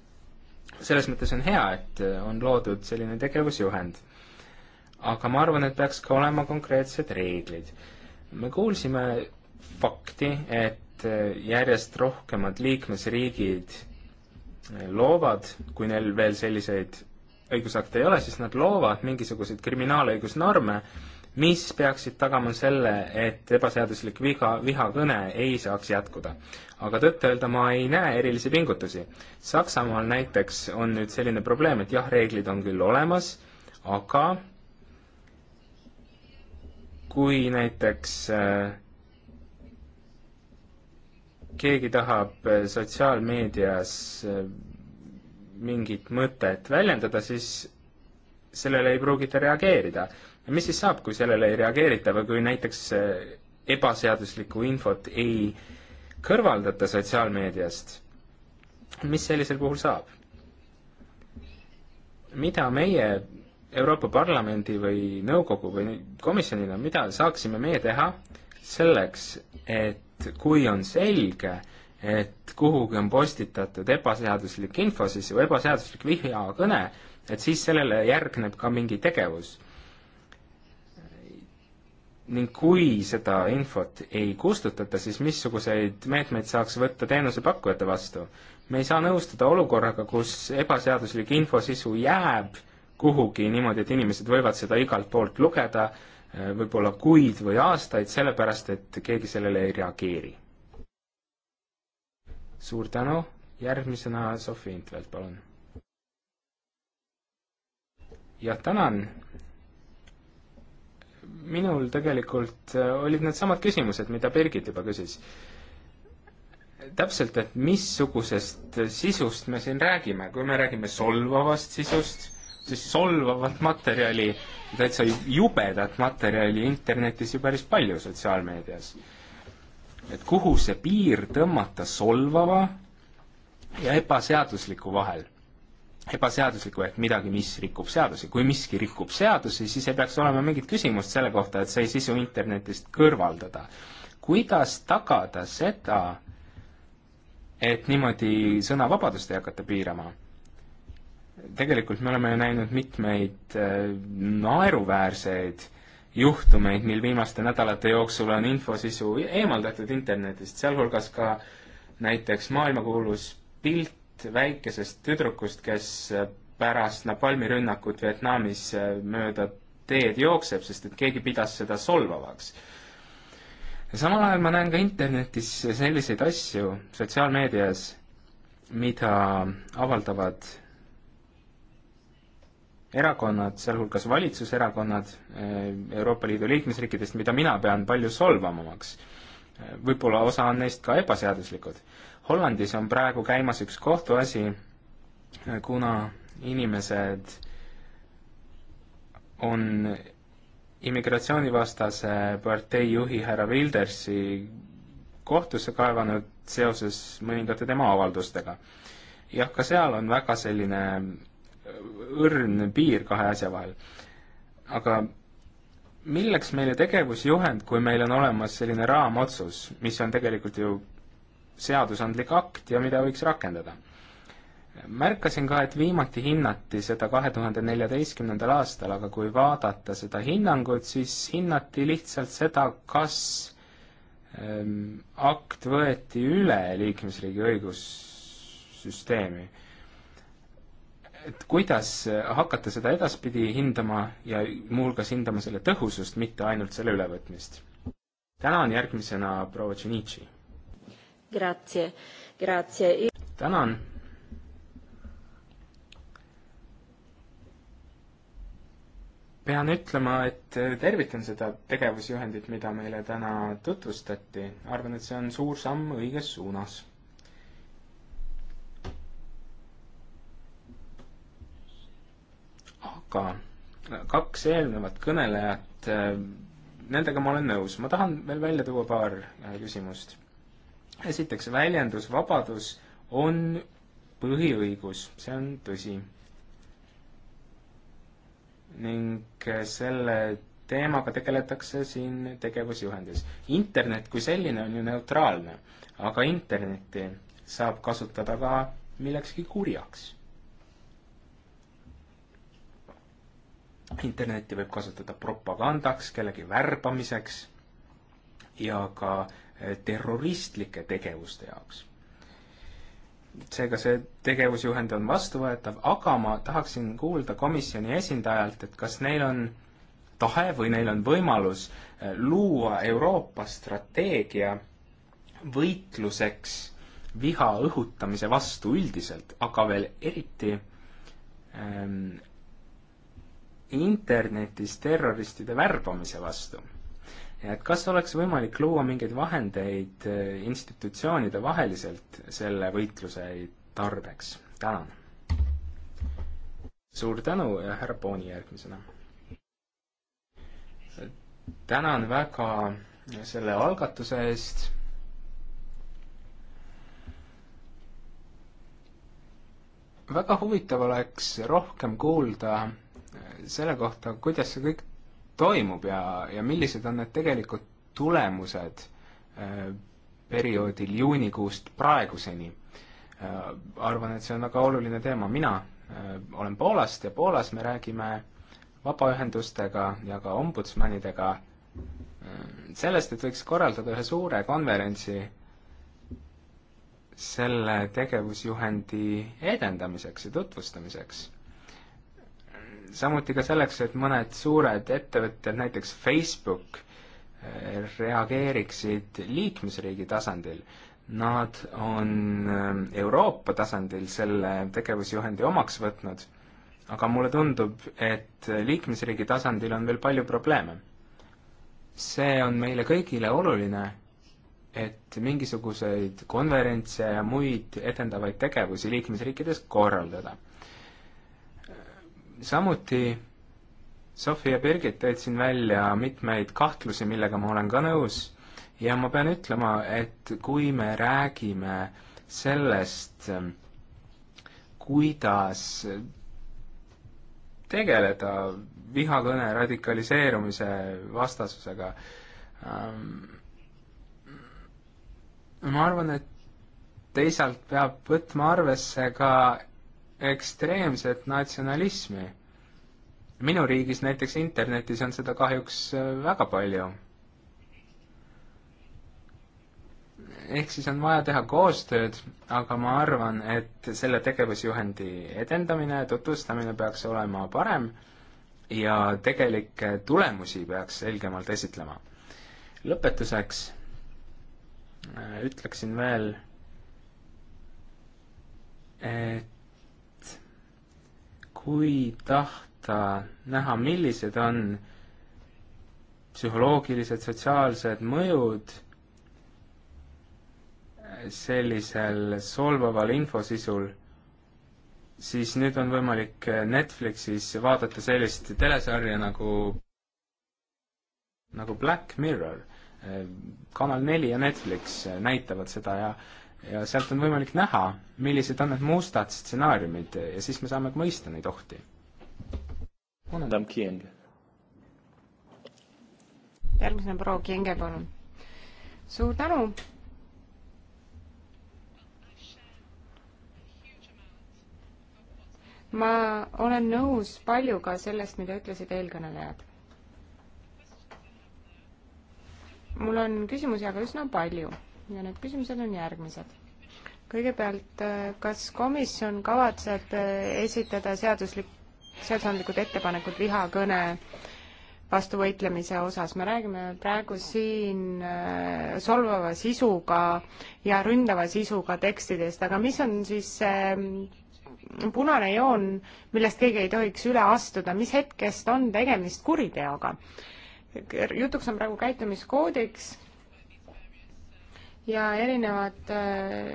selles mõttes on hea, et äh, on loodud selline tegevusjuhend. aga ma arvan, et peaks ka olema konkreetsed reeglid. me kuulsime fakti, et äh, järjest rohkemad liikmesriigid äh, loovad, kui neil veel selliseid õigusakte ei ole, siis nad loovad mingisuguseid kriminaalõigusnorme, mis peaksid tagama selle, et ebaseaduslik viha, vihakõne ei saaks jätkuda. aga tõtt-öelda ma ei näe erilisi pingutusi. Saksamaal näiteks on nüüd selline probleem, et jah, reeglid on küll olemas, aga kui näiteks äh, keegi tahab äh, sotsiaalmeedias äh, mingit mõtet väljendada, siis sellele ei pruugita reageerida mis siis saab, kui sellele ei reageerita või kui näiteks eh, ebaseaduslikku infot ei kõrvaldata sotsiaalmeediast, mis sellisel puhul saab? mida meie Euroopa Parlamendi või nõukogu või komisjonina, mida saaksime meie teha selleks, et kui on selge, et kuhugi on postitatud ebaseaduslik info siis või ebaseaduslik vihjakõne, et siis sellele järgneb ka mingi tegevus ning kui seda infot ei kustutata, siis missuguseid meetmeid saaks võtta teenusepakkujate vastu? me ei saa nõustuda olukorraga, kus ebaseaduslik infosisu jääb kuhugi niimoodi, et inimesed võivad seda igalt poolt lugeda eh, võib-olla kuid või aastaid, sellepärast et keegi sellele ei reageeri. suur tänu, järgmisena Sofi Intvelt, palun. jah, tänan minul tegelikult äh, olid needsamad küsimused, mida Birgit juba küsis. täpselt, et missugusest sisust me siin räägime, kui me räägime solvavast sisust, siis solvavat materjali, täitsa jubedat materjali internetis ju päris palju sotsiaalmeedias. et kuhu see piir tõmmata solvava ja ebaseadusliku vahel ebaseaduslikku ehk midagi, mis rikub seadusi. kui miski rikub seadusi, siis ei peaks olema mingit küsimust selle kohta, et see sisu internetist kõrvaldada. kuidas tagada seda, et niimoodi sõnavabadust ei hakata piirama? tegelikult me oleme ju näinud mitmeid äh, naeruväärseid juhtumeid, mil viimaste nädalate jooksul on infosisu eemaldatud internetist, sealhulgas ka näiteks maailmakuulus pilt, pilt väikesest tüdrukust, kes pärast Napalmi rünnakut Vietnamis mööda teed jookseb, sest et keegi pidas seda solvavaks. samal ajal ma näen ka internetis selliseid asju sotsiaalmeedias, mida avaldavad erakonnad, sealhulgas valitsuserakonnad eh, Euroopa Liidu liikmesriikidest, mida mina pean palju solvavamaks. võib-olla osa on neist ka ebaseaduslikud Hollandis on praegu käimas üks kohtuasi, kuna inimesed on immigratsioonivastase partei juhi härra Wildersi kohtusse kaevanud seoses mõningate tema avaldustega. jah, ka seal on väga selline õrn piir kahe asja vahel. aga milleks meile tegevusjuhend, kui meil on olemas selline raamotsus, mis on tegelikult ju seadusandlik akt ja mida võiks rakendada. märkasin ka, et viimati hinnati seda kahe tuhande neljateistkümnendal aastal, aga kui vaadata seda hinnangut, siis hinnati lihtsalt seda, kas ähm, akt võeti üle liikmesriigi õigussüsteemi. et kuidas hakata seda edaspidi hindama ja muuhulgas hindama selle tõhusust, mitte ainult selle ülevõtmist. tänan järgmisena proua Tšenitši
Grazie, grazie.
tänan. pean ütlema, et tervitan seda tegevusjuhendit, mida meile täna tutvustati. arvan, et see on suur samm õiges suunas. aga kaks eelnevat kõnelejat, nendega ma olen nõus. ma tahan veel välja tuua paar küsimust esiteks, väljendusvabadus on põhiõigus, see on tõsi. ning äh, selle teemaga tegeletakse siin tegevusjuhendis. internet kui selline on ju neutraalne, aga internetti saab kasutada ka millekski kurjaks. internetti võib kasutada propagandaks, kellegi värbamiseks ja ka Eh, terroristlike tegevuste jaoks. seega see tegevusjuhend on vastuvõetav, aga ma tahaksin kuulda komisjoni esindajalt, et kas neil on tahe või neil on võimalus eh, luua Euroopa strateegia võitluseks viha õhutamise vastu üldiselt, aga veel eriti ähm, internetis terroristide värbamise vastu et kas oleks võimalik luua mingeid vahendeid äh, institutsioonide vaheliselt selle võitluse tarbeks? tänan! suur tänu ja äh, härra Pooni järgmisena! tänan väga selle algatuse eest väga huvitav oleks rohkem kuulda äh, selle kohta, kuidas see kõik toimub ja, ja millised on need tegelikud tulemused äh, perioodil juunikuust praeguseni äh,. arvan, et see on väga oluline teema, mina äh, olen Poolast ja Poolas me räägime vabaühendustega ja ka ombudsmanidega äh, sellest, et võiks korraldada ühe suure konverentsi selle tegevusjuhendi edendamiseks ja tutvustamiseks samuti ka selleks, et mõned suured ettevõtted, näiteks Facebook, reageeriksid liikmesriigi tasandil. Nad on äh, Euroopa tasandil selle tegevusjuhendi omaks võtnud, aga mulle tundub, et liikmesriigi tasandil on veel palju probleeme. see on meile kõigile oluline, et mingisuguseid konverentse ja muid edendavaid tegevusi liikmesriikides korraldada samuti Sofi ja Birgit tõid siin välja mitmeid kahtlusi, millega ma olen ka nõus ja ma pean ütlema, et kui me räägime sellest, ähm, kuidas tegeleda vihakõne radikaliseerumise vastasusega, ähm, ma arvan, et teisalt peab võtma arvesse ka ekstreemset natsionalismi. minu riigis näiteks internetis on seda kahjuks äh, väga palju. ehk siis on vaja teha koostööd, aga ma arvan, et selle tegevusjuhendi edendamine, tutvustamine peaks olema parem ja tegelikke tulemusi peaks selgemalt esitlema. lõpetuseks äh, ütleksin veel, et kui tahta näha, millised on psühholoogilised, sotsiaalsed mõjud sellisel solvaval infosisul, siis nüüd on võimalik Netflixis vaadata sellist telesarja nagu, nagu Black Mirror. kanal neli ja Netflix näitavad seda ja ja sealt on võimalik näha, millised on need mustad stsenaariumid ja siis me saame mõista neid ohti.
järgmisena proua Kienge, palun. suur tänu. ma olen nõus paljuga sellest, mida ütlesid eelkõnelejad. mul on küsimusi aga üsna palju ja need küsimused on järgmised. kõigepealt, äh, kas komisjon kavatseb äh, esitada seaduslik, seadusandlikud ettepanekud vihakõne vastu võitlemise osas, me räägime praegu siin äh, solvava sisuga ja ründava sisuga tekstidest, aga mis on siis see punane joon, millest keegi ei tohiks üle astuda, mis hetkest on tegemist kuriteoga? jutuks on praegu käitumiskoodiks ja erinevad äh,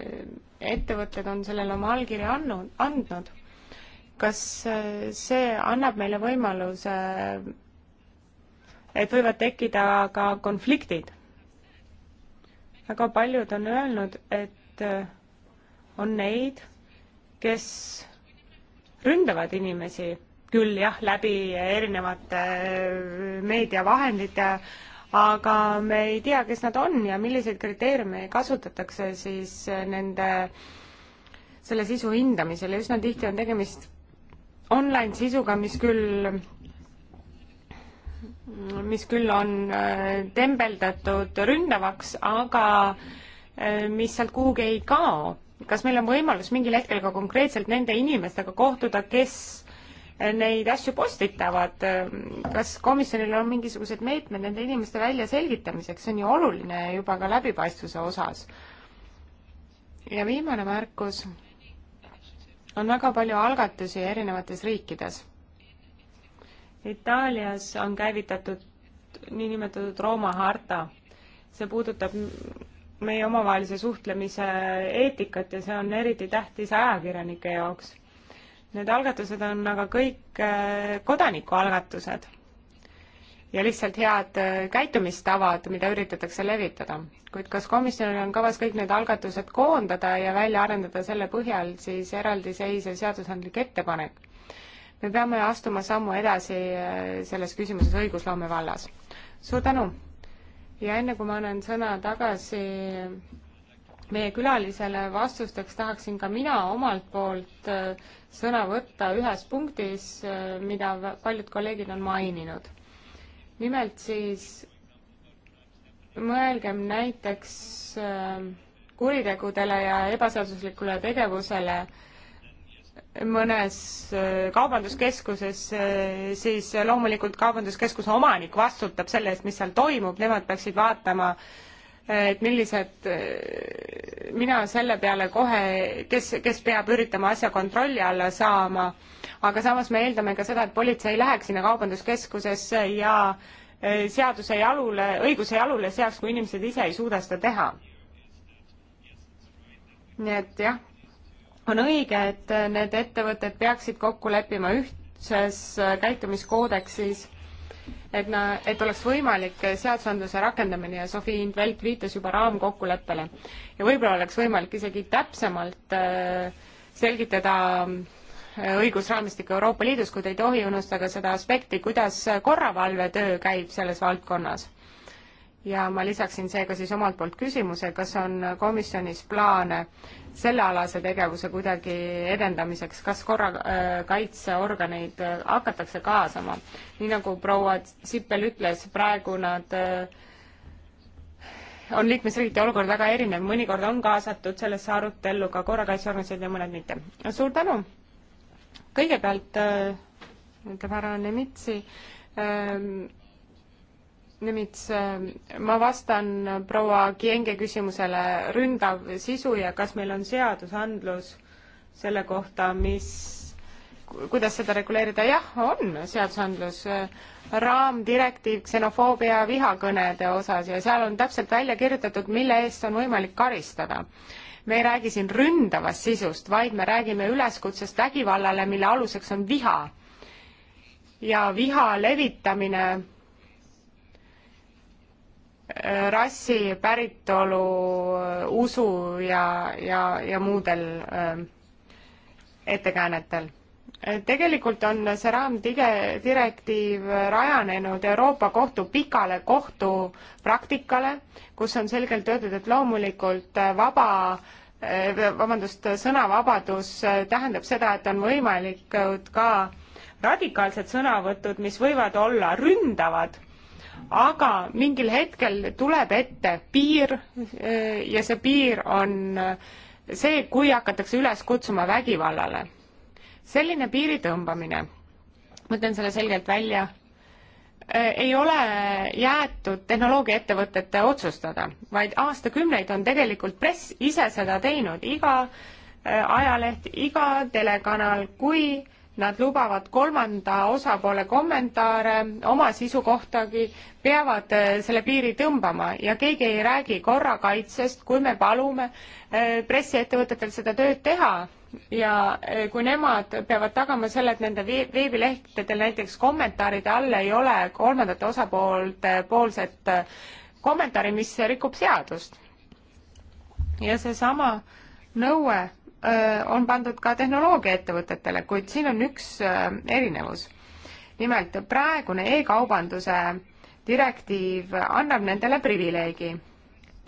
ettevõtted on sellele oma allkirja andnud, andnud. kas äh, see annab meile võimaluse, et võivad tekkida ka konfliktid? väga paljud on öelnud, et äh, on neid, kes ründavad inimesi, küll jah, läbi erinevate meediavahendite, aga me ei tea, kes nad on ja milliseid kriteeriume kasutatakse siis nende, selle sisu hindamisel ja üsna tihti on tegemist online sisuga, mis küll, mis küll on äh, tembeldatud ründavaks, aga äh, mis sealt kuhugi ei kao. kas meil on võimalus mingil hetkel ka konkreetselt nende inimestega kohtuda, kes neid asju postitavad. kas komisjonil on mingisugused meetmed nende inimeste väljaselgitamiseks, see on ju oluline juba ka läbipaistvuse osas. ja viimane märkus, on väga palju algatusi erinevates riikides. Itaalias on käivitatud niinimetatud Rooma harta. see puudutab meie omavahelise suhtlemise eetikat ja see on eriti tähtis ajakirjanike jaoks Need algatused on aga kõik äh, kodanikualgatused ja lihtsalt head äh, käitumistavad, mida üritatakse levitada. kuid kas komisjonil on kavas kõik need algatused koondada ja välja arendada selle põhjal siis eraldiseisev seadusandlik ettepanek? me peame astuma sammu edasi äh, selles küsimuses õigusloome vallas. suur tänu! ja enne kui ma annan sõna tagasi meie külalisele vastusteks tahaksin ka mina omalt poolt äh, sõna võtta ühes punktis, äh, mida paljud kolleegid on maininud. nimelt siis mõelgem näiteks äh, kuritegudele ja ebaseaduslikule tegevusele mõnes kaubanduskeskuses, siis loomulikult kaubanduskeskuse omanik vastutab selle eest, mis seal toimub, nemad peaksid vaatama äh, et millised, mina selle peale kohe, kes, kes peab üritama asja kontrolli alla saama, aga samas me eeldame ka seda, et politsei läheks sinna kaubanduskeskusesse ja e, seaduse jalule, õiguse jalule seaks, kui inimesed ise ei suuda seda teha. nii et jah, on õige, et need ettevõtted peaksid kokku leppima ühtses käitumiskoodeksis et na-, et oleks võimalik seadusandluse rakendamine ja Sofi Indvelt viitas juba raamkokkuleppele. ja võib-olla oleks võimalik isegi täpsemalt äh, selgitada äh, õigusraamistik Euroopa Liidus, kuid ei tohi unustada seda aspekti, kuidas korravalvetöö käib selles valdkonnas ja ma lisaksin seega siis omalt poolt küsimuse, kas on komisjonis plaane sellealase tegevuse kuidagi edendamiseks, kas korrakaitseorganeid äh, äh, hakatakse kaasama? nii nagu proua Sippel ütles, praegu nad äh, on liikmesriigiti olukord väga erinev, mõnikord on kaasatud sellesse arutellu ka korrakaitseorganisatsioonid ja mõned mitte. suur tänu! kõigepealt äh, ütleb härra Nemitsi, ähm, Nimits, ma vastan proua Kienge küsimusele ründav sisu ja kas meil on seadusandlus selle kohta, mis, kuidas seda reguleerida, jah, on seadusandlus, raamdirektiiv ksenofoobia vihakõnede osas ja seal on täpselt välja kirjutatud, mille eest on võimalik karistada. me ei räägi siin ründavast sisust, vaid me räägime üleskutsest vägivallale, mille aluseks on viha. ja viha levitamine rassi, päritolu, usu ja, ja, ja muudel ähm, ettekäänetel. tegelikult on see raamtige-, direktiiv rajanenud Euroopa Kohtu pikale kohtupraktikale, kus on selgelt öeldud, et loomulikult vaba äh, vabandust, sõnavabadus tähendab seda, et on võimalikud ka radikaalsed sõnavõtud, mis võivad olla ründavad aga mingil hetkel tuleb ette piir e, ja see piir on e, see, kui hakatakse üles kutsuma vägivallale. selline piiri tõmbamine, ma ütlen selle selgelt välja, e, ei ole jäetud tehnoloogiaettevõtete otsustada, vaid aastakümneid on tegelikult press ise seda teinud, iga ajaleht, iga telekanal, kui äh, Nad lubavad kolmanda osapoole kommentaare oma sisu kohtagi, peavad äh, selle piiri tõmbama ja keegi ei räägi korrakaitsest, kui me palume äh, pressiettevõtetel seda tööd teha ja äh, kui nemad peavad tagama selle, et nende veebilehtedel näiteks kommentaaride all ei ole kolmandate osapoolte poolset kommentaari, mis rikub seadust. ja seesama nõue Äh, on pandud ka tehnoloogiaettevõtetele, kuid siin on üks äh, erinevus. nimelt praegune e-kaubanduse direktiiv annab nendele privileegi,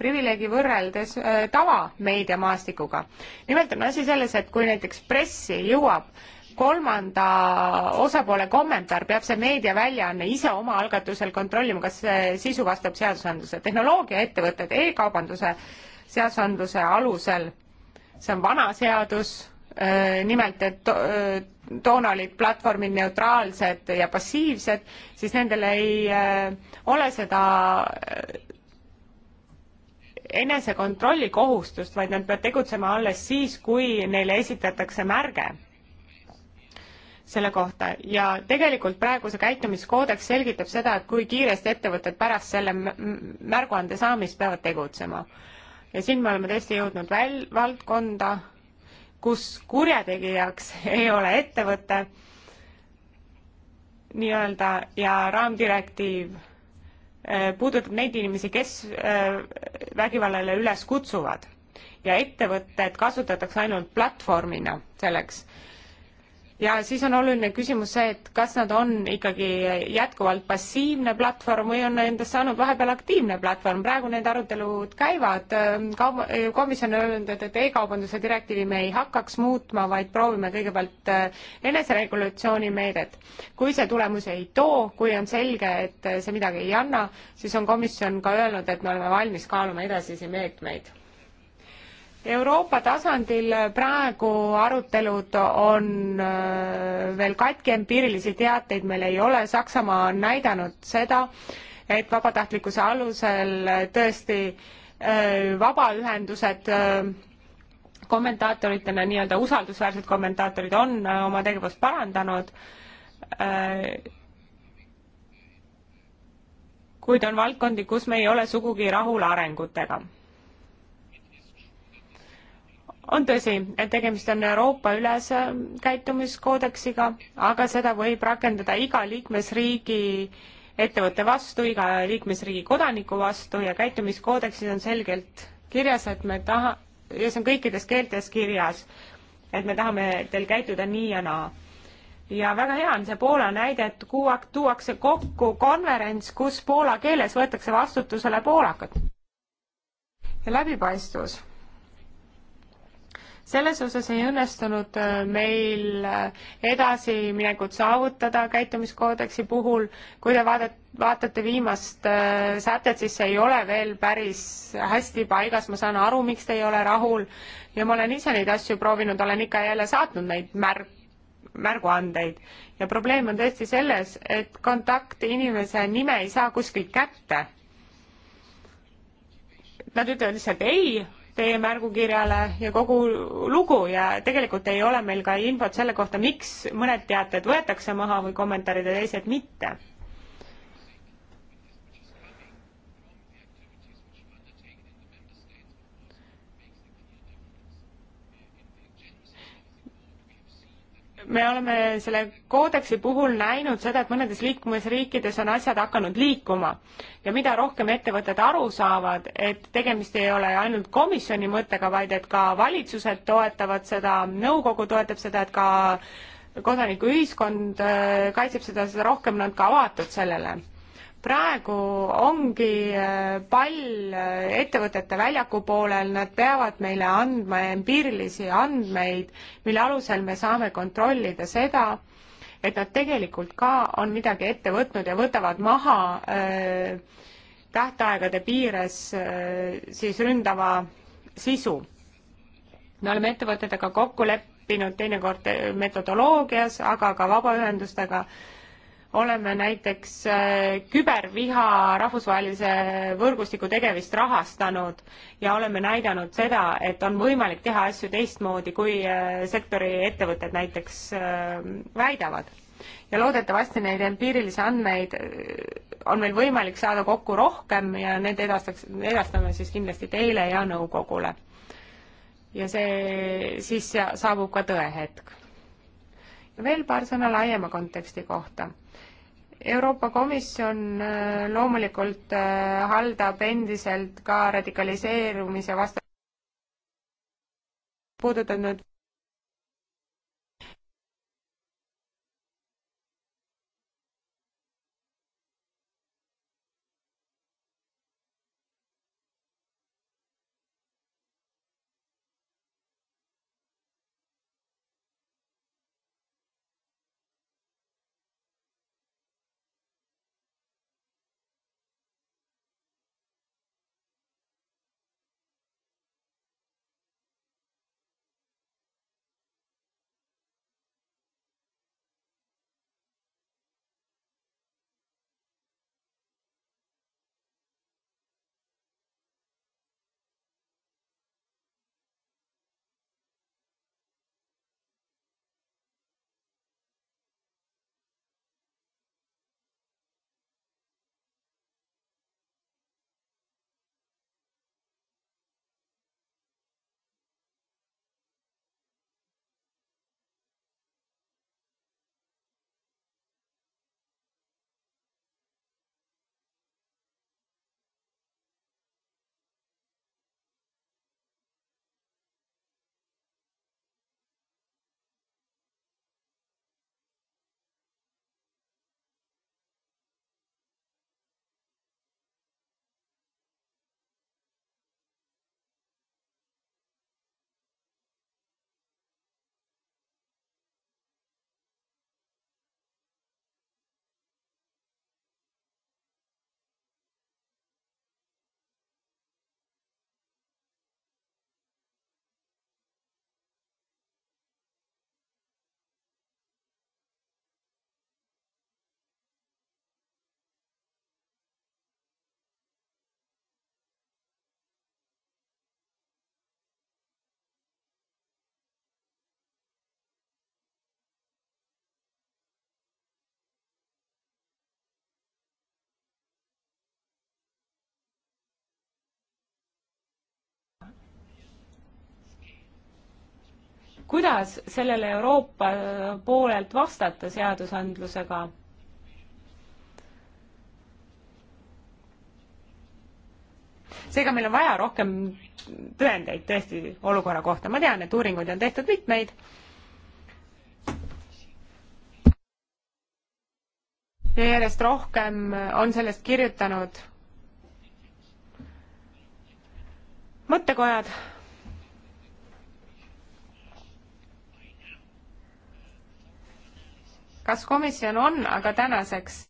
privileegi võrreldes äh, tavameediamaastikuga. nimelt on asi selles, et kui näiteks pressi jõuab kolmanda osapoole kommentaar, peab see meediaväljaanne ise oma algatusel kontrollima, kas see sisu vastab seadusandluse. tehnoloogiaettevõtted e-kaubanduse seadusandluse alusel see on vana seadus, äh, nimelt et to, äh, toona olid platvormid neutraalsed ja passiivsed, siis nendel ei äh, ole seda enesekontrolli kohustust, vaid nad peavad tegutsema alles siis, kui neile esitatakse märge selle kohta ja tegelikult praegu see käitumiskoodeks selgitab seda, et kui kiiresti ettevõtted pärast selle märguande saamist peavad tegutsema ja siin me oleme tõesti jõudnud väl-, valdkonda, kus kurjategijaks [laughs] ei ole ettevõte nii-öelda ja raamdirektiiv äh, puudutab neid inimesi, kes äh, vägivallale üles kutsuvad ja ettevõtted kasutatakse ainult platvormina selleks ja siis on oluline küsimus see, et kas nad on ikkagi jätkuvalt passiivne platvorm või on endast saanud vahepeal aktiivne platvorm, praegu need arutelud käivad, kaub-, eh, komisjon on öelnud, et, et e-kaubanduse direktiivi me ei hakkaks muutma, vaid proovime kõigepealt eh, eneseregulatsiooni meedet. kui see tulemusi ei too, kui on selge, et eh, see midagi ei anna, siis on komisjon ka öelnud, et me oleme valmis kaaluma edasisi meetmeid Euroopa tasandil praegu arutelud on äh, veel katki, empiirilisi teateid meil ei ole, Saksamaa on näidanud seda, et vabatahtlikkuse alusel tõesti äh, vabaühendused äh, kommentaatoritena, nii-öelda usaldusväärsed kommentaatorid on oma tegevust parandanud, kuid on valdkondi, kus me ei ole sugugi rahul arengutega on tõsi, et tegemist on Euroopa-ülese käitumiskoodeksiga, aga seda võib rakendada iga liikmesriigi ettevõtte vastu, iga liikmesriigi kodaniku vastu ja käitumiskoodeksis on selgelt kirjas, et me taha, ja see on kõikides keeltes kirjas, et me tahame teil käituda nii ja naa. ja väga hea on see Poola näide, et kuu aeg tuuakse kokku konverents, kus poola keeles võetakse vastutusele poolakad. ja läbipaistvus selles osas ei õnnestunud äh, meil äh, edasiminekut saavutada käitumiskoodeksi puhul. kui te vaadat-, vaatate viimast äh, sätet, siis see ei ole veel päris hästi paigas, ma saan aru, miks te ei ole rahul ja ma olen ise neid asju proovinud, olen ikka jälle saatnud neid märk-, märguandeid ja probleem on tõesti selles, et kontakt inimese nime ei saa kuskilt kätte. Nad ütlevad lihtsalt ei teie märgukirjale ja kogu lugu ja tegelikult ei ole meil ka infot selle kohta, miks mõned teated võetakse maha või kommentaarid ja teised mitte me oleme selle koodeksi puhul näinud seda, et mõnedes liikumisriikides on asjad hakanud liikuma ja mida rohkem ettevõtted aru saavad, et tegemist ei ole ainult komisjoni mõttega, vaid et ka valitsused toetavad seda, nõukogu toetab seda, et ka kodanikuühiskond äh, kaitseb seda, seda rohkem nad ka avatud sellele praegu ongi äh, pall äh, ettevõtete väljaku poolel, nad peavad meile andma empiirilisi andmeid, mille alusel me saame kontrollida seda, et nad tegelikult ka on midagi ette võtnud ja võtavad maha äh, tähtaegade piires äh, siis ründava sisu. me oleme ettevõtetega kokku leppinud teinekord metodoloogias, aga ka vabaühendustega äh, oleme näiteks äh, küberviha rahvusvahelise võrgustiku tegevist rahastanud ja oleme näidanud seda, et on võimalik teha asju teistmoodi, kui äh, sektori ettevõtted näiteks äh, väidavad. ja loodetavasti neid empiirilisi andmeid on meil võimalik saada kokku rohkem ja need edastaks, edastame siis kindlasti teile ja nõukogule. ja see, siis saabub ka tõehetk. veel paar sõna laiema konteksti kohta Euroopa Komisjon äh, loomulikult äh, haldab endiselt ka radikaliseerumise vastu puudutanud kuidas sellele Euroopa äh, poolelt vastata seadusandlusega? seega meil on vaja rohkem tõendeid tõesti olukorra kohta, ma tean, et uuringuid on tehtud mitmeid. ja järjest rohkem on sellest kirjutanud mõttekojad kas komisjon on aga tänaseks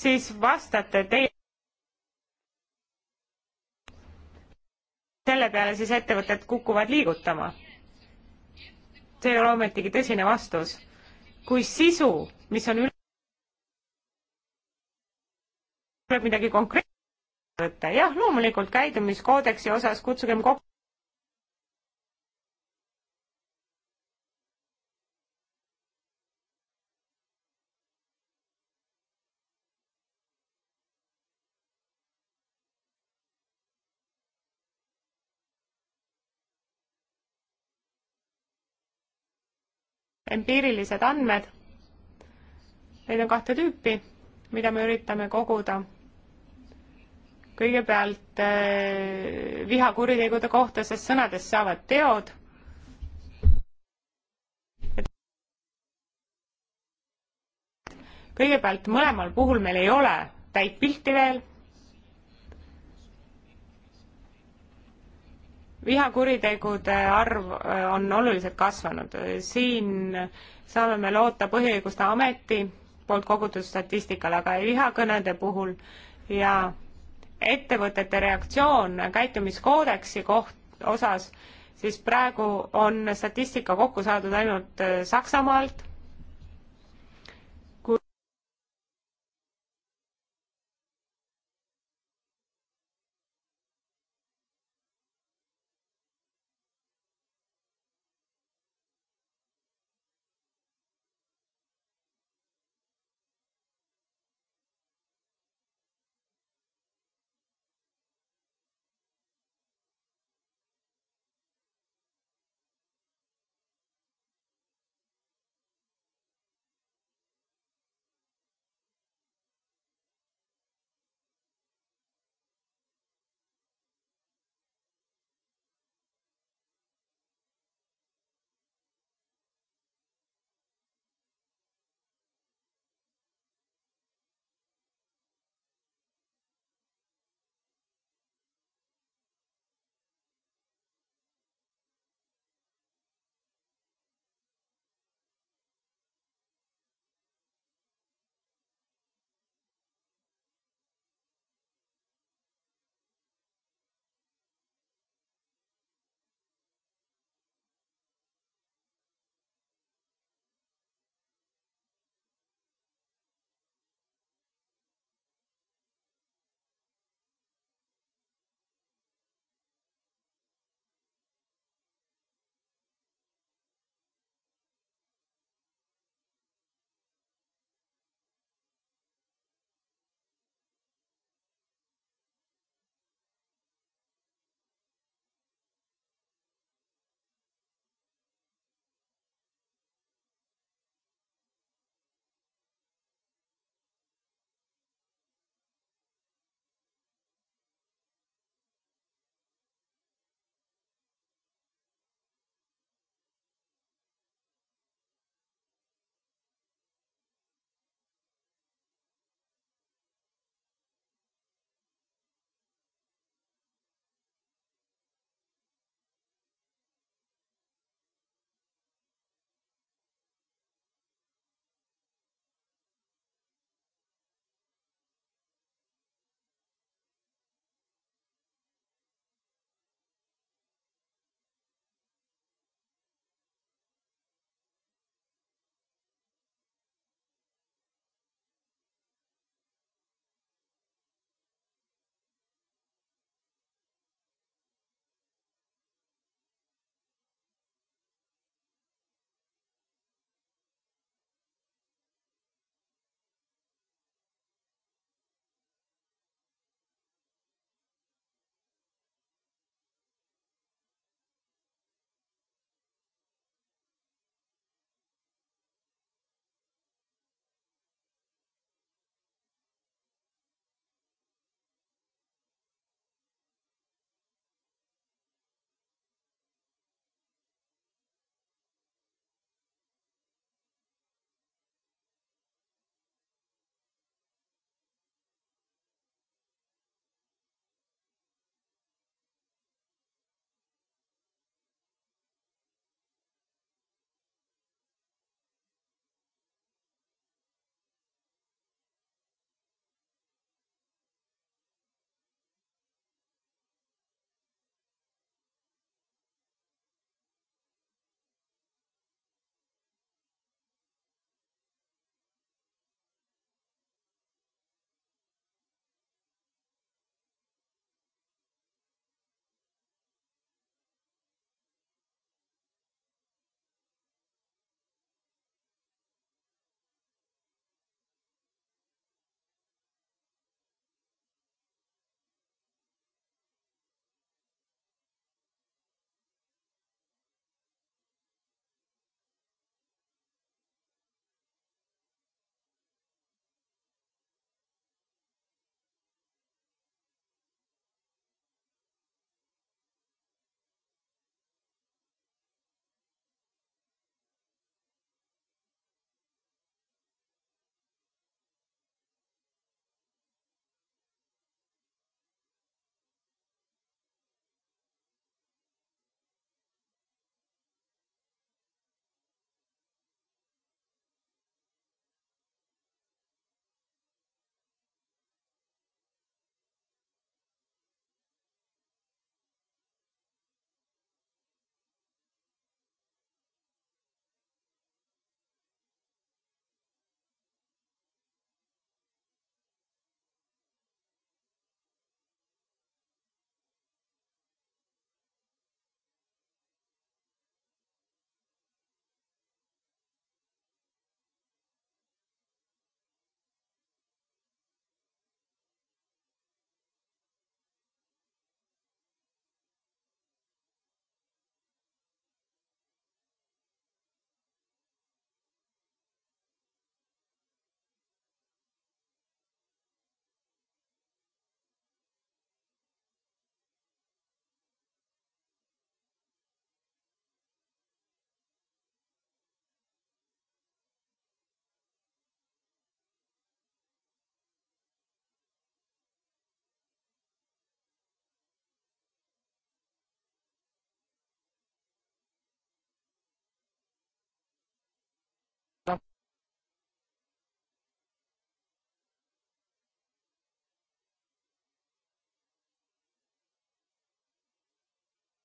siis vastate teie selle peale siis ettevõtted kukuvad liigutama. see ei ole ometigi tõsine vastus. kui sisu, mis on üle, tuleb midagi konkreetset võtta, jah, loomulikult käidumiskoodeksi osas kutsugem kokku empiirilised andmed. Neid on kahte tüüpi, mida me üritame koguda. kõigepealt äh, vihakuritegude kohta, sest sõnadest saavad teod kõigepealt mõlemal puhul meil ei ole täit pilti veel vihakuritegude arv äh, on oluliselt kasvanud. siin saame me loota Põhiõiguste Ameti poolt kogutud statistikale, aga vihakõnede puhul ja ettevõtete reaktsioon käitumiskoodeksi koht, osas, siis praegu on statistika kokku saadud ainult äh, Saksamaalt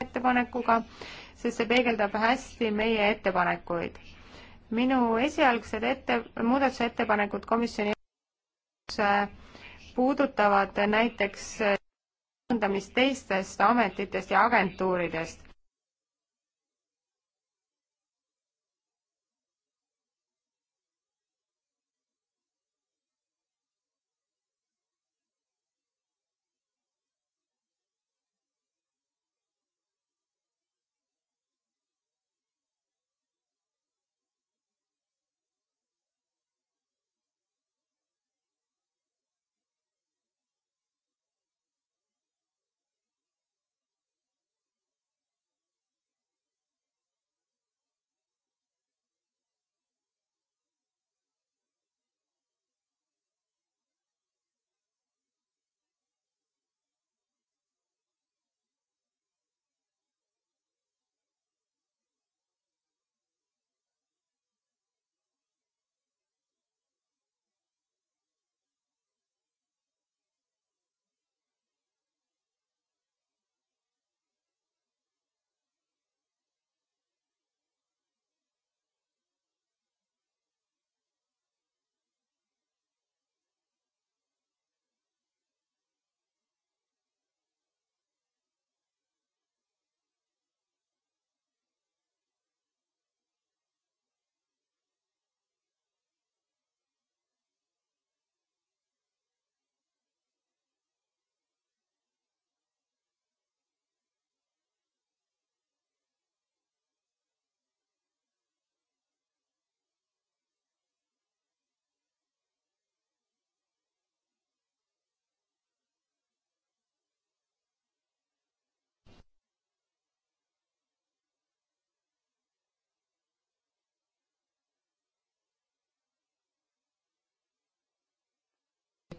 ettepanekuga, sest see peegeldab hästi meie ettepanekuid. minu esialgsed ette, muudatusettepanekud komisjoni äh, puudutavad näiteks äh, teistest ametitest ja agentuuridest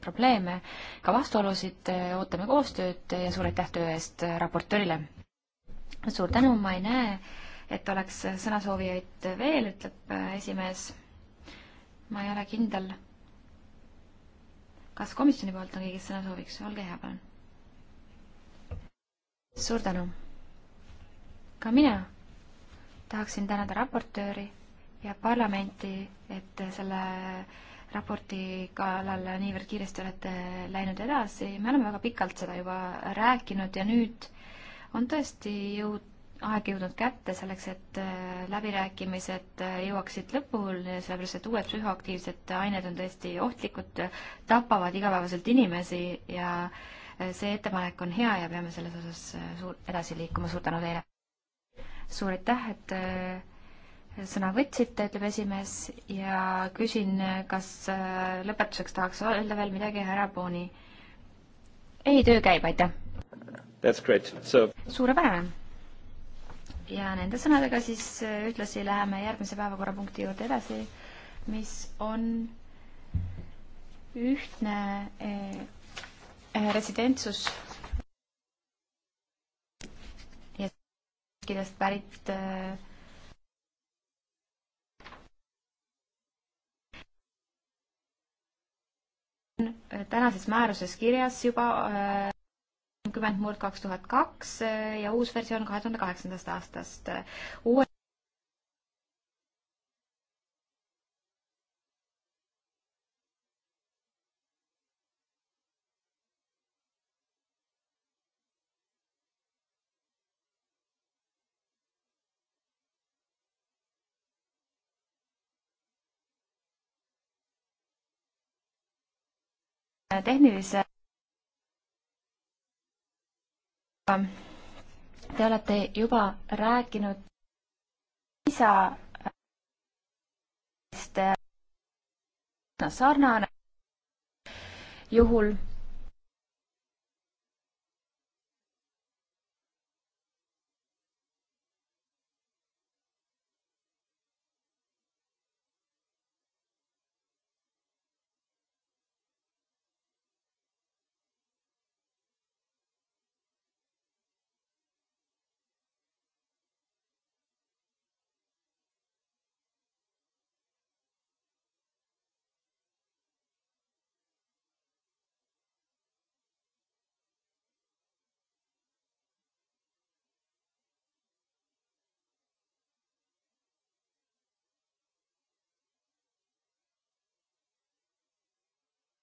probleeme, ka vastuolusid, ootame koostööd ja suur aitäh töö eest raportöörile. suur tänu, ma ei näe, et oleks sõnasoovijaid veel, ütleb äh, esimees. ma ei ole kindel. kas komisjoni poolt on keegi sõnasooviks, olge hea, palun. suur tänu. ka mina tahaksin tänada raportööri ja parlamenti, et selle raporti kallal niivõrd kiiresti olete läinud edasi, me oleme väga pikalt seda juba rääkinud ja nüüd on tõesti jõud, aeg jõudnud kätte selleks, et äh, läbirääkimised äh, jõuaksid lõpule, sellepärast et uued psühhoaktiivsed ained on tõesti ohtlikud, tapavad igapäevaselt inimesi ja äh, see ettepanek on hea ja peame selles osas suur, edasi liikuma, suur tänu teile! suur aitäh, et sõna võtsite, ütleb esimees ja küsin, kas äh, lõpetuseks tahaks öelda veel midagi härra Booni? ei, töö käib, aitäh! So... suurepärane! ja nende sõnadega siis äh, ühtlasi läheme järgmise päevakorrapunkti juurde edasi, mis on ühtne eh, eh, residentsus ja kindlasti pärit eh, Äh, tänases määruses kirjas juba äh, kolmkümmend murd kaks tuhat kaks äh, ja uus versioon kahe tuhande kaheksandast aastast. uue tehnilise Te olete juba rääkinud isa äh, sarnane juhul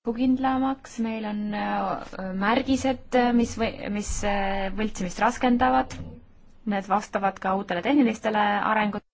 lõpukindlamaks, meil on äh, märgised, äh, mis või, mis äh, võltsimist raskendavad, need vastavad ka uutele tehnilistele
arengutele.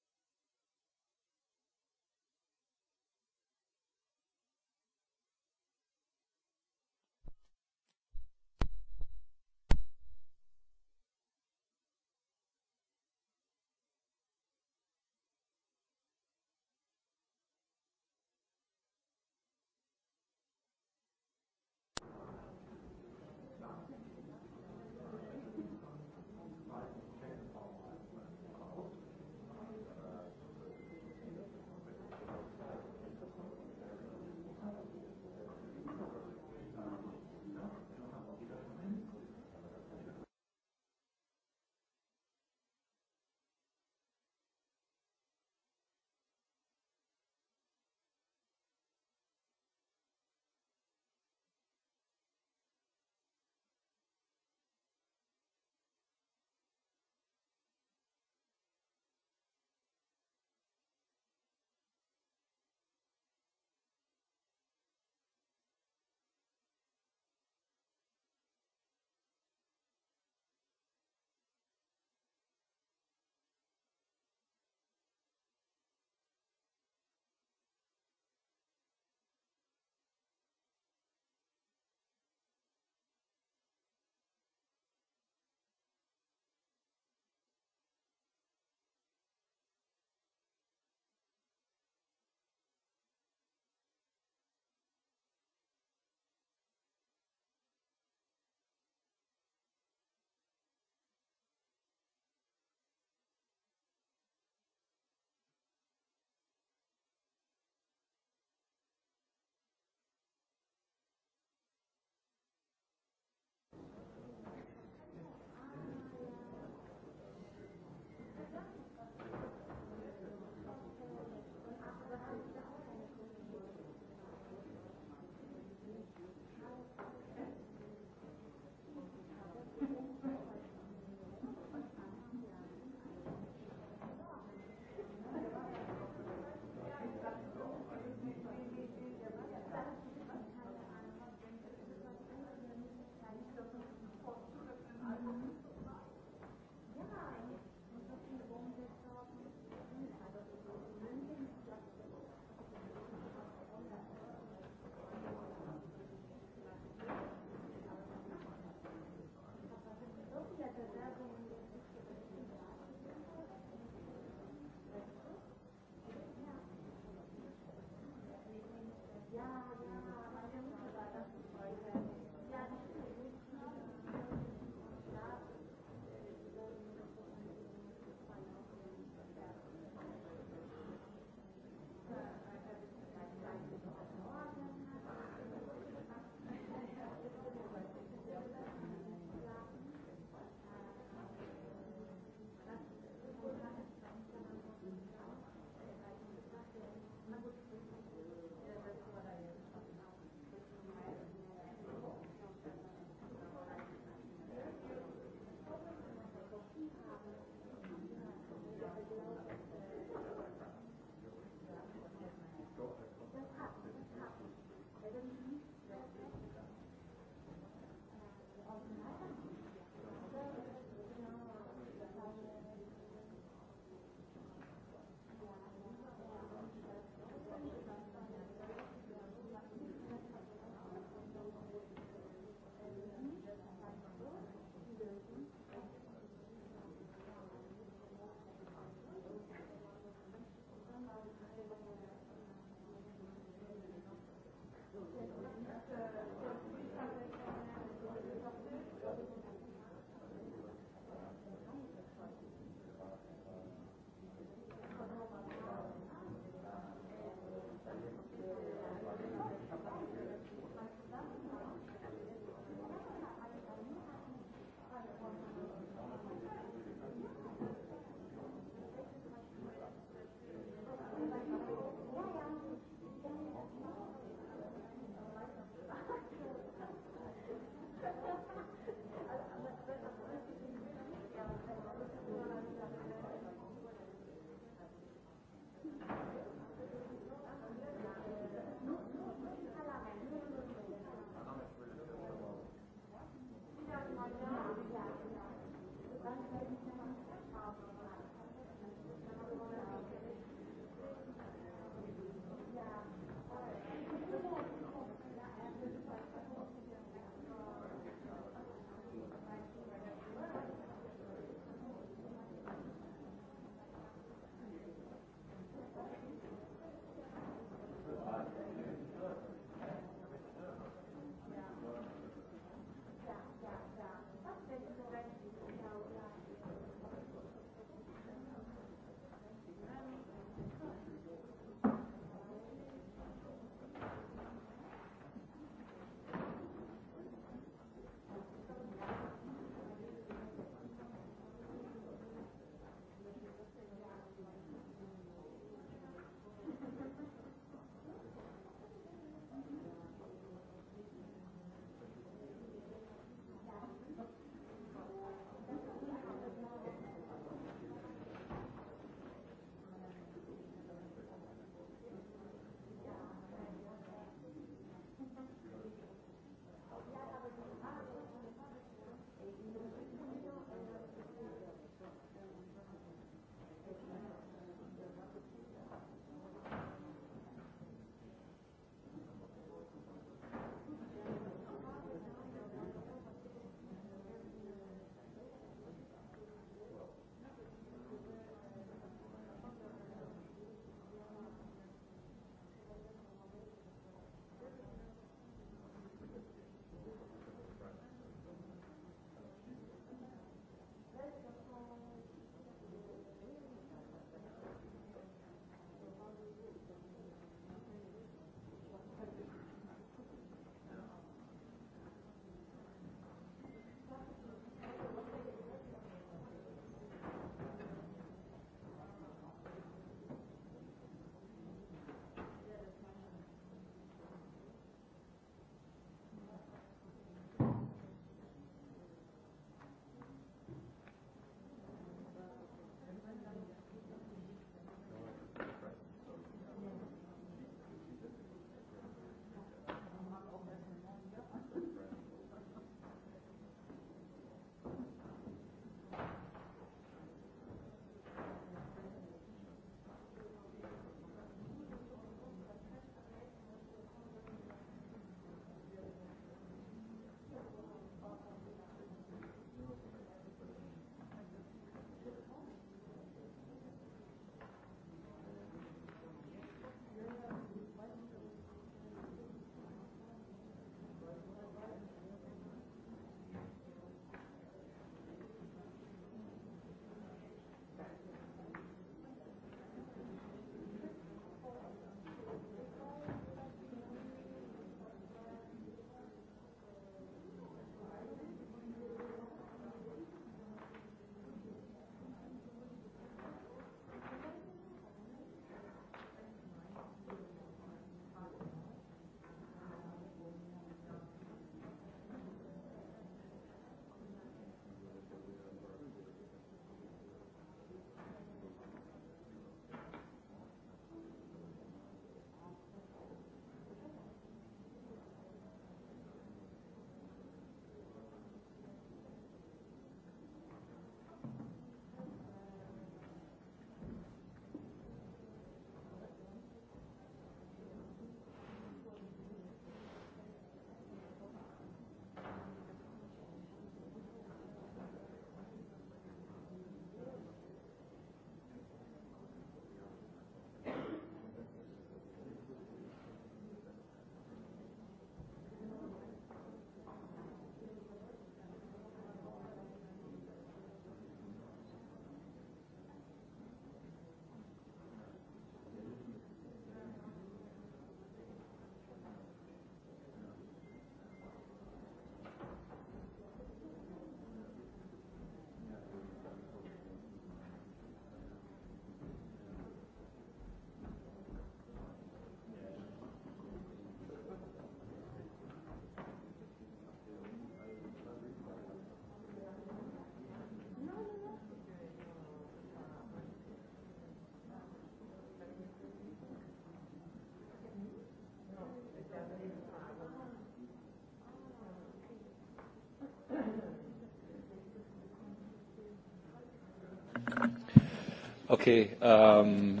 okay, um...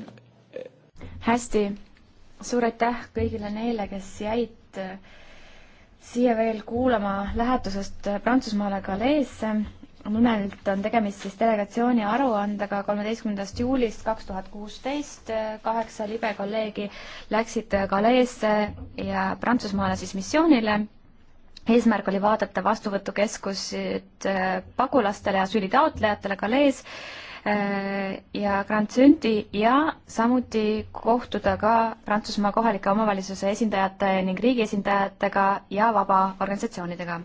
hästi, suur aitäh kõigile neile, kes jäid äh, siia veel kuulama lähetusest Prantsusmaale Galeesse. nimelt on tegemist siis delegatsiooni aruandega kolmeteistkümnendast juulist kaks tuhat kuusteist. Äh, kaheksa libe kolleegi läksid Galeesse ja Prantsusmaale siis missioonile eesmärk oli vaadata vastuvõtukeskused äh, pagulastele ja asüülitaotlejatele Galees Äh, ja Grand Sündi ja samuti kohtuda ka Prantsusmaa kohalike omavalitsuse esindajate ning riigi esindajatega ja vabaorganisatsioonidega.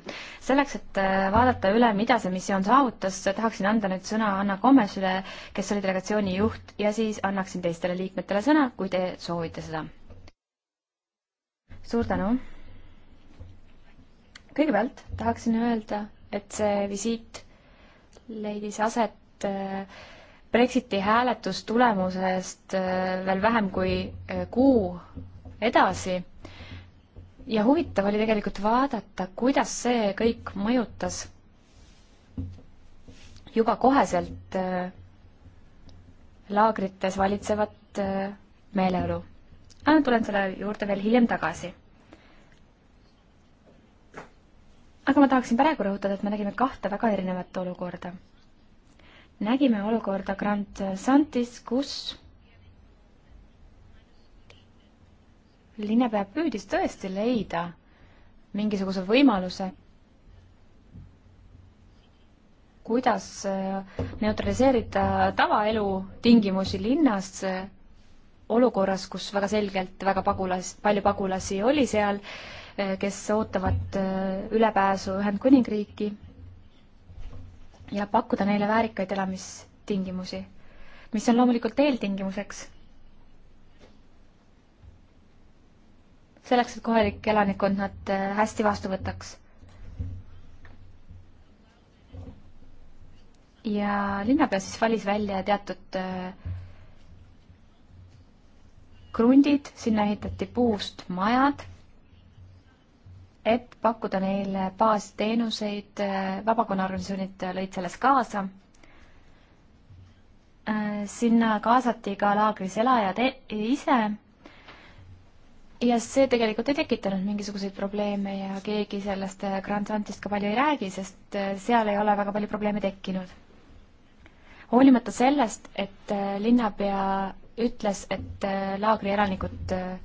selleks, et äh, vaadata üle, mida see missioon saavutas, tahaksin anda nüüd sõna Anna Komesile, kes oli delegatsiooni juht ja siis annaksin teistele liikmetele sõna, kui te soovite seda. suur tänu! kõigepealt tahaksin öelda, et see visiit leidis aset et äh, Brexiti hääletustulemusest äh, veel vähem kui äh, kuu edasi. ja huvitav oli tegelikult vaadata, kuidas see kõik mõjutas juba koheselt laagrites valitsevat meeleolu. aga tulen selle juurde veel hiljem tagasi. aga ma tahaksin praegu rõhutada, et me nägime kahte väga erinevat olukorda nägime olukorda Grand Santis, kus linnapea püüdis tõesti leida mingisuguse võimaluse, kuidas äh, neutraliseerida tavaelu tingimusi linnas äh, olukorras, kus väga selgelt väga pagulas, palju pagulasi oli seal, äh, kes ootavad ülepääsu Ühendkuningriiki ja pakkuda neile väärikaid elamistingimusi, mis on loomulikult eeltingimuseks selleks, et kohalik elanikkond nad äh, hästi vastu võtaks. ja linnapea siis valis välja teatud äh, krundid, sinna ehitati puust majad et pakkuda neile baasteenuseid, äh, vabakonnaorganisatsioonid lõid selles kaasa. Äh, sinna kaasati ka laagris elajad e ise. ja see tegelikult ei tekitanud mingisuguseid probleeme ja keegi sellest äh, Grand Antist ka palju ei räägi, sest seal ei ole väga palju probleeme tekkinud. hoolimata sellest, et linnapea ütles, et laagri elanikud äh,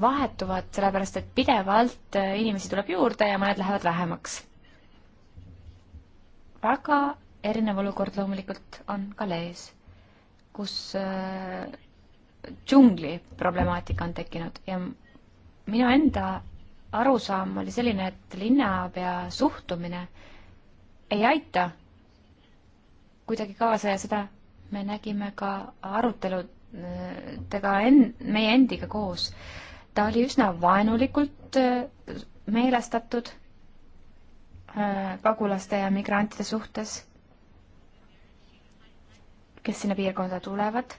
vahetuvad, sellepärast et pidevalt äh, inimesi tuleb juurde ja mõned lähevad vähemaks. väga erinev olukord loomulikult on Galees, kus äh, džungli problemaatika on tekkinud ja minu enda arusaam oli selline, et linnapea suhtumine ei aita kuidagi kaasa ja seda me nägime ka aruteludega en-, meie endiga koos äh, ta oli üsna vaenulikult äh, meelestatud äh, pagulaste ja migrantide suhtes, kes sinna piirkonda tulevad.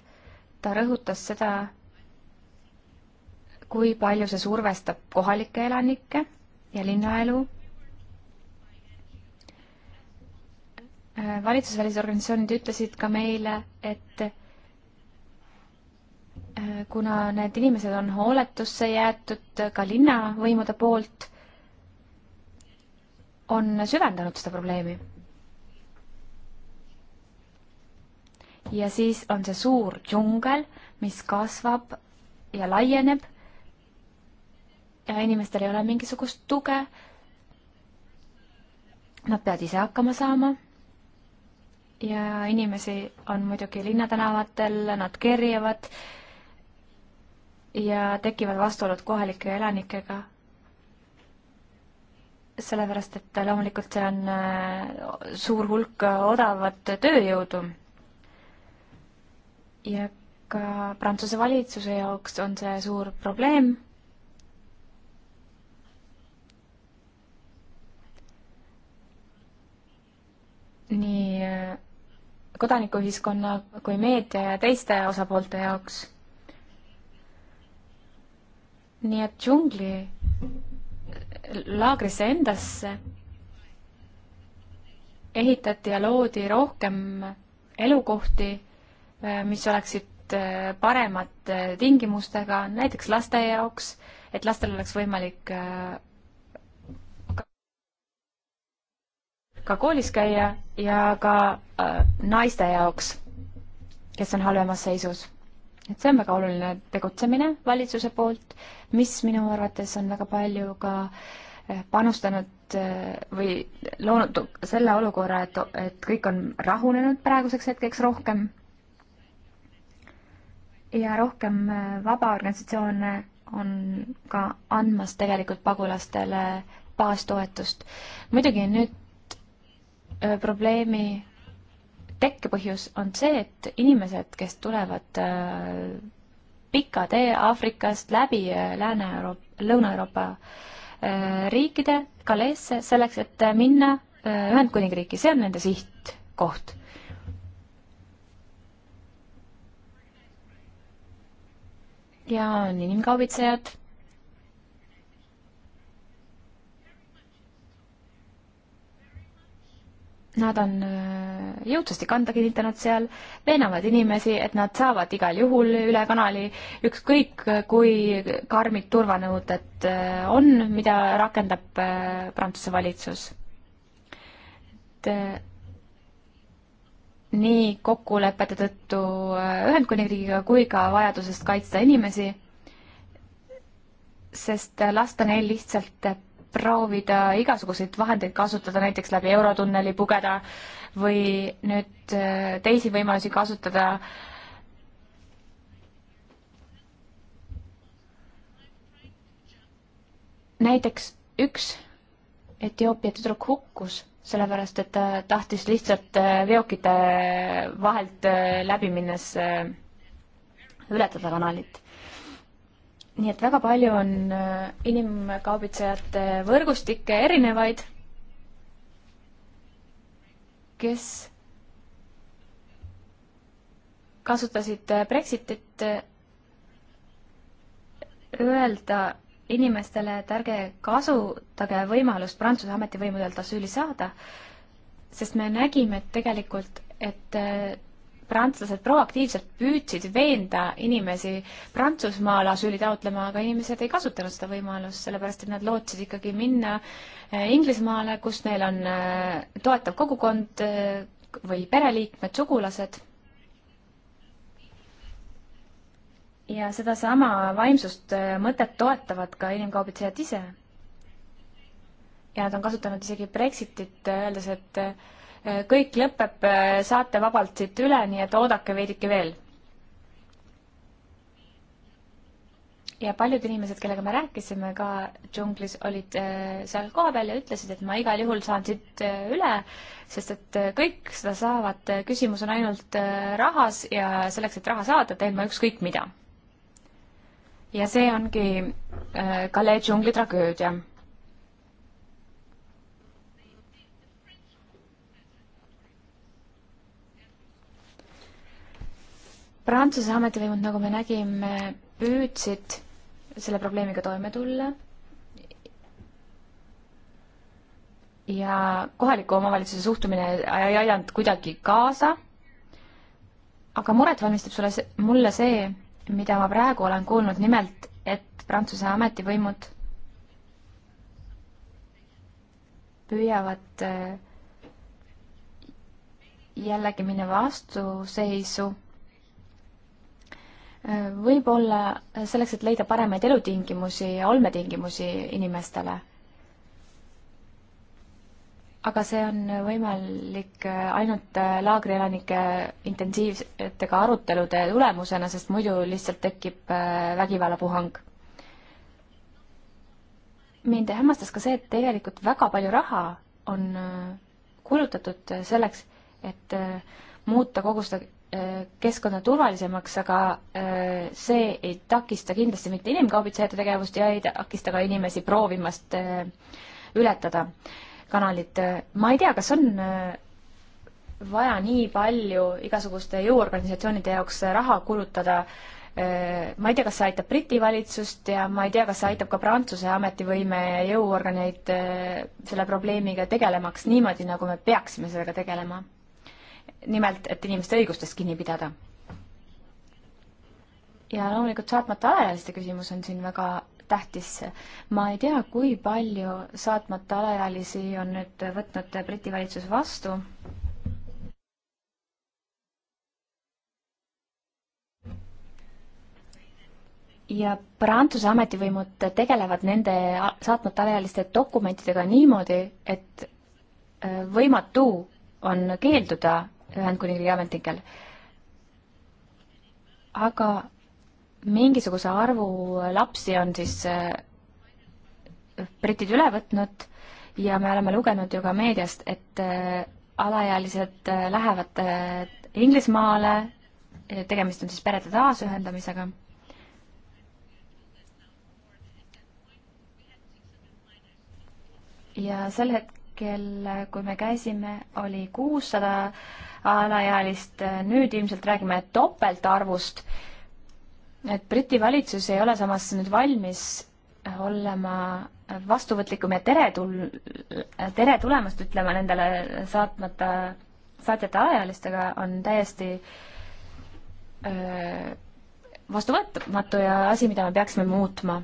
ta rõhutas seda, kui palju see survestab kohalikke elanikke ja linnaelu. Äh, valitsusvälised organisatsioonid ütlesid ka meile, et Äh, kuna need inimesed on hooletusse jäetud ka linnavõimude poolt, on süvendanud seda probleemi. ja siis on see suur džungel, mis kasvab ja laieneb ja inimestel ei ole mingisugust tuge. Nad peavad ise hakkama saama. ja inimesi on muidugi linnatänavatel, nad kerjavad äh, ja tekivad vastuolud kohalike elanikega. sellepärast, et loomulikult seal on äh, suur hulk odavat tööjõudu. ja ka Prantsuse valitsuse jaoks on see suur probleem. nii äh, kodanikuühiskonna kui meedia ja teiste osapoolte jaoks nii et džungli laagrisse endasse ehitati ja loodi rohkem elukohti, äh, mis oleksid äh, paremad äh, tingimustega, näiteks laste jaoks, et lastel oleks võimalik ka koolis käia ja ka naiste jaoks, kes on halvemas seisus et see on väga oluline tegutsemine valitsuse poolt, mis minu arvates on väga palju ka eh, panustanud eh, või loonud selle olukorra, et, et kõik on rahunenud praeguseks hetkeks rohkem ja rohkem eh, vabaorganisatsioone on ka andmas tegelikult pagulastele baastoetust. muidugi nüüd probleemi tekkepõhjus on see, et inimesed, kes tulevad äh, pika tee Aafrikast läbi äh, Lääne-Euroopa, Lõuna-Euroopa äh, riikide, Galeesse, selleks, et minna Ühendkuningriiki, see on nende sihtkoht. ja on inimkaubitsejad Nad on äh, jõudsasti kanda kinnitanud seal, veenavad inimesi, et nad saavad igal juhul üle kanali, ükskõik äh, kui karmid turvanõuded äh, on, mida rakendab Prantsuse valitsus. et nii kokkulepete tõttu Ühendkuningriigiga kui ka vajadusest kaitsta inimesi, sest lasta neil lihtsalt proovida igasuguseid vahendeid kasutada, näiteks läbi Eurotunneli pugeda või nüüd äh, teisi võimalusi kasutada. näiteks üks Etioopia tüdruk hukkus sellepärast, et ta tahtis lihtsalt äh, veokite vahelt äh, läbi minnes ületada kanalit nii et väga palju on äh, inimkaubitsejate võrgustikke erinevaid, kes kasutasid äh, Brexitit äh, öelda inimestele, et ärge kasutage võimalust Prantsuse ametivõimudelt asüüli saada, sest me nägime, et tegelikult, et prantslased proaktiivselt püüdsid veenda inimesi Prantsusmaale asüüli taotlema, aga inimesed ei kasutanud seda võimalust, sellepärast et nad lootsid ikkagi minna äh, Inglismaale, kus neil on äh, toetav kogukond äh, või pereliikmed, sugulased. ja sedasama vaimsust, mõtet toetavad ka inimkaubitsejad ise. ja nad on kasutanud isegi Brexitit, öeldes, et kõik lõpeb, äh, saate vabalt siit üle, nii et oodake veidike veel. ja paljud inimesed, kellega me rääkisime ka džunglis, olid äh, seal kohapeal ja ütlesid, et ma igal juhul saan siit äh, üle, sest et kõik seda saavad, küsimus on ainult rahas ja selleks, et raha saada, teen ma ükskõik mida. ja see ongi Kale džungli tragöödia Prantsuse ametivõimud, nagu me nägime, püüdsid selle probleemiga toime tulla. ja kohaliku omavalitsuse suhtumine ei aidanud kuidagi kaasa. aga muret valmistab sulle, mulle see, mida ma praegu olen kuulnud, nimelt, et Prantsuse ametivõimud püüavad äh, jällegi minna vastuseisu võib-olla selleks, et leida paremaid elutingimusi ja olmetingimusi inimestele. aga see on võimalik ainult laagrielanike intensiivsetega arutelude tulemusena, sest muidu lihtsalt tekib äh, vägivallapuhang. mind hämmastas ka see, et tegelikult väga palju raha on äh, kulutatud selleks, et äh, muuta kogu seda Äh, keskkonna turvalisemaks, aga äh, see ei takista kindlasti mitte inimkaubitsejate tegevust ja ei takista ka inimesi proovimast äh, ületada kanalit. ma ei tea, kas on vaja nii palju igasuguste jõuorganisatsioonide jaoks raha kulutada. ma ei tea, kas see aitab Briti valitsust ja ma ei tea, kas see aitab ka Prantsuse ametivõime jõuorganeid selle probleemiga tegelemaks niimoodi, nagu me peaksime sellega tegelema nimelt, et inimeste õigustest kinni pidada. ja loomulikult saatmata alaealiste küsimus on siin väga tähtis. ma ei tea, kui palju saatmata alaealisi on nüüd võtnud Briti valitsus vastu. ja Prantsuse ametivõimud tegelevad nende saatmata alaealiste dokumentidega niimoodi, et äh, võimatu on keelduda Ühendkuningriigi ametnikel. aga mingisuguse arvu lapsi on siis eh, britid üle võtnud ja me oleme lugenud ju ka meediast, et eh, alaealised eh, lähevad Inglismaale, tegemist on siis perede taasühendamisega. ja sel hetkel, kui me käisime, oli kuussada 600 alaealist, nüüd ilmselt räägime topeltarvust. et Briti valitsus ei ole samas nüüd valmis olema vastuvõtlikum ja teretul-, tere tulemast ütlema nendele saatmata, saatjate alaealistega on täiesti öö, vastuvõtmatu ja asi, mida me peaksime muutma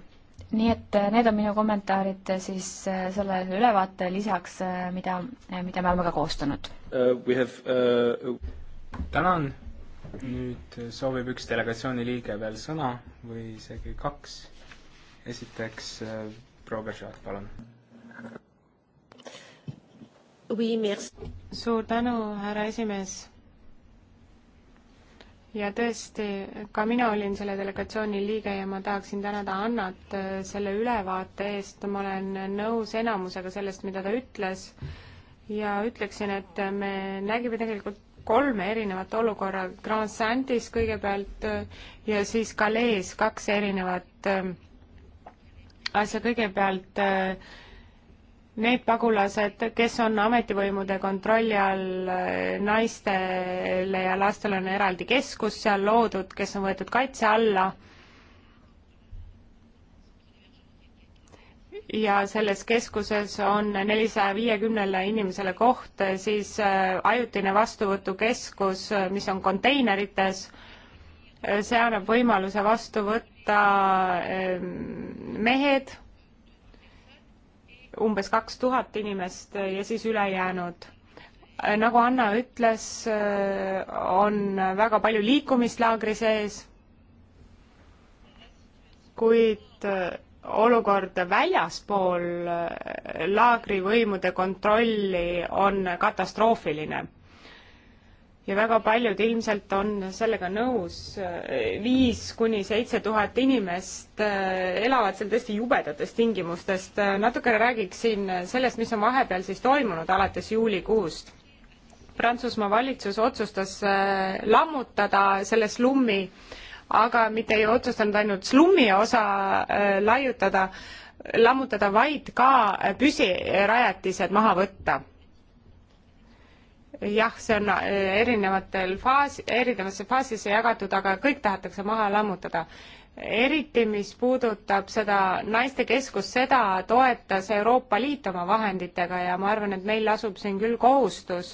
nii et äh, need on minu kommentaarid äh, siis äh, selle ülevaate lisaks, mida, mida me oleme ka koostanud
uh,. Uh... tänan, nüüd soovib üks delegatsiooni liige veel sõna või isegi kaks. esiteks uh, proua Beržat, palun.
suur tänu, härra esimees ja tõesti, ka mina olin selle delegatsiooni liige ja ma tahaksin tänada Annat äh, selle ülevaate eest, ma olen nõus enamusega sellest, mida ta ütles, ja ütleksin, et me nägime tegelikult kolme erinevat olukorra, Grand Sandis kõigepealt äh, ja siis Calais kaks erinevat äh, asja, kõigepealt äh, need pagulased, kes on ametivõimude kontrolli all, naistele ja lastele on eraldi keskus seal loodud, kes on võetud kaitse alla. ja selles keskuses on nelisaja viiekümnele inimesele koht, siis äh, ajutine vastuvõtukeskus, äh, mis on konteinerites äh, see annab võimaluse vastu võtta mehed, umbes kaks tuhat inimest ja siis ülejäänud nagu Anna ütles, on väga palju liikumist laagri sees, kuid olukord väljaspool laagri võimude kontrolli on katastroofiline ja väga paljud ilmselt on sellega nõus, viis kuni seitse tuhat inimest äh, elavad seal tõesti jubedatest tingimustest. Äh, natukene räägiksin sellest, mis on vahepeal siis toimunud alates juulikuust. Prantsusmaa valitsus otsustas äh, lammutada selle slummi, aga mitte ei otsustanud ainult slummi osa laiutada, lammutada, vaid ka püsirajatised maha võtta jah, see on äh, erinevatel faas, erinevasse faasisse jagatud, aga kõik tahetakse maha lammutada. eriti, mis puudutab seda naistekeskust, seda toetas Euroopa Liit oma vahenditega ja ma arvan, et meil lasub siin küll kohustus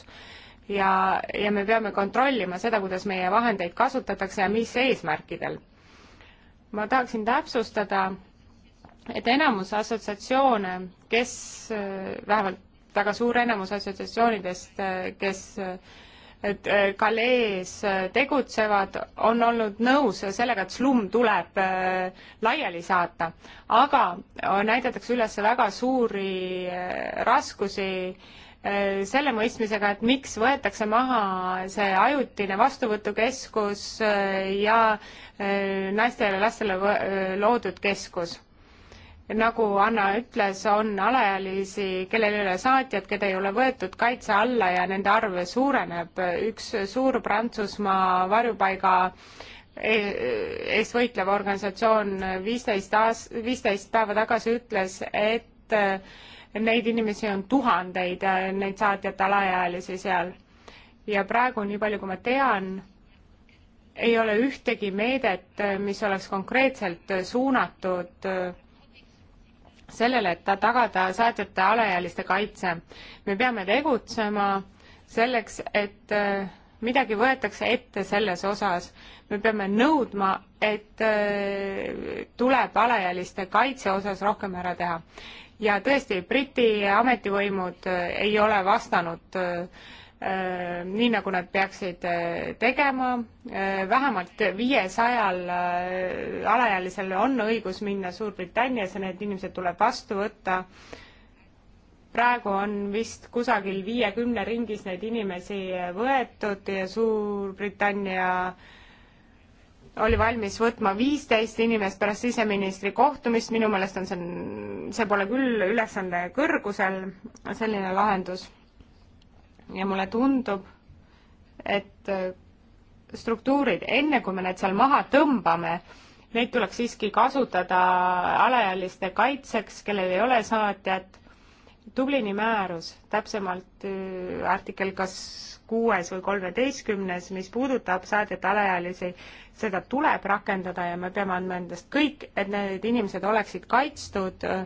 ja, ja me peame kontrollima seda, kuidas meie vahendeid kasutatakse ja mis eesmärkidel. ma tahaksin täpsustada, et enamus assotsiatsioone, kes äh, vähemalt väga suur enamus assotsiatsioonidest, kes et galees äh, äh, tegutsevad, on olnud nõus sellega, et slumm tuleb äh, laiali saata. aga näidatakse üles väga suuri raskusi selle mõistmisega, et miks võetakse maha see ajutine vastuvõtukeskus ja naistele ja lastele loodud keskus nagu Anna ütles, on alaealisi, kellel ei ole saatjat, keda ei ole võetud kaitse alla ja nende arv suureneb. üks suur Prantsusmaa varjupaiga e-, eest võitlev organisatsioon viisteist aas-, viisteist päeva tagasi ütles, et neid inimesi on tuhandeid, neid saatjate alaealisi seal. ja praegu, nii palju kui ma tean, ei ole ühtegi meedet, mis oleks konkreetselt suunatud sellele, et tagada saatjate alaealiste kaitse. me peame tegutsema selleks, et äh, midagi võetakse ette selles osas. me peame nõudma, et äh, tuleb alaealiste kaitse osas rohkem ära teha. ja tõesti, Briti ametivõimud äh, ei ole vastanud äh, Äh, nii nagu nad peaksid äh, tegema. Äh, vähemalt viiesajal alaealisel on õigus minna Suurbritanniasse, need inimesed tuleb vastu võtta. praegu on vist kusagil viiekümne ringis neid inimesi võetud ja Suurbritannia oli valmis võtma viisteist inimest pärast siseministri kohtumist, minu meelest on see, see pole küll ülesande kõrgusel, selline lahendus ja mulle tundub, et äh, struktuurid, enne kui me need seal maha tõmbame, neid tuleks siiski kasutada alaealiste kaitseks, kellel ei ole saatjat. Dublini määrus, täpsemalt äh, artikkel kas kuues või kolmeteistkümnes, mis puudutab saatjate alaealisi, seda tuleb rakendada ja me peame andma endast kõik, et need inimesed oleksid kaitstud äh,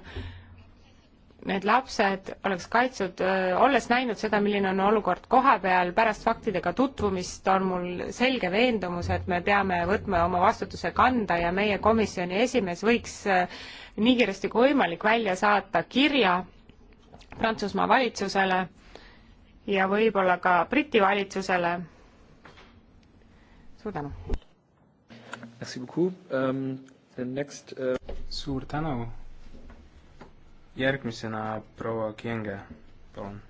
need lapsed oleks kaitstud, olles näinud seda, milline on olukord kohapeal, pärast faktidega tutvumist on mul selge veendumus, et me peame võtma oma vastutuse kanda ja meie komisjoni esimees võiks nii kiiresti kui võimalik välja saata kirja Prantsusmaa valitsusele ja võib-olla ka Briti valitsusele. suur tänu!
Um, next, uh... suur tänu!
järgmisena
proua Kienge, palun.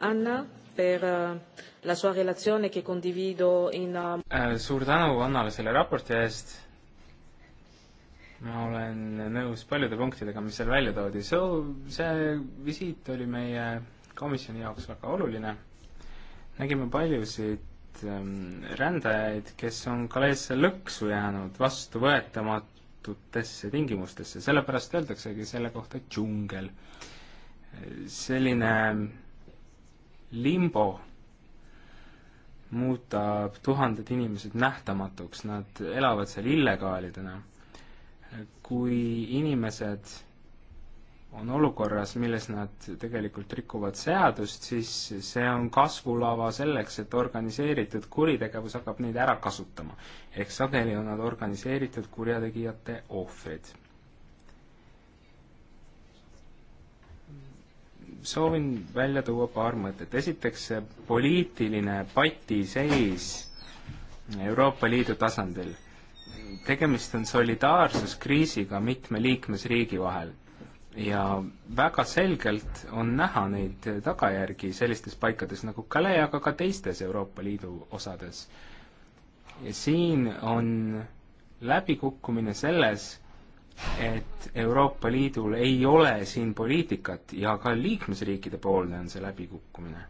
Anna per eh, la
sua relatsioone, che condivido in
eh, eh, suur tänu Annale selle raporti eest, ma olen nõus paljude punktidega, mis seal välja toodi, so see visiit oli meie komisjoni jaoks väga oluline, nägime paljusid ehm, rändajaid, kes on Kaleesse lõksu jäänud, vastuvõetamatu, piiratutesse tingimustesse, sellepärast öeldaksegi selle kohta džungel. selline limbo muudab tuhanded inimesed nähtamatuks, nad elavad seal illegaalidena. kui inimesed on olukorras, milles nad tegelikult rikuvad seadust, siis see on kasvulava selleks, et organiseeritud kuritegevus hakkab neid ära kasutama. ehk sageli on nad organiseeritud kurjategijate ohvrid. soovin välja tuua paar mõtet. esiteks, see poliitiline patiseis Euroopa Liidu tasandil. tegemist on solidaarsuskriisiga mitme liikmesriigi vahel ja väga selgelt on näha neid tagajärgi sellistes paikades nagu Calais, aga ka teistes Euroopa Liidu osades. ja siin on läbikukkumine selles, et Euroopa Liidul ei ole siin poliitikat ja ka liikmesriikide poolne on see läbikukkumine.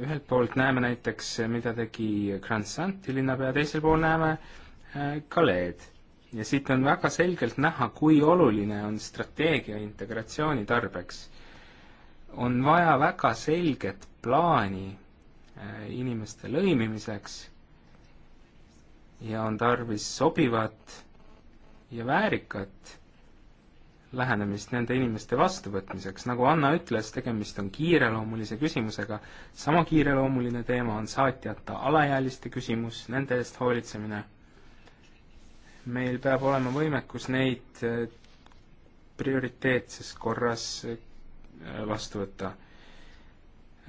ühelt poolt näeme näiteks, mida tegi Grand Santi linnapea, teisel pool näeme äh, Äh, Kaleed. ja siit on väga selgelt näha, kui oluline on strateegia integratsiooni tarbeks. on vaja väga selget plaani äh, inimeste lõimimiseks ja on tarvis sobivat ja väärikat lähenemist nende inimeste vastuvõtmiseks, nagu Anna ütles, tegemist on kiireloomulise küsimusega, sama kiireloomuline teema on saatjata alaealiste küsimus, nende eest hoolitsemine meil peab olema võimekus neid eh, prioriteetses korras eh, vastu võtta.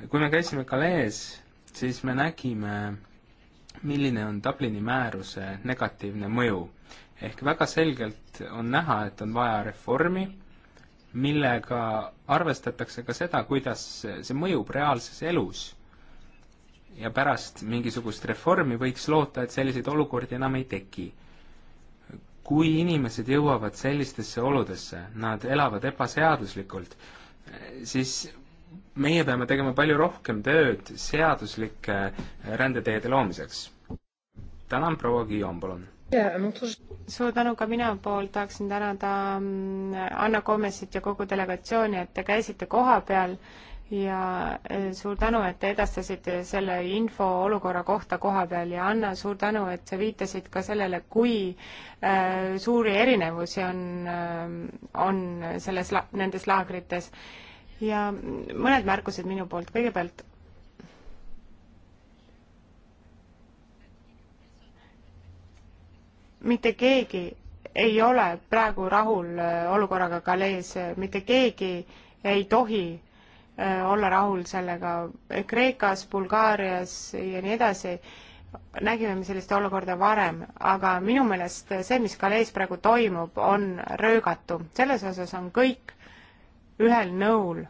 kui me käisime Calais, siis me nägime, milline on Dublini määruse negatiivne mõju. ehk väga selgelt on näha, et on vaja reformi, millega arvestatakse ka seda, kuidas see mõjub reaalses elus ja pärast mingisugust reformi võiks loota, et selliseid olukordi enam ei teki kui inimesed jõuavad sellistesse oludesse, nad elavad ebaseaduslikult, siis meie peame tegema palju rohkem tööd seaduslike rändeteede loomiseks. tänan, proua Guillaume, palun!
suur tänu ka mina pool, tahaksin tänada mm, Anna Komesit ja kogu delegatsiooni, et te käisite koha peal ja eh, suur tänu, et te edastasite selle info olukorra kohta koha peal ja Anna, suur tänu, et sa viitasid ka sellele, kui äh, suuri erinevusi on äh,, on selles la-, nendes laagrites. ja mõned märkused minu poolt, kõigepealt mitte keegi ei ole praegu rahul olukorraga Galees, mitte keegi ei tohi Äh, olla rahul sellega. Kreekas, Bulgaarias ja nii edasi nägime me sellist olukorda varem, aga minu meelest see, mis Calais praegu toimub, on röögatu. selles osas on kõik ühel nõul.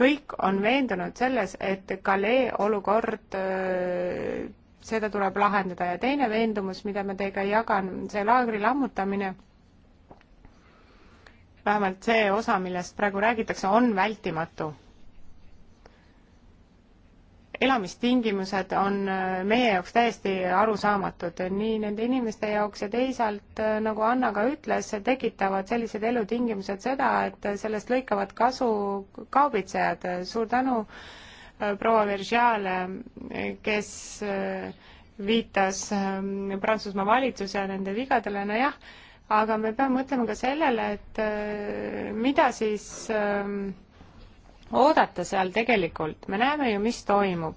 kõik on veendunud selles, et Calais olukord, äh, seda tuleb lahendada ja teine veendumus, mida ma teiega jagan, see laagri lammutamine vähemalt see osa, millest praegu räägitakse, on vältimatu. elamistingimused on äh, meie jaoks täiesti arusaamatud, nii nende inimeste jaoks ja teisalt, äh, nagu Anna ka ütles, tekitavad sellised elutingimused seda, et sellest lõikavad kasu kaubitsejad. suur tänu äh, proua Virgiale, kes viitas ähm, Prantsusmaa valitsuse ja nende vigadele, nojah aga me peame mõtlema ka sellele, et äh, mida siis ähm, oodata seal tegelikult, me näeme ju, mis toimub.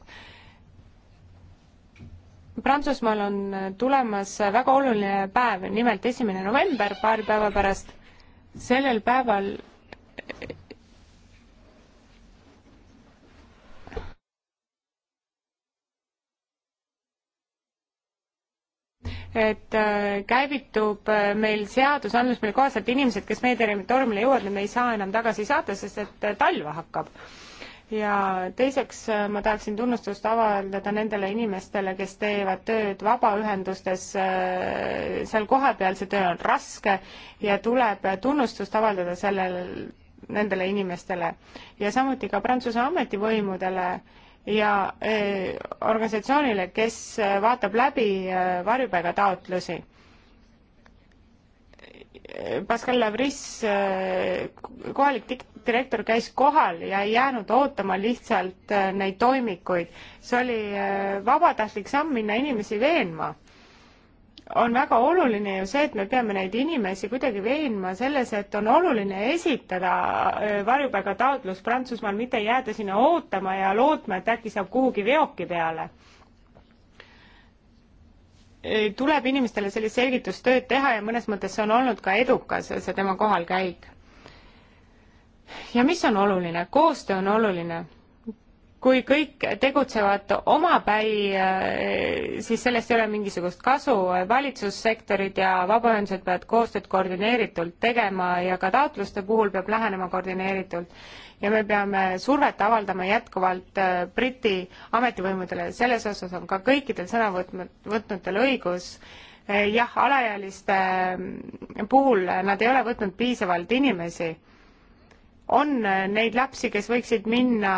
Prantsusmaal on äh, tulemas väga oluline päev, nimelt esimene november, paari päeva pärast. sellel päeval et äh, käivitub äh, meil seadusandlus, mille kohaselt inimesed, kes meie territooriumile jõuavad, need me ei saa enam tagasi saata, sest et äh, talv hakkab. ja teiseks ma tahaksin tunnustust avaldada nendele inimestele, kes teevad tööd vabaühendustes, seal kohapeal see töö on raske ja tuleb tunnustust avaldada sellel, nendele inimestele ja samuti ka Prantsuse ametivõimudele ja eh, organisatsioonile, kes eh, vaatab läbi eh, varjupaigataotlusi. Pascal Lavris, kohalik direktor käis kohal ja ei jäänud ootama lihtsalt neid toimikuid. see oli vabatahtlik samm minna inimesi veenma on väga oluline ju see, et me peame neid inimesi kuidagi veenma selles, et on oluline esitada äh, varjupaigataotlus Prantsusmaal, mitte jääda sinna ootama ja lootma, et äkki saab kuhugi veoki peale. Äh, tuleb inimestele sellist selgitustööd teha ja mõnes mõttes see on olnud ka edukas, see tema kohalkäik. ja mis on oluline, koostöö on oluline kui kõik tegutsevad omapäi, eh, siis sellest ei ole mingisugust kasu, valitsussektorid ja vabaühendused peavad koostööd koordineeritult tegema ja ka taotluste puhul peab lähenema koordineeritult. ja me peame survet avaldama jätkuvalt eh, Briti ametivõimudele, selles osas on ka kõikidel sõnavõtnud, võtnutel õigus, eh, jah, alaealiste mm, puhul nad ei ole võtnud piisavalt inimesi on neid lapsi, kes võiksid minna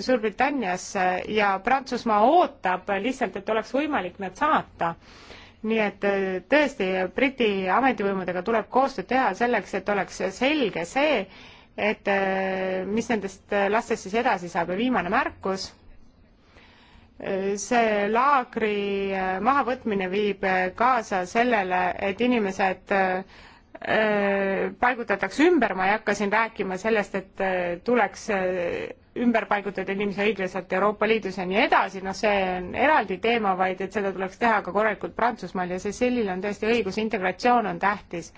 Suurbritanniasse ja Prantsusmaa ootab lihtsalt, et oleks võimalik nad saata. nii et äh, tõesti, Briti ametivõimudega tuleb koostööd teha selleks, et oleks selge see, et äh, mis nendest lastest siis edasi saab ja viimane märkus, äh, see laagri mahavõtmine viib kaasa sellele, et inimesed Äh, paigutatakse ümber, ma ei hakka siin rääkima sellest, et äh, tuleks äh, ümber paigutada inimesi õiglaselt Euroopa Liidus ja nii edasi, noh, see on eraldi teema, vaid et seda tuleks teha ka korralikult Prantsusmaal ja see, sellil on tõesti õigus, integratsioon on tähtis.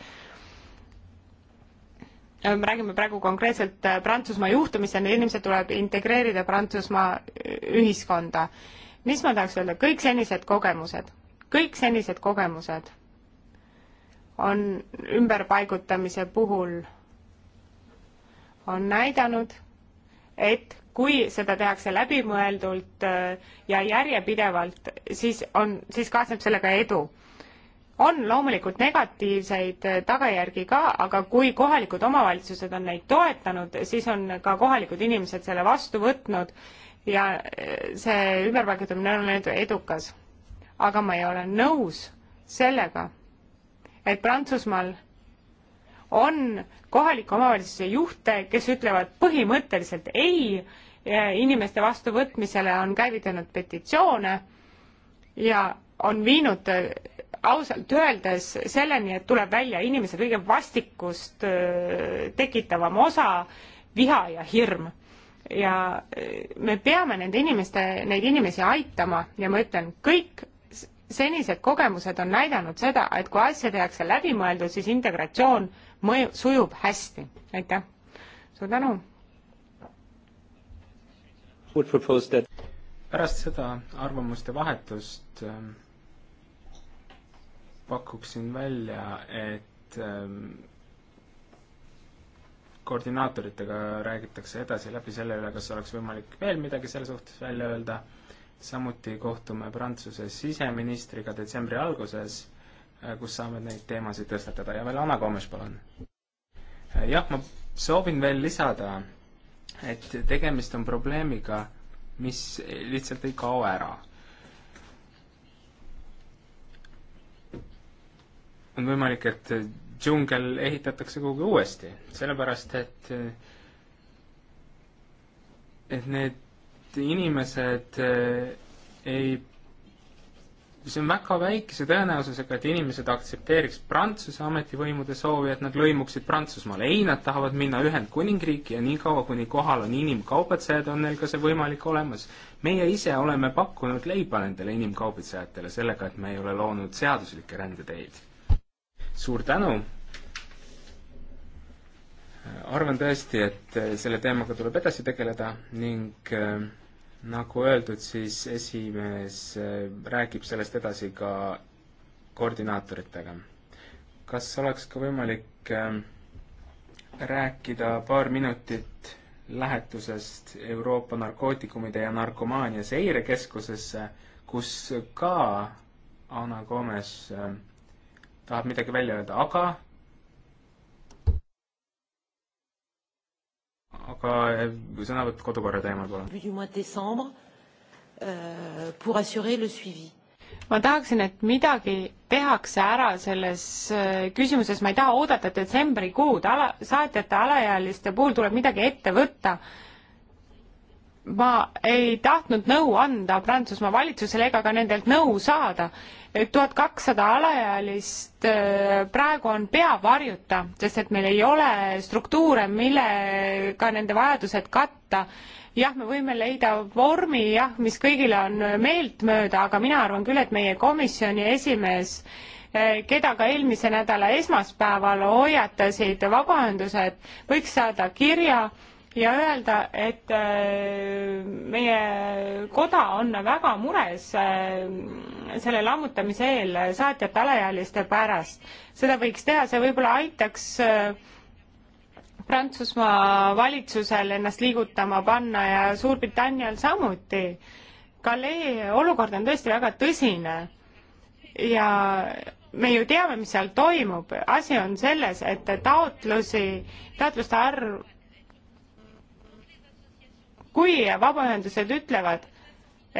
me räägime praegu konkreetselt Prantsusmaa juhtumist ja need inimesed tuleb integreerida Prantsusmaa ühiskonda. mis ma tahaks öelda, kõik senised kogemused, kõik senised kogemused on ümberpaigutamise puhul on näidanud, et kui seda tehakse läbimõeldult äh, ja järjepidevalt, siis on, siis kaasneb sellega edu. on loomulikult negatiivseid äh, tagajärgi ka, aga kui kohalikud omavalitsused on neid toetanud, siis on ka kohalikud inimesed selle vastu võtnud ja äh, see ümberpaigutamine on edukas. aga ma ei ole nõus sellega et Prantsusmaal on kohaliku omavalitsuse juhte, kes ütlevad põhimõtteliselt ei inimeste vastuvõtmisele, on käivitanud petitsioone ja on viinud äh, ausalt öeldes selleni, et tuleb välja inimese kõige vastikust äh, tekitavam osa, viha ja hirm. ja äh, me peame nende inimeste, neid inimesi aitama ja ma ütlen, kõik senised kogemused on näidanud seda, et kui asja tehakse läbimõeldud, siis integratsioon mõju, sujub hästi. aitäh. suur tänu.
pärast seda arvamuste vahetust ähm, pakuksin välja, et ähm, koordinaatoritega räägitakse edasi läbi selle üle, kas oleks võimalik veel midagi selle suhtes välja öelda samuti kohtume Prantsuse siseministriga detsembri alguses, äh, kus saame neid teemasid tõstatada ja veel Anna Komes, palun. Äh, jah, ma soovin veel lisada, et tegemist on probleemiga, mis lihtsalt ei kao ära. on võimalik, et džungel ehitatakse kuhugi uuesti, sellepärast et äh, et need inimesed eh, ei, see on väga väikese tõenäosusega, et inimesed aktsepteeriks Prantsuse ametivõimude soovi, et nad lõimuksid Prantsusmaale. ei, nad tahavad minna Ühendkuningriiki ja niikaua, kuni kohal on inimkaubitsejad, on neil ka see võimalik olemas. meie ise oleme pakkunud leiba nendele inimkaubitsejatele sellega, et me ei ole loonud seaduslikke rändeteid. suur tänu! arvan tõesti, et eh, selle teemaga tuleb edasi tegeleda ning äh, nagu öeldud, siis esimees äh, räägib sellest edasi ka koordinaatoritega. kas oleks ka võimalik äh, rääkida paar minutit lähetusest Euroopa narkootikumide ja narkomaania seirekeskusesse, kus ka Anna Gomes äh, tahab midagi välja öelda, aga aga eh, sõnavõtt kodukorra teemal,
palun. Euh, pour assurer le suivi ma tahaksin, et midagi tehakse ära selles äh, küsimuses, ma ei taha oodata detsembrikuud, ala, saatjate alaealiste puhul tuleb midagi ette võtta ma ei tahtnud nõu anda Prantsusmaa valitsusele ega ka nendelt nõu saada. tuhat kakssada alaealist äh, praegu on peavarjuta, sest et meil ei ole struktuure, millega nende vajadused katta. jah, me võime leida vormi, jah, mis kõigile on meeltmööda, aga mina arvan küll, et meie komisjoni esimees äh, keda ka eelmise nädala esmaspäeval hoiatasid vabaühendused, võiks saada kirja äh, ja öelda, et äh, meie koda on väga mures äh, selle lammutamise eel saatjate alaealiste pärast. seda võiks teha, see võib-olla aitaks äh, Prantsusmaa valitsusel ennast liigutama panna ja Suurbritannial samuti. Galee olukord on tõesti väga tõsine ja me ju teame, mis seal toimub, asi on selles, et taotlusi, taotluste arv kui vabaühendused ütlevad,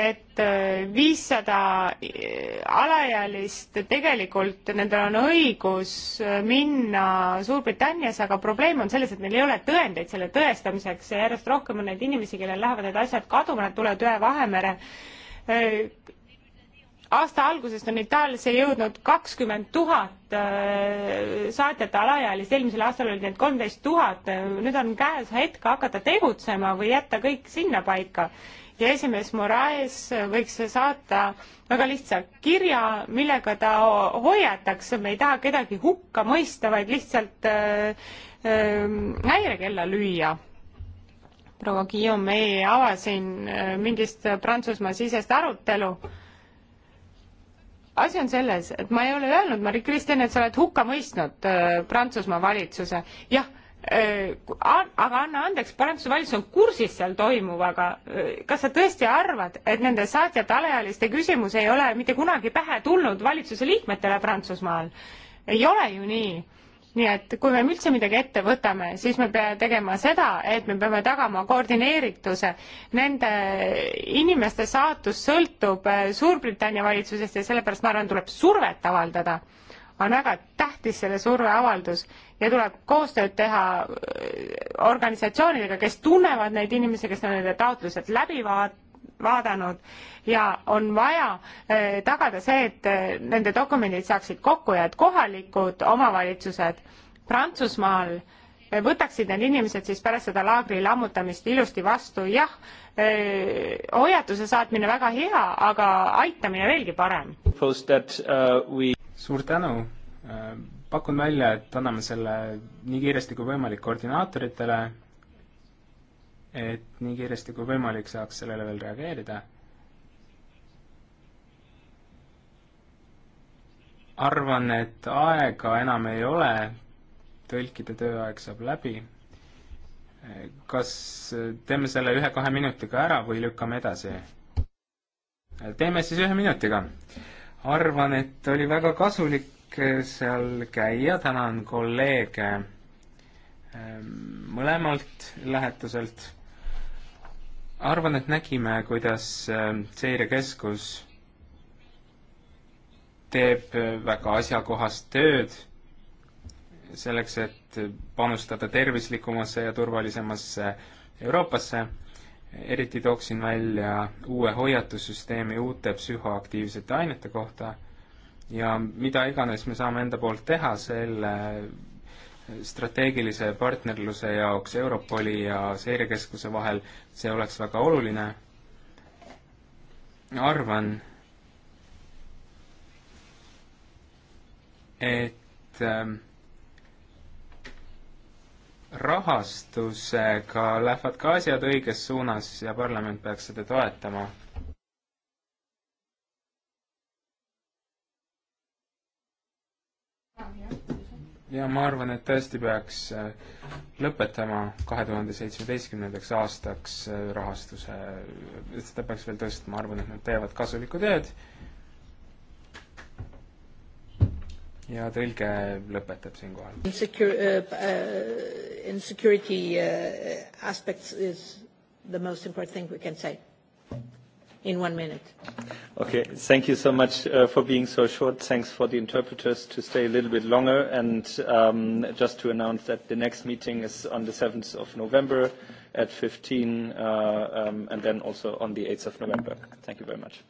et äh, viissada äh, alaealist, tegelikult nendel on õigus äh, minna Suurbritanniasse, aga probleem on selles, et meil ei ole tõendeid selle tõestamiseks ja järjest rohkem on neid inimesi, kellel lähevad need asjad kaduma, nad tulevad üle Vahemere aasta algusest on Itaaliasse jõudnud kakskümmend tuhat äh, saatjata alaealist, eelmisel aastal olid need kolmteist tuhat, nüüd on käes hetk hakata tegutsema või jätta kõik sinnapaika. ja esimees Moraes võiks saata väga lihtsa kirja, millega ta hoiataks, me ei taha kedagi hukka mõista, vaid lihtsalt äh, äh, häirekella lüüa proua Guillaume, avasin mingist Prantsusmaa sisest arutelu äh, asi on selles, et ma ei ole öelnud, Marie-Kristjan, et sa oled hukka mõistnud äh, Prantsusmaa valitsuse, jah äh, aga anna andeks, Prantsuse valitsus on kursis seal toimuvaga. Äh, kas sa tõesti arvad, et nende saatjate alaealiste küsimus ei ole mitte kunagi pähe tulnud valitsuse liikmetele Prantsusmaal? ei ole ju nii nii et kui me üldse midagi ette võtame, siis me peame tegema seda, et me peame tagama koordineerituse. Nende inimeste saatus sõltub eh, Suurbritannia valitsusest ja sellepärast ma arvan, tuleb survet avaldada. on väga tähtis selle surveavaldus ja tuleb koostööd teha eh, organisatsioonidega, kes tunnevad neid inimesi, kes on nende taotlused läbi vaat-, vaadanud ja on vaja eh, tagada see, et eh, nende dokumendid saaksid kokku ja et kohalikud omavalitsused Prantsusmaal eh, võtaksid need inimesed siis pärast seda laagri lammutamist ilusti vastu, jah, hoiatuse saatmine väga hea, aga aitamine veelgi parem.
suur tänu, pakun välja, et anname selle nii kiiresti kui võimalik koordinaatoritele et nii kiiresti kui võimalik saaks sellele veel reageerida. arvan, et aega enam ei ole, tõlkide tööaeg saab läbi. kas teeme selle ühe-kahe minutiga ära või lükkame edasi? teeme siis ühe minutiga. arvan, et oli väga kasulik seal käia, tänan kolleege ehm, mõlemalt lähetuselt arvan, et nägime, kuidas ähm, seirekeskus teeb äh, väga asjakohast tööd selleks, et panustada tervislikumasse ja turvalisemasse Euroopasse. eriti tooksin välja uue hoiatussüsteemi uute psühhoaktiivsete ainete kohta ja mida iganes me saame enda poolt teha selle strateegilise partnerluse jaoks Europoli ja Seirekeskuse vahel, see oleks väga oluline. arvan, et ähm, rahastusega lähevad ka asjad õiges suunas ja parlament peaks seda toetama ja ma arvan, et tõesti peaks äh, lõpetama kahe tuhande seitsmeteistkümnendaks aastaks äh, rahastuse, et seda peaks veel tõstma, arvan, et nad teevad kasulikku tööd. ja tõlge lõpetab
siinkohal.
Insecure- uh,, uh insecurity uh, aspects is
the most important thing we can say in one minute.
Okay,
thank you so much uh, for being so short. Thanks for the interpreters to stay a little bit longer. And um, just to announce that the next meeting is on the 7th of November at 15, uh, um, and then also on the 8th of November. Thank you very much.